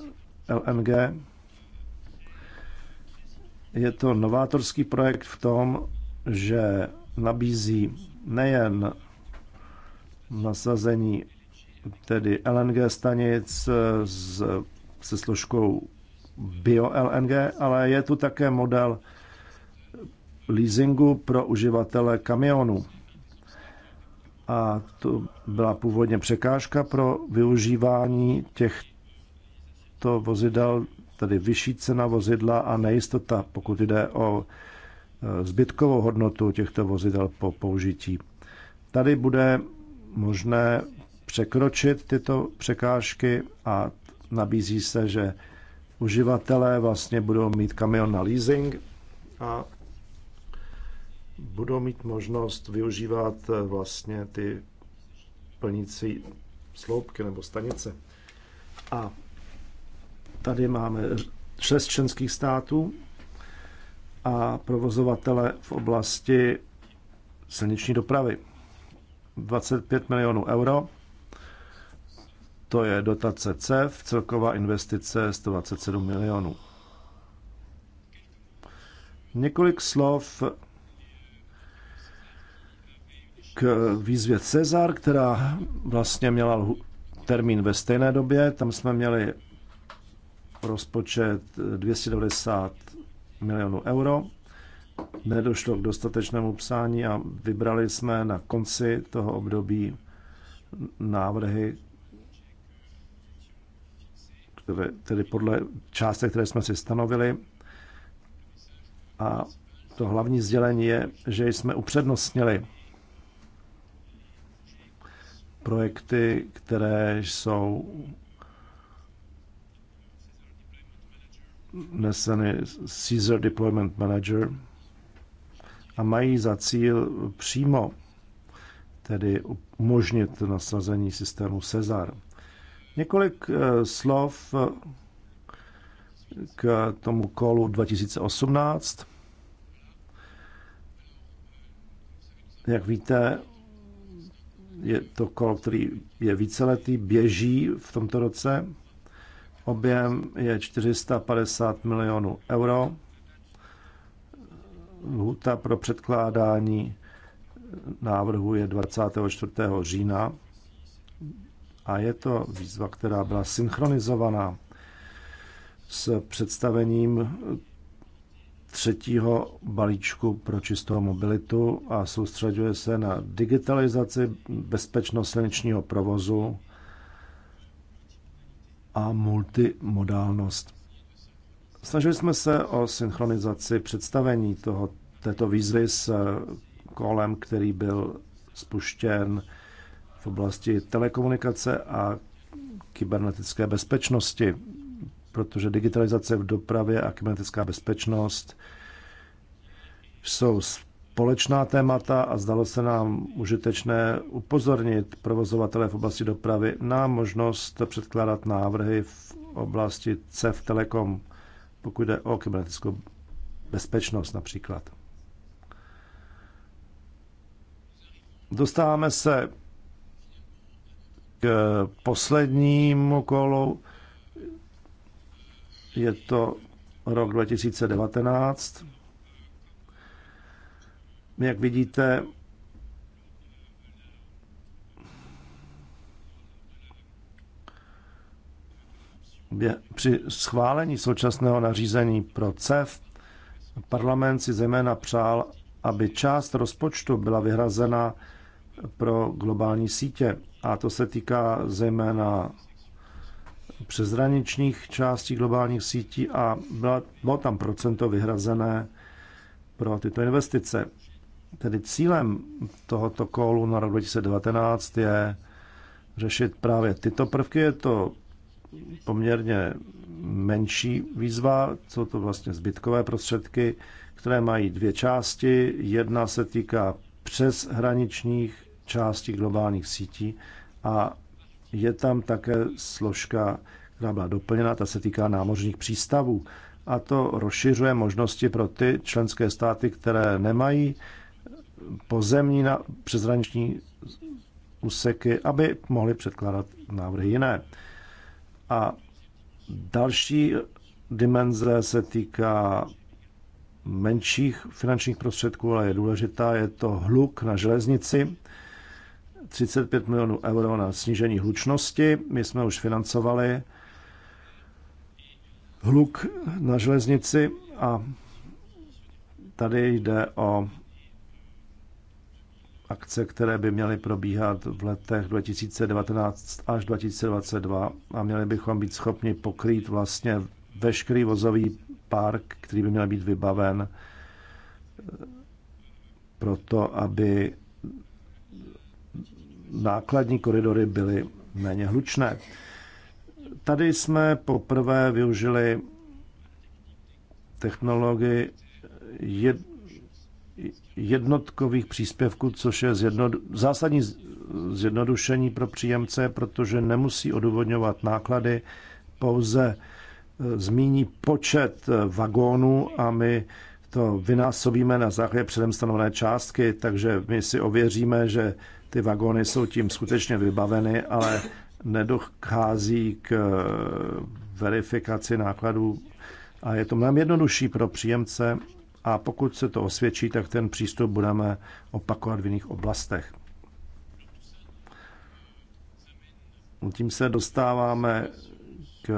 LNG. Je to novátorský projekt v tom, že nabízí nejen nasazení tedy LNG stanic s, se složkou bio-LNG, ale je tu také model leasingu pro uživatele kamionů. A to byla původně překážka pro využívání těchto vozidel, tedy vyšší cena vozidla a nejistota, pokud jde o e, zbytkovou hodnotu těchto vozidel po použití. Tady bude možné překročit tyto překážky a nabízí se, že uživatelé vlastně budou mít kamion na leasing a budou mít možnost využívat eh, vlastně ty plnící sloupky nebo stanice. A tady máme šest členských států a provozovatele v oblasti silniční dopravy. 25 milionů euro, to je dotace CEF, celková investice 127 milionů. Několik slov k výzvě Cezar, která vlastně měla termín ve stejné době. Tam jsme měli rozpočet 290 milionů euro. Nedošlo k dostatečnému psání a vybrali jsme na konci toho období návrhy, které, tedy podle částek, které jsme si stanovili. A to hlavní sdělení je, že jsme upřednostnili projekty, které jsou neseny Caesar Deployment Manager a mají za cíl přímo tedy umožnit nasazení systému Cezar. Několik eh, slov eh, k tomu kolu 2018. Jak víte, je to kolo, který je víceletý, běží v tomto roce. Objem je 450 milionů euro. Lhuta pro předkládání návrhu je 24. října a je to výzva, která byla synchronizovaná s představením třetího balíčku pro čistou mobilitu a soustředuje se na digitalizaci, bezpečnost silničního provozu a multimodálnost. Snažili jsme se o synchronizaci představení toho, této výzvy s kolem, který byl spuštěn v oblasti telekomunikace a kybernetické bezpečnosti protože digitalizace v dopravě a kybernetická bezpečnost jsou společná témata a zdalo se nám užitečné upozornit provozovatele v oblasti dopravy na možnost předkládat návrhy v oblasti CEF Telekom, pokud jde o kybernetickou bezpečnost například. Dostáváme se k poslednímu kolu je to rok 2019. Jak vidíte, při schválení současného nařízení pro CEF parlament si zejména přál, aby část rozpočtu byla vyhrazena pro globální sítě. A to se týká zejména přezraničních částí globálních sítí a byla, bylo tam procento vyhrazené pro tyto investice. Tedy cílem tohoto kolu na rok 2019 je řešit právě tyto prvky. Je to poměrně menší výzva, jsou to vlastně zbytkové prostředky, které mají dvě části. Jedna se týká přeshraničních částí globálních sítí a je tam také složka, která byla doplněna, ta se týká námořních přístavů. A to rozšiřuje možnosti pro ty členské státy, které nemají pozemní na přezraniční úseky, aby mohli předkládat návrhy jiné. A další dimenze se týká menších finančních prostředků, ale je důležitá, je to hluk na železnici. 35 milionů euro na snížení hlučnosti. My jsme už financovali hluk na železnici a tady jde o akce, které by měly probíhat v letech 2019 až 2022 a měli bychom být schopni pokrýt vlastně veškerý vozový park, který by měl být vybaven eh, proto, aby nákladní koridory byly méně hlučné. Tady jsme poprvé využili technologii jednotkových příspěvků, což je zjednod, zásadní zjednodušení pro příjemce, protože nemusí odůvodňovat náklady, pouze e, zmíní počet e, vagónů a my to vynásobíme na základě předem stanovené částky, takže my si ověříme, že ty vagony jsou tím skutečně vybaveny, ale nedochází k eh, verifikaci nákladů a je to mnohem jednodušší pro příjemce a pokud se to osvědčí, tak ten přístup budeme opakovat v jiných oblastech. Tím se dostáváme k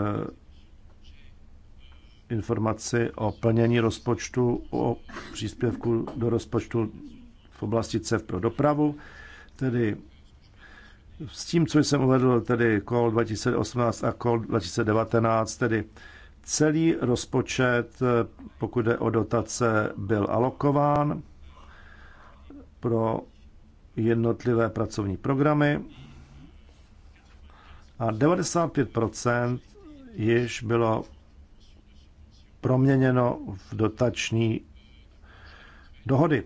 informaci o plnění rozpočtu, o příspěvku do rozpočtu v oblasti CEF pro dopravu. Tedy s tím, co jsem uvedl, tedy kol 2018 a kol 2019, tedy celý rozpočet, pokud jde o dotace, byl alokován pro jednotlivé pracovní programy a 95% již bylo proměněno v dotační dohody.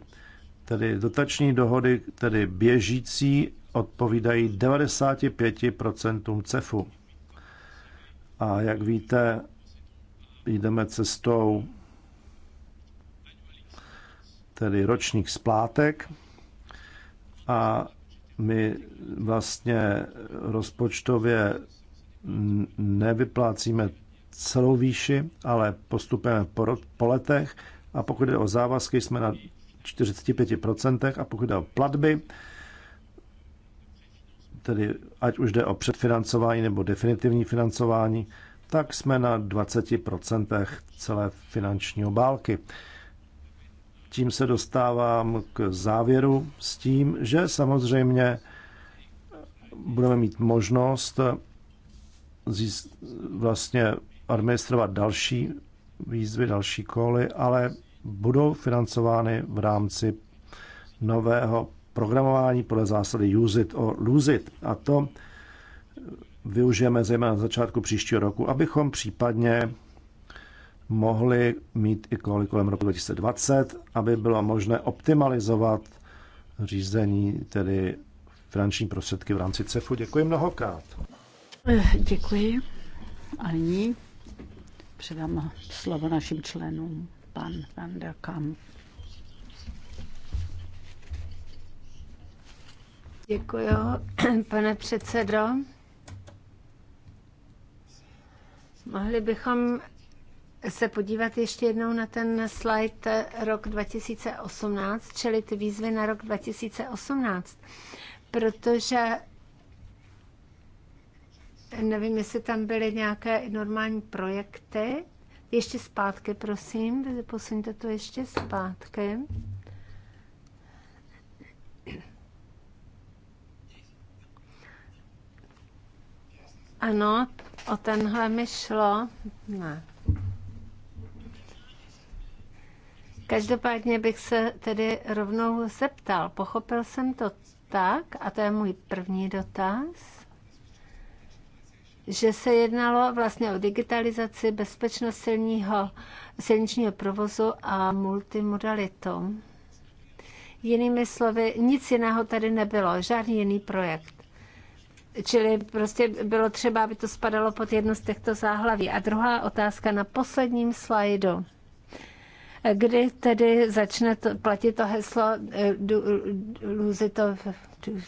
Tedy dotační dohody, tedy běžící, odpovídají 95% CEFu. A jak víte, jdeme cestou tedy ročních splátek a my vlastně rozpočtově nevyplácíme celou výši, ale postupujeme po, letech a pokud jde o závazky, jsme na 45%. A pokud jde o platby, tedy ať už jde o předfinancování nebo definitivní financování, tak jsme na 20% celé finanční obálky. Tím se dostávám k závěru s tím, že samozřejmě budeme mít možnost vlastně administrovat další výzvy, další koly, ale budou financovány v rámci nového programování podle zásady use it or lose it. A to využijeme zejména na začátku příštího roku, abychom případně mohli mít i kolik kolem roku 2020, aby bylo možné optimalizovat řízení, tedy finanční prostředky v rámci CEFu. Děkuji mnohokrát. Děkuji. A nyní předám slovo našim členům pan Van der Kamp. Děkuji, [clears throat] pane předsedo. Mohli bychom se podívat ještě jednou na ten slide rok 2018, čili ty výzvy na rok 2018, protože nevím, jestli tam byly nějaké normální projekty, ještě zpátky, prosím, posuňte to ještě zpátky. Ano, o tenhle mi šlo. Ne. Každopádně bych se tedy rovnou zeptal. Pochopil jsem to tak, a to je můj první dotaz že se jednalo vlastně o digitalizaci, bezpečnost silního, silničního provozu a multimodalitu. Jinými slovy, nic jiného tady nebylo, žádný jiný projekt. Čili prostě bylo třeba, aby to spadalo pod jedno z těchto záhlaví. A druhá otázka na posledním slajdu. Kdy tedy začne to, platit to heslo eh,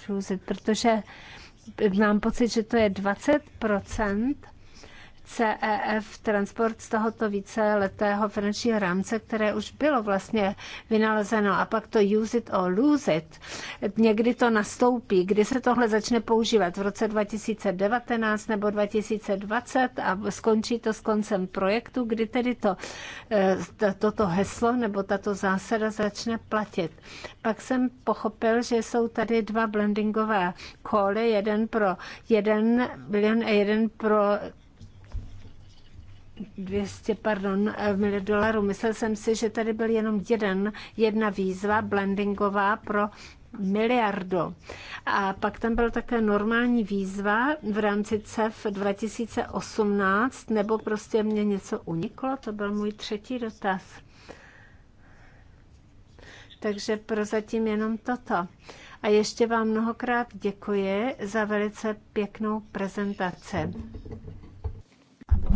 lose it, protože mám pocit, že to je 20 CEF transport z tohoto víceletého finančního rámce, které už bylo vlastně vynalezeno a pak to use it or lose it. Někdy to nastoupí, kdy se tohle začne používat v roce 2019 nebo 2020 a skončí to s koncem projektu, kdy tedy to, eh, toto heslo nebo tato zásada začne platit. Pak jsem pochopil, že jsou tady dva blendingové koly, jeden pro jeden bilion a jeden pro 200, pardon, eh, miliard dolarů. Myslel jsem si, že tady byl jenom jeden, jedna výzva blendingová pro miliardu. A pak tam byla také normální výzva v rámci e CEF 2018, nebo prostě mě něco uniklo, to byl můj třetí dotaz. Takže prozatím jenom toto. A ještě vám mnohokrát děkuji za velice pěknou prezentaci.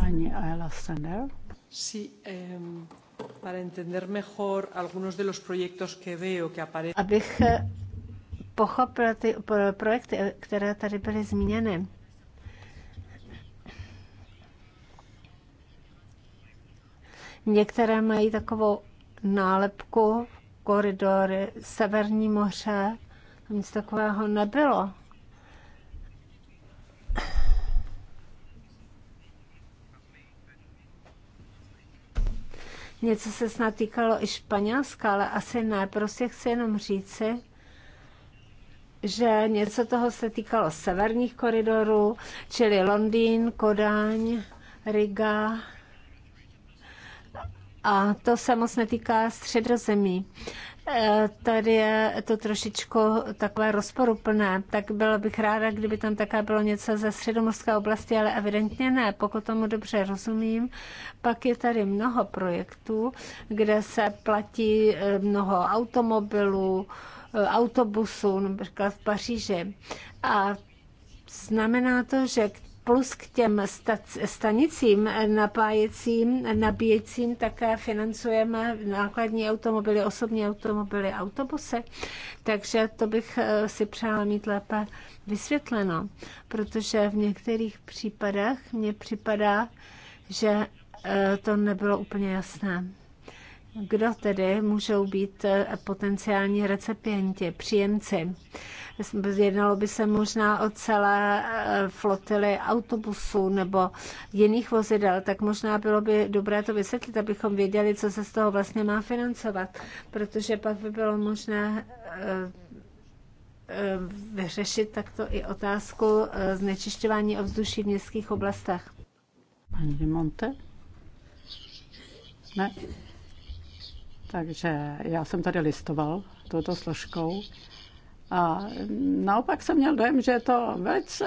Paní Sander. Sí, um, para entender mejor algunos de los proyectos que veo que aparecen. Abych eh, pochopil ty projekty, eh, které tady byly zmíněny. Některé mají takovou nálepku, koridory, Severní moře, nic takového nebylo. Něco se snad týkalo i Španělska, ale asi ne. Prostě chci jenom říci, že něco toho se týkalo severních koridorů, čili Londýn, Kodáň, Riga. A to se moc netýká středozemí. Eh, tady je to trošičku takové rozporuplné, tak byla bych ráda, kdyby tam také bylo něco ze středomorské oblasti, ale evidentně ne. Pokud tomu dobře rozumím, pak je tady mnoho projektů, kde se platí eh, mnoho automobilů, eh, autobusů, například v Paříži. A znamená to, že k plus k těm stanicím napájecím, nabíjecím také financujeme nákladní automobily, osobní automobily, autobusy. Takže to bych eh, si přála mít lépe vysvětleno, protože v některých případech mně připadá, že eh, to nebylo úplně jasné. Kdo tedy můžou být eh, potenciální recipienti, příjemci? Jednalo by se možná o celé eh, flotily autobusů nebo jiných vozidel, tak možná bylo by dobré to vysvětlit, abychom věděli, co se z toho vlastně má financovat, protože pak by bylo možné eh, eh, vyřešit takto i otázku znečišťování ovzduší v městských oblastech. Pani Monte? Ne? Takže já jsem tady listoval touto složkou a naopak jsem měl dojem, že je to velice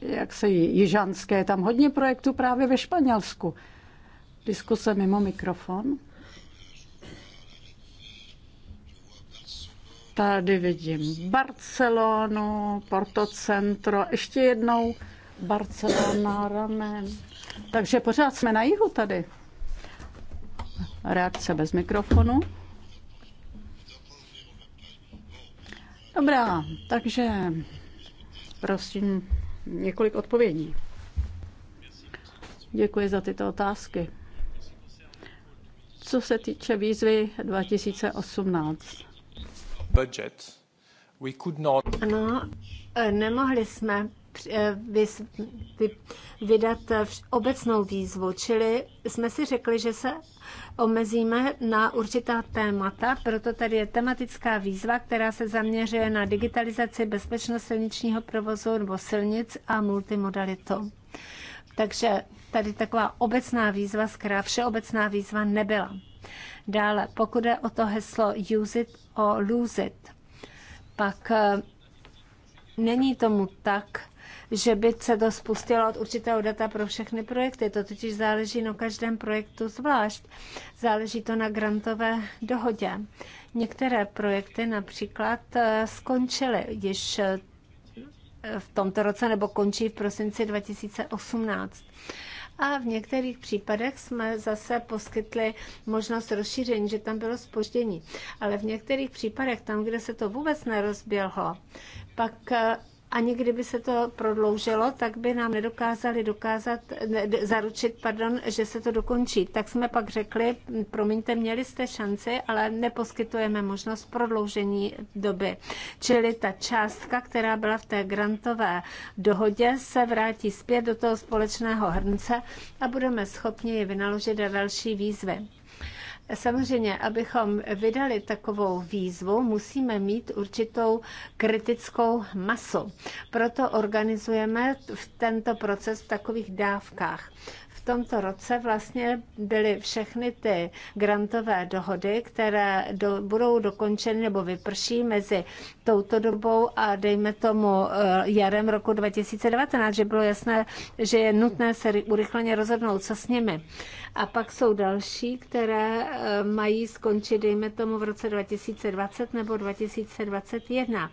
jaksi jižanské. Tam hodně projektů právě ve Španělsku. Diskuse mimo mikrofon. Tady vidím Barcelonu, Porto Centro, ještě jednou Barcelona, Ramen. Takže pořád jsme na jihu tady. Reakce bez mikrofonu. Dobrá, takže prosím několik odpovědí. Děkuji za tyto otázky. Co se týče výzvy 2018. Ano, nemohli jsme Eh, vydat eh, obecnou výzvu, čili jsme si řekli, že se omezíme na určitá témata, proto tady je tematická výzva, která se zaměřuje na digitalizaci bezpečnost silničního provozu nebo silnic a multimodalitu. Takže tady taková obecná výzva, zkrátka všeobecná výzva nebyla. Dále, pokud je o to heslo use it or lose it, pak eh, není tomu tak, že by se to spustilo od určitého data pro všechny projekty. To totiž záleží na každém projektu zvlášť. Záleží to na grantové dohodě. Některé projekty například eh, skončily již eh, v tomto roce nebo končí v prosinci 2018 a v některých případech jsme zase poskytli možnost rozšíření, že tam bylo spoždění. Ale v některých případech, tam, kde se to vůbec nerozběhlo, pak eh, ani kdyby se to prodloužilo, tak by nám nedokázali dokázat, ne, zaručit, pardon, že se to dokončí. Tak jsme pak řekli, promiňte, měli jste šanci, ale neposkytujeme možnost prodloužení doby. Čili ta částka, která byla v té grantové dohodě, se vrátí zpět do toho společného hrnce a budeme schopni ji vynaložit na další výzvy. Samozřejmě, abychom vydali takovou výzvu, musíme mít určitou kritickou masu. Proto organizujeme tento proces v takových dávkách tomto roce vlastně byly všechny ty grantové dohody, které do, budou dokončeny nebo vyprší mezi touto dobou a dejme tomu eh, jarem roku 2019, že bylo jasné, že je nutné se urychleně rozhodnout, co s nimi. A pak jsou další, které eh, mají skončit, dejme tomu, v roce 2020 nebo 2021.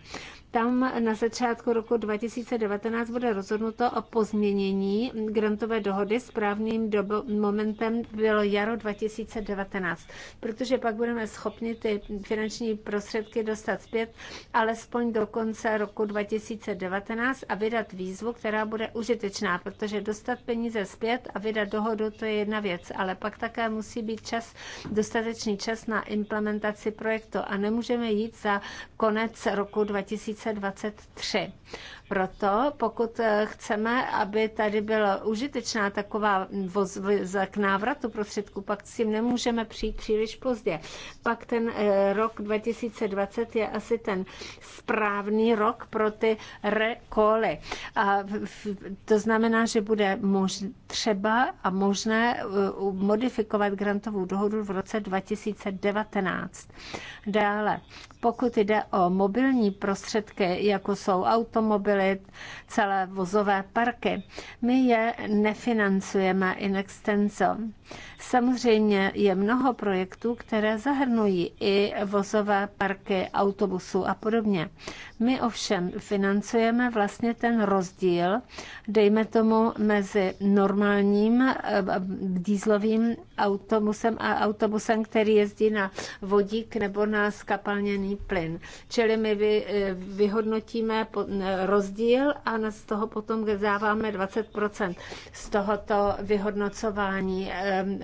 Tam na začátku roku 2019 bude rozhodnuto o pozměnění grantové dohody. Správným dobo, momentem bylo jaro 2019, protože pak budeme schopni ty finanční prostředky dostat zpět alespoň do konce roku 2019 a vydat výzvu, která bude užitečná, protože dostat peníze zpět a vydat dohodu, to je jedna věc, ale pak také musí být čas, dostatečný čas na implementaci projektu a nemůžeme jít za konec roku 2019. 2023. Proto, pokud eh, chceme, aby tady byla užitečná taková voz, k návratu prostředku, pak s tím nemůžeme přijít příliš pozdě. Pak ten eh, rok 2020 je asi ten správný rok pro ty rekoly. A to znamená, že bude mož, třeba a možné eh, modifikovat grantovou dohodu v roce 2019. Dále, pokud jde o mobilní prostředky, jako jsou automobily, koupili celé vozové parky. My je nefinancujeme in extenso. Samozřejmě je mnoho projektů, které zahrnují i vozové parky autobusů a podobně. My ovšem financujeme vlastně ten rozdíl, dejme tomu, mezi normálním eh, dýzlovým autobusem a autobusem, který jezdí na vodík nebo na skapalněný plyn. Čili my eh, vyhodnotíme eh, rozdíl rozdíl a z toho potom dáváme 20 z tohoto vyhodnocování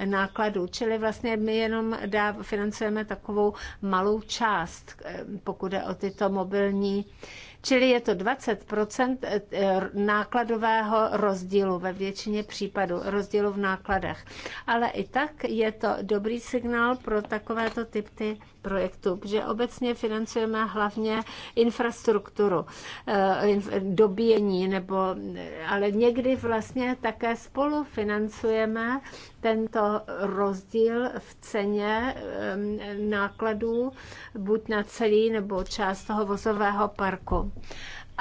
nákladů. Čili vlastně my jenom financujeme takovou malou část, pokud jde o tyto mobilní Čili je to 20 e, e, nákladového rozdílu ve většině případů, rozdílu v nákladech. Ale i tak je to dobrý signál pro takovéto typy projektů, protože obecně financujeme hlavně infrastrukturu, eh, dobíjení, nebo, ale někdy vlastně také spolufinancujeme tento rozdíl v ceně eh, nákladů buď na celý nebo část toho vozového parku.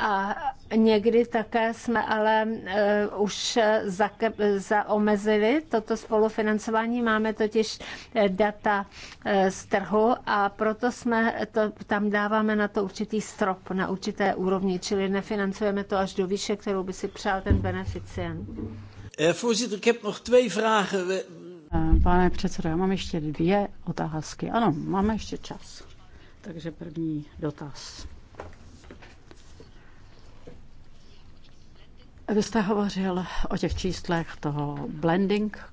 A někdy také jsme ale uh, už zake, zaomezili toto spolufinancování. Máme totiž e, data uh, z trhu a proto jsme to, tam dáváme na to určitý strop, na určité úrovni, čili nefinancujeme to až do výše, kterou by si přál ten beneficient. Eh, eh, pane předsedo, já mám ještě dvě otázky. Ano, máme ještě čas. Takže první dotaz. Vy jste hovořil o těch číslech toho blending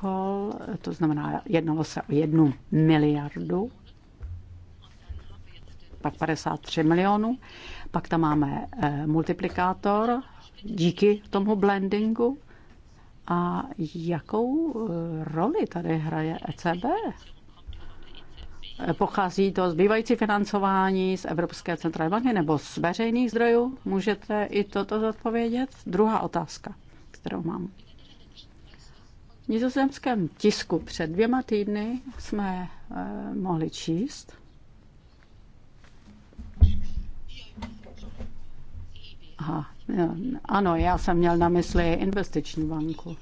call, to znamená, jednalo se o jednu miliardu, pak 53 milionů, pak tam máme eh, multiplikátor díky tomu blendingu. A jakou eh, roli tady hraje ECB Pochází to zbývající financování z Evropské centrální banky nebo z veřejných zdrojů? Můžete i toto zodpovědět? Druhá otázka, kterou mám. V nizozemském tisku před dvěma týdny jsme eh, mohli číst, Aha, ano, já jsem měl na mysli investiční banku.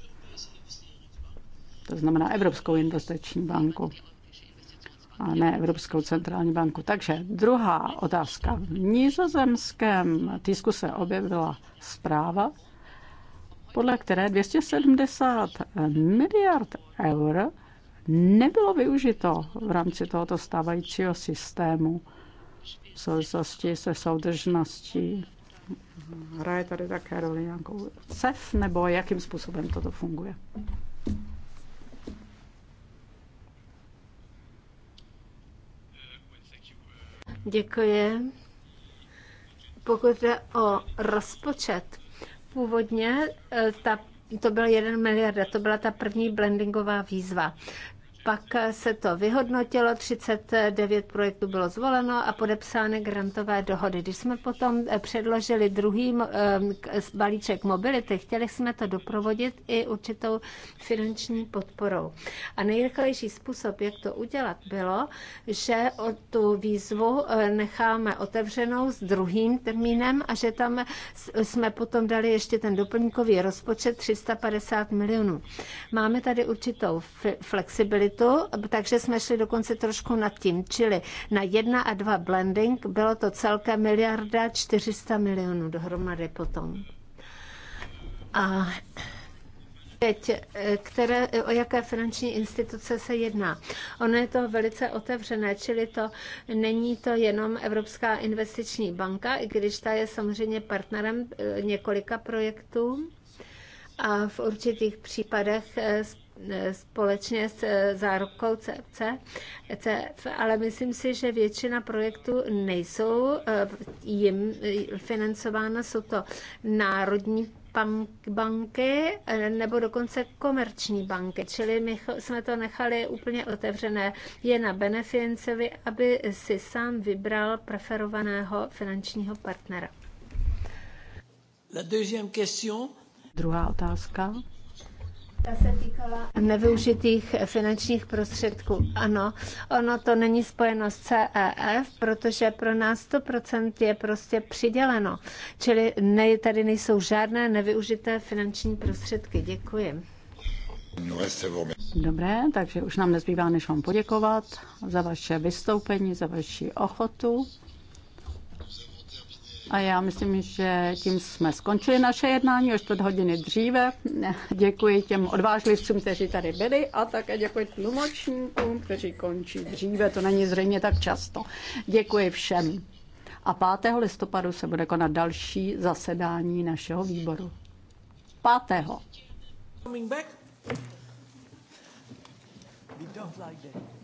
To znamená Evropskou investiční banku a ne Evropskou centrální banku. Takže druhá otázka. V nizozemském tisku se objevila zpráva, podle které 270 miliard eur nebylo využito v rámci tohoto stávajícího systému v souvislosti se soudržností. Hraje tady také roli nějakou CEF, nebo jakým způsobem toto funguje? Děkuji. Pokud jde o rozpočet, původně eh, ta to byl 1 miliarda, to byla ta první blendingová výzva. Pak se to vyhodnotilo, 39 projektů bylo zvoleno a podepsány grantové dohody. Když jsme potom eh, předložili druhý eh, balíček mobility, chtěli jsme to doprovodit i určitou finanční podporou. A nejrychlejší způsob, jak to udělat, bylo, že o tu výzvu eh, necháme otevřenou s druhým termínem a že tam jsme potom dali ještě ten doplňkový rozpočet 350 milionů. Máme tady určitou flexibilitu, kvalitu, takže jsme šli dokonce trošku nad tím. Čili na 1 a 2 blending bylo to celkem miliarda 400 milionů dohromady potom. A Teď, které, o jaké finanční instituce se jedná. Ono je to velice otevřené, čili to není to jenom Evropská investiční banka, i když ta je samozřejmě partnerem eh, několika projektů a v určitých případech eh, E, společně s e, zárukou CFC, CF, ale myslím si, že většina projektů nejsou e, jim financována, jsou to národní banky nebo dokonce komerční banky, čili my jsme to nechali úplně otevřené. Je na benefiencovi, aby si sám vybral preferovaného finančního partnera. La deuxième question. Druhá otázka. Ta se týkala nevyužitých finančních prostředků. Ano, ono to není spojeno s CEF, protože pro nás 100% je prostě přiděleno. Čili ne, tady nejsou žádné nevyužité finanční prostředky. Děkuji. Dobré, takže už nám nezbývá, než vám poděkovat za vaše vystoupení, za vaši ochotu a já myslím, že tím jsme skončili naše jednání o čtvrt hodiny dříve. Děkuji těm odvážlivcům, kteří tady byli a také děkuji tlumočníkům, kteří končí dříve. To není zřejmě tak často. Děkuji všem. A 5. listopadu se bude konat další zasedání našeho výboru. 5. Coming back? We don't like that.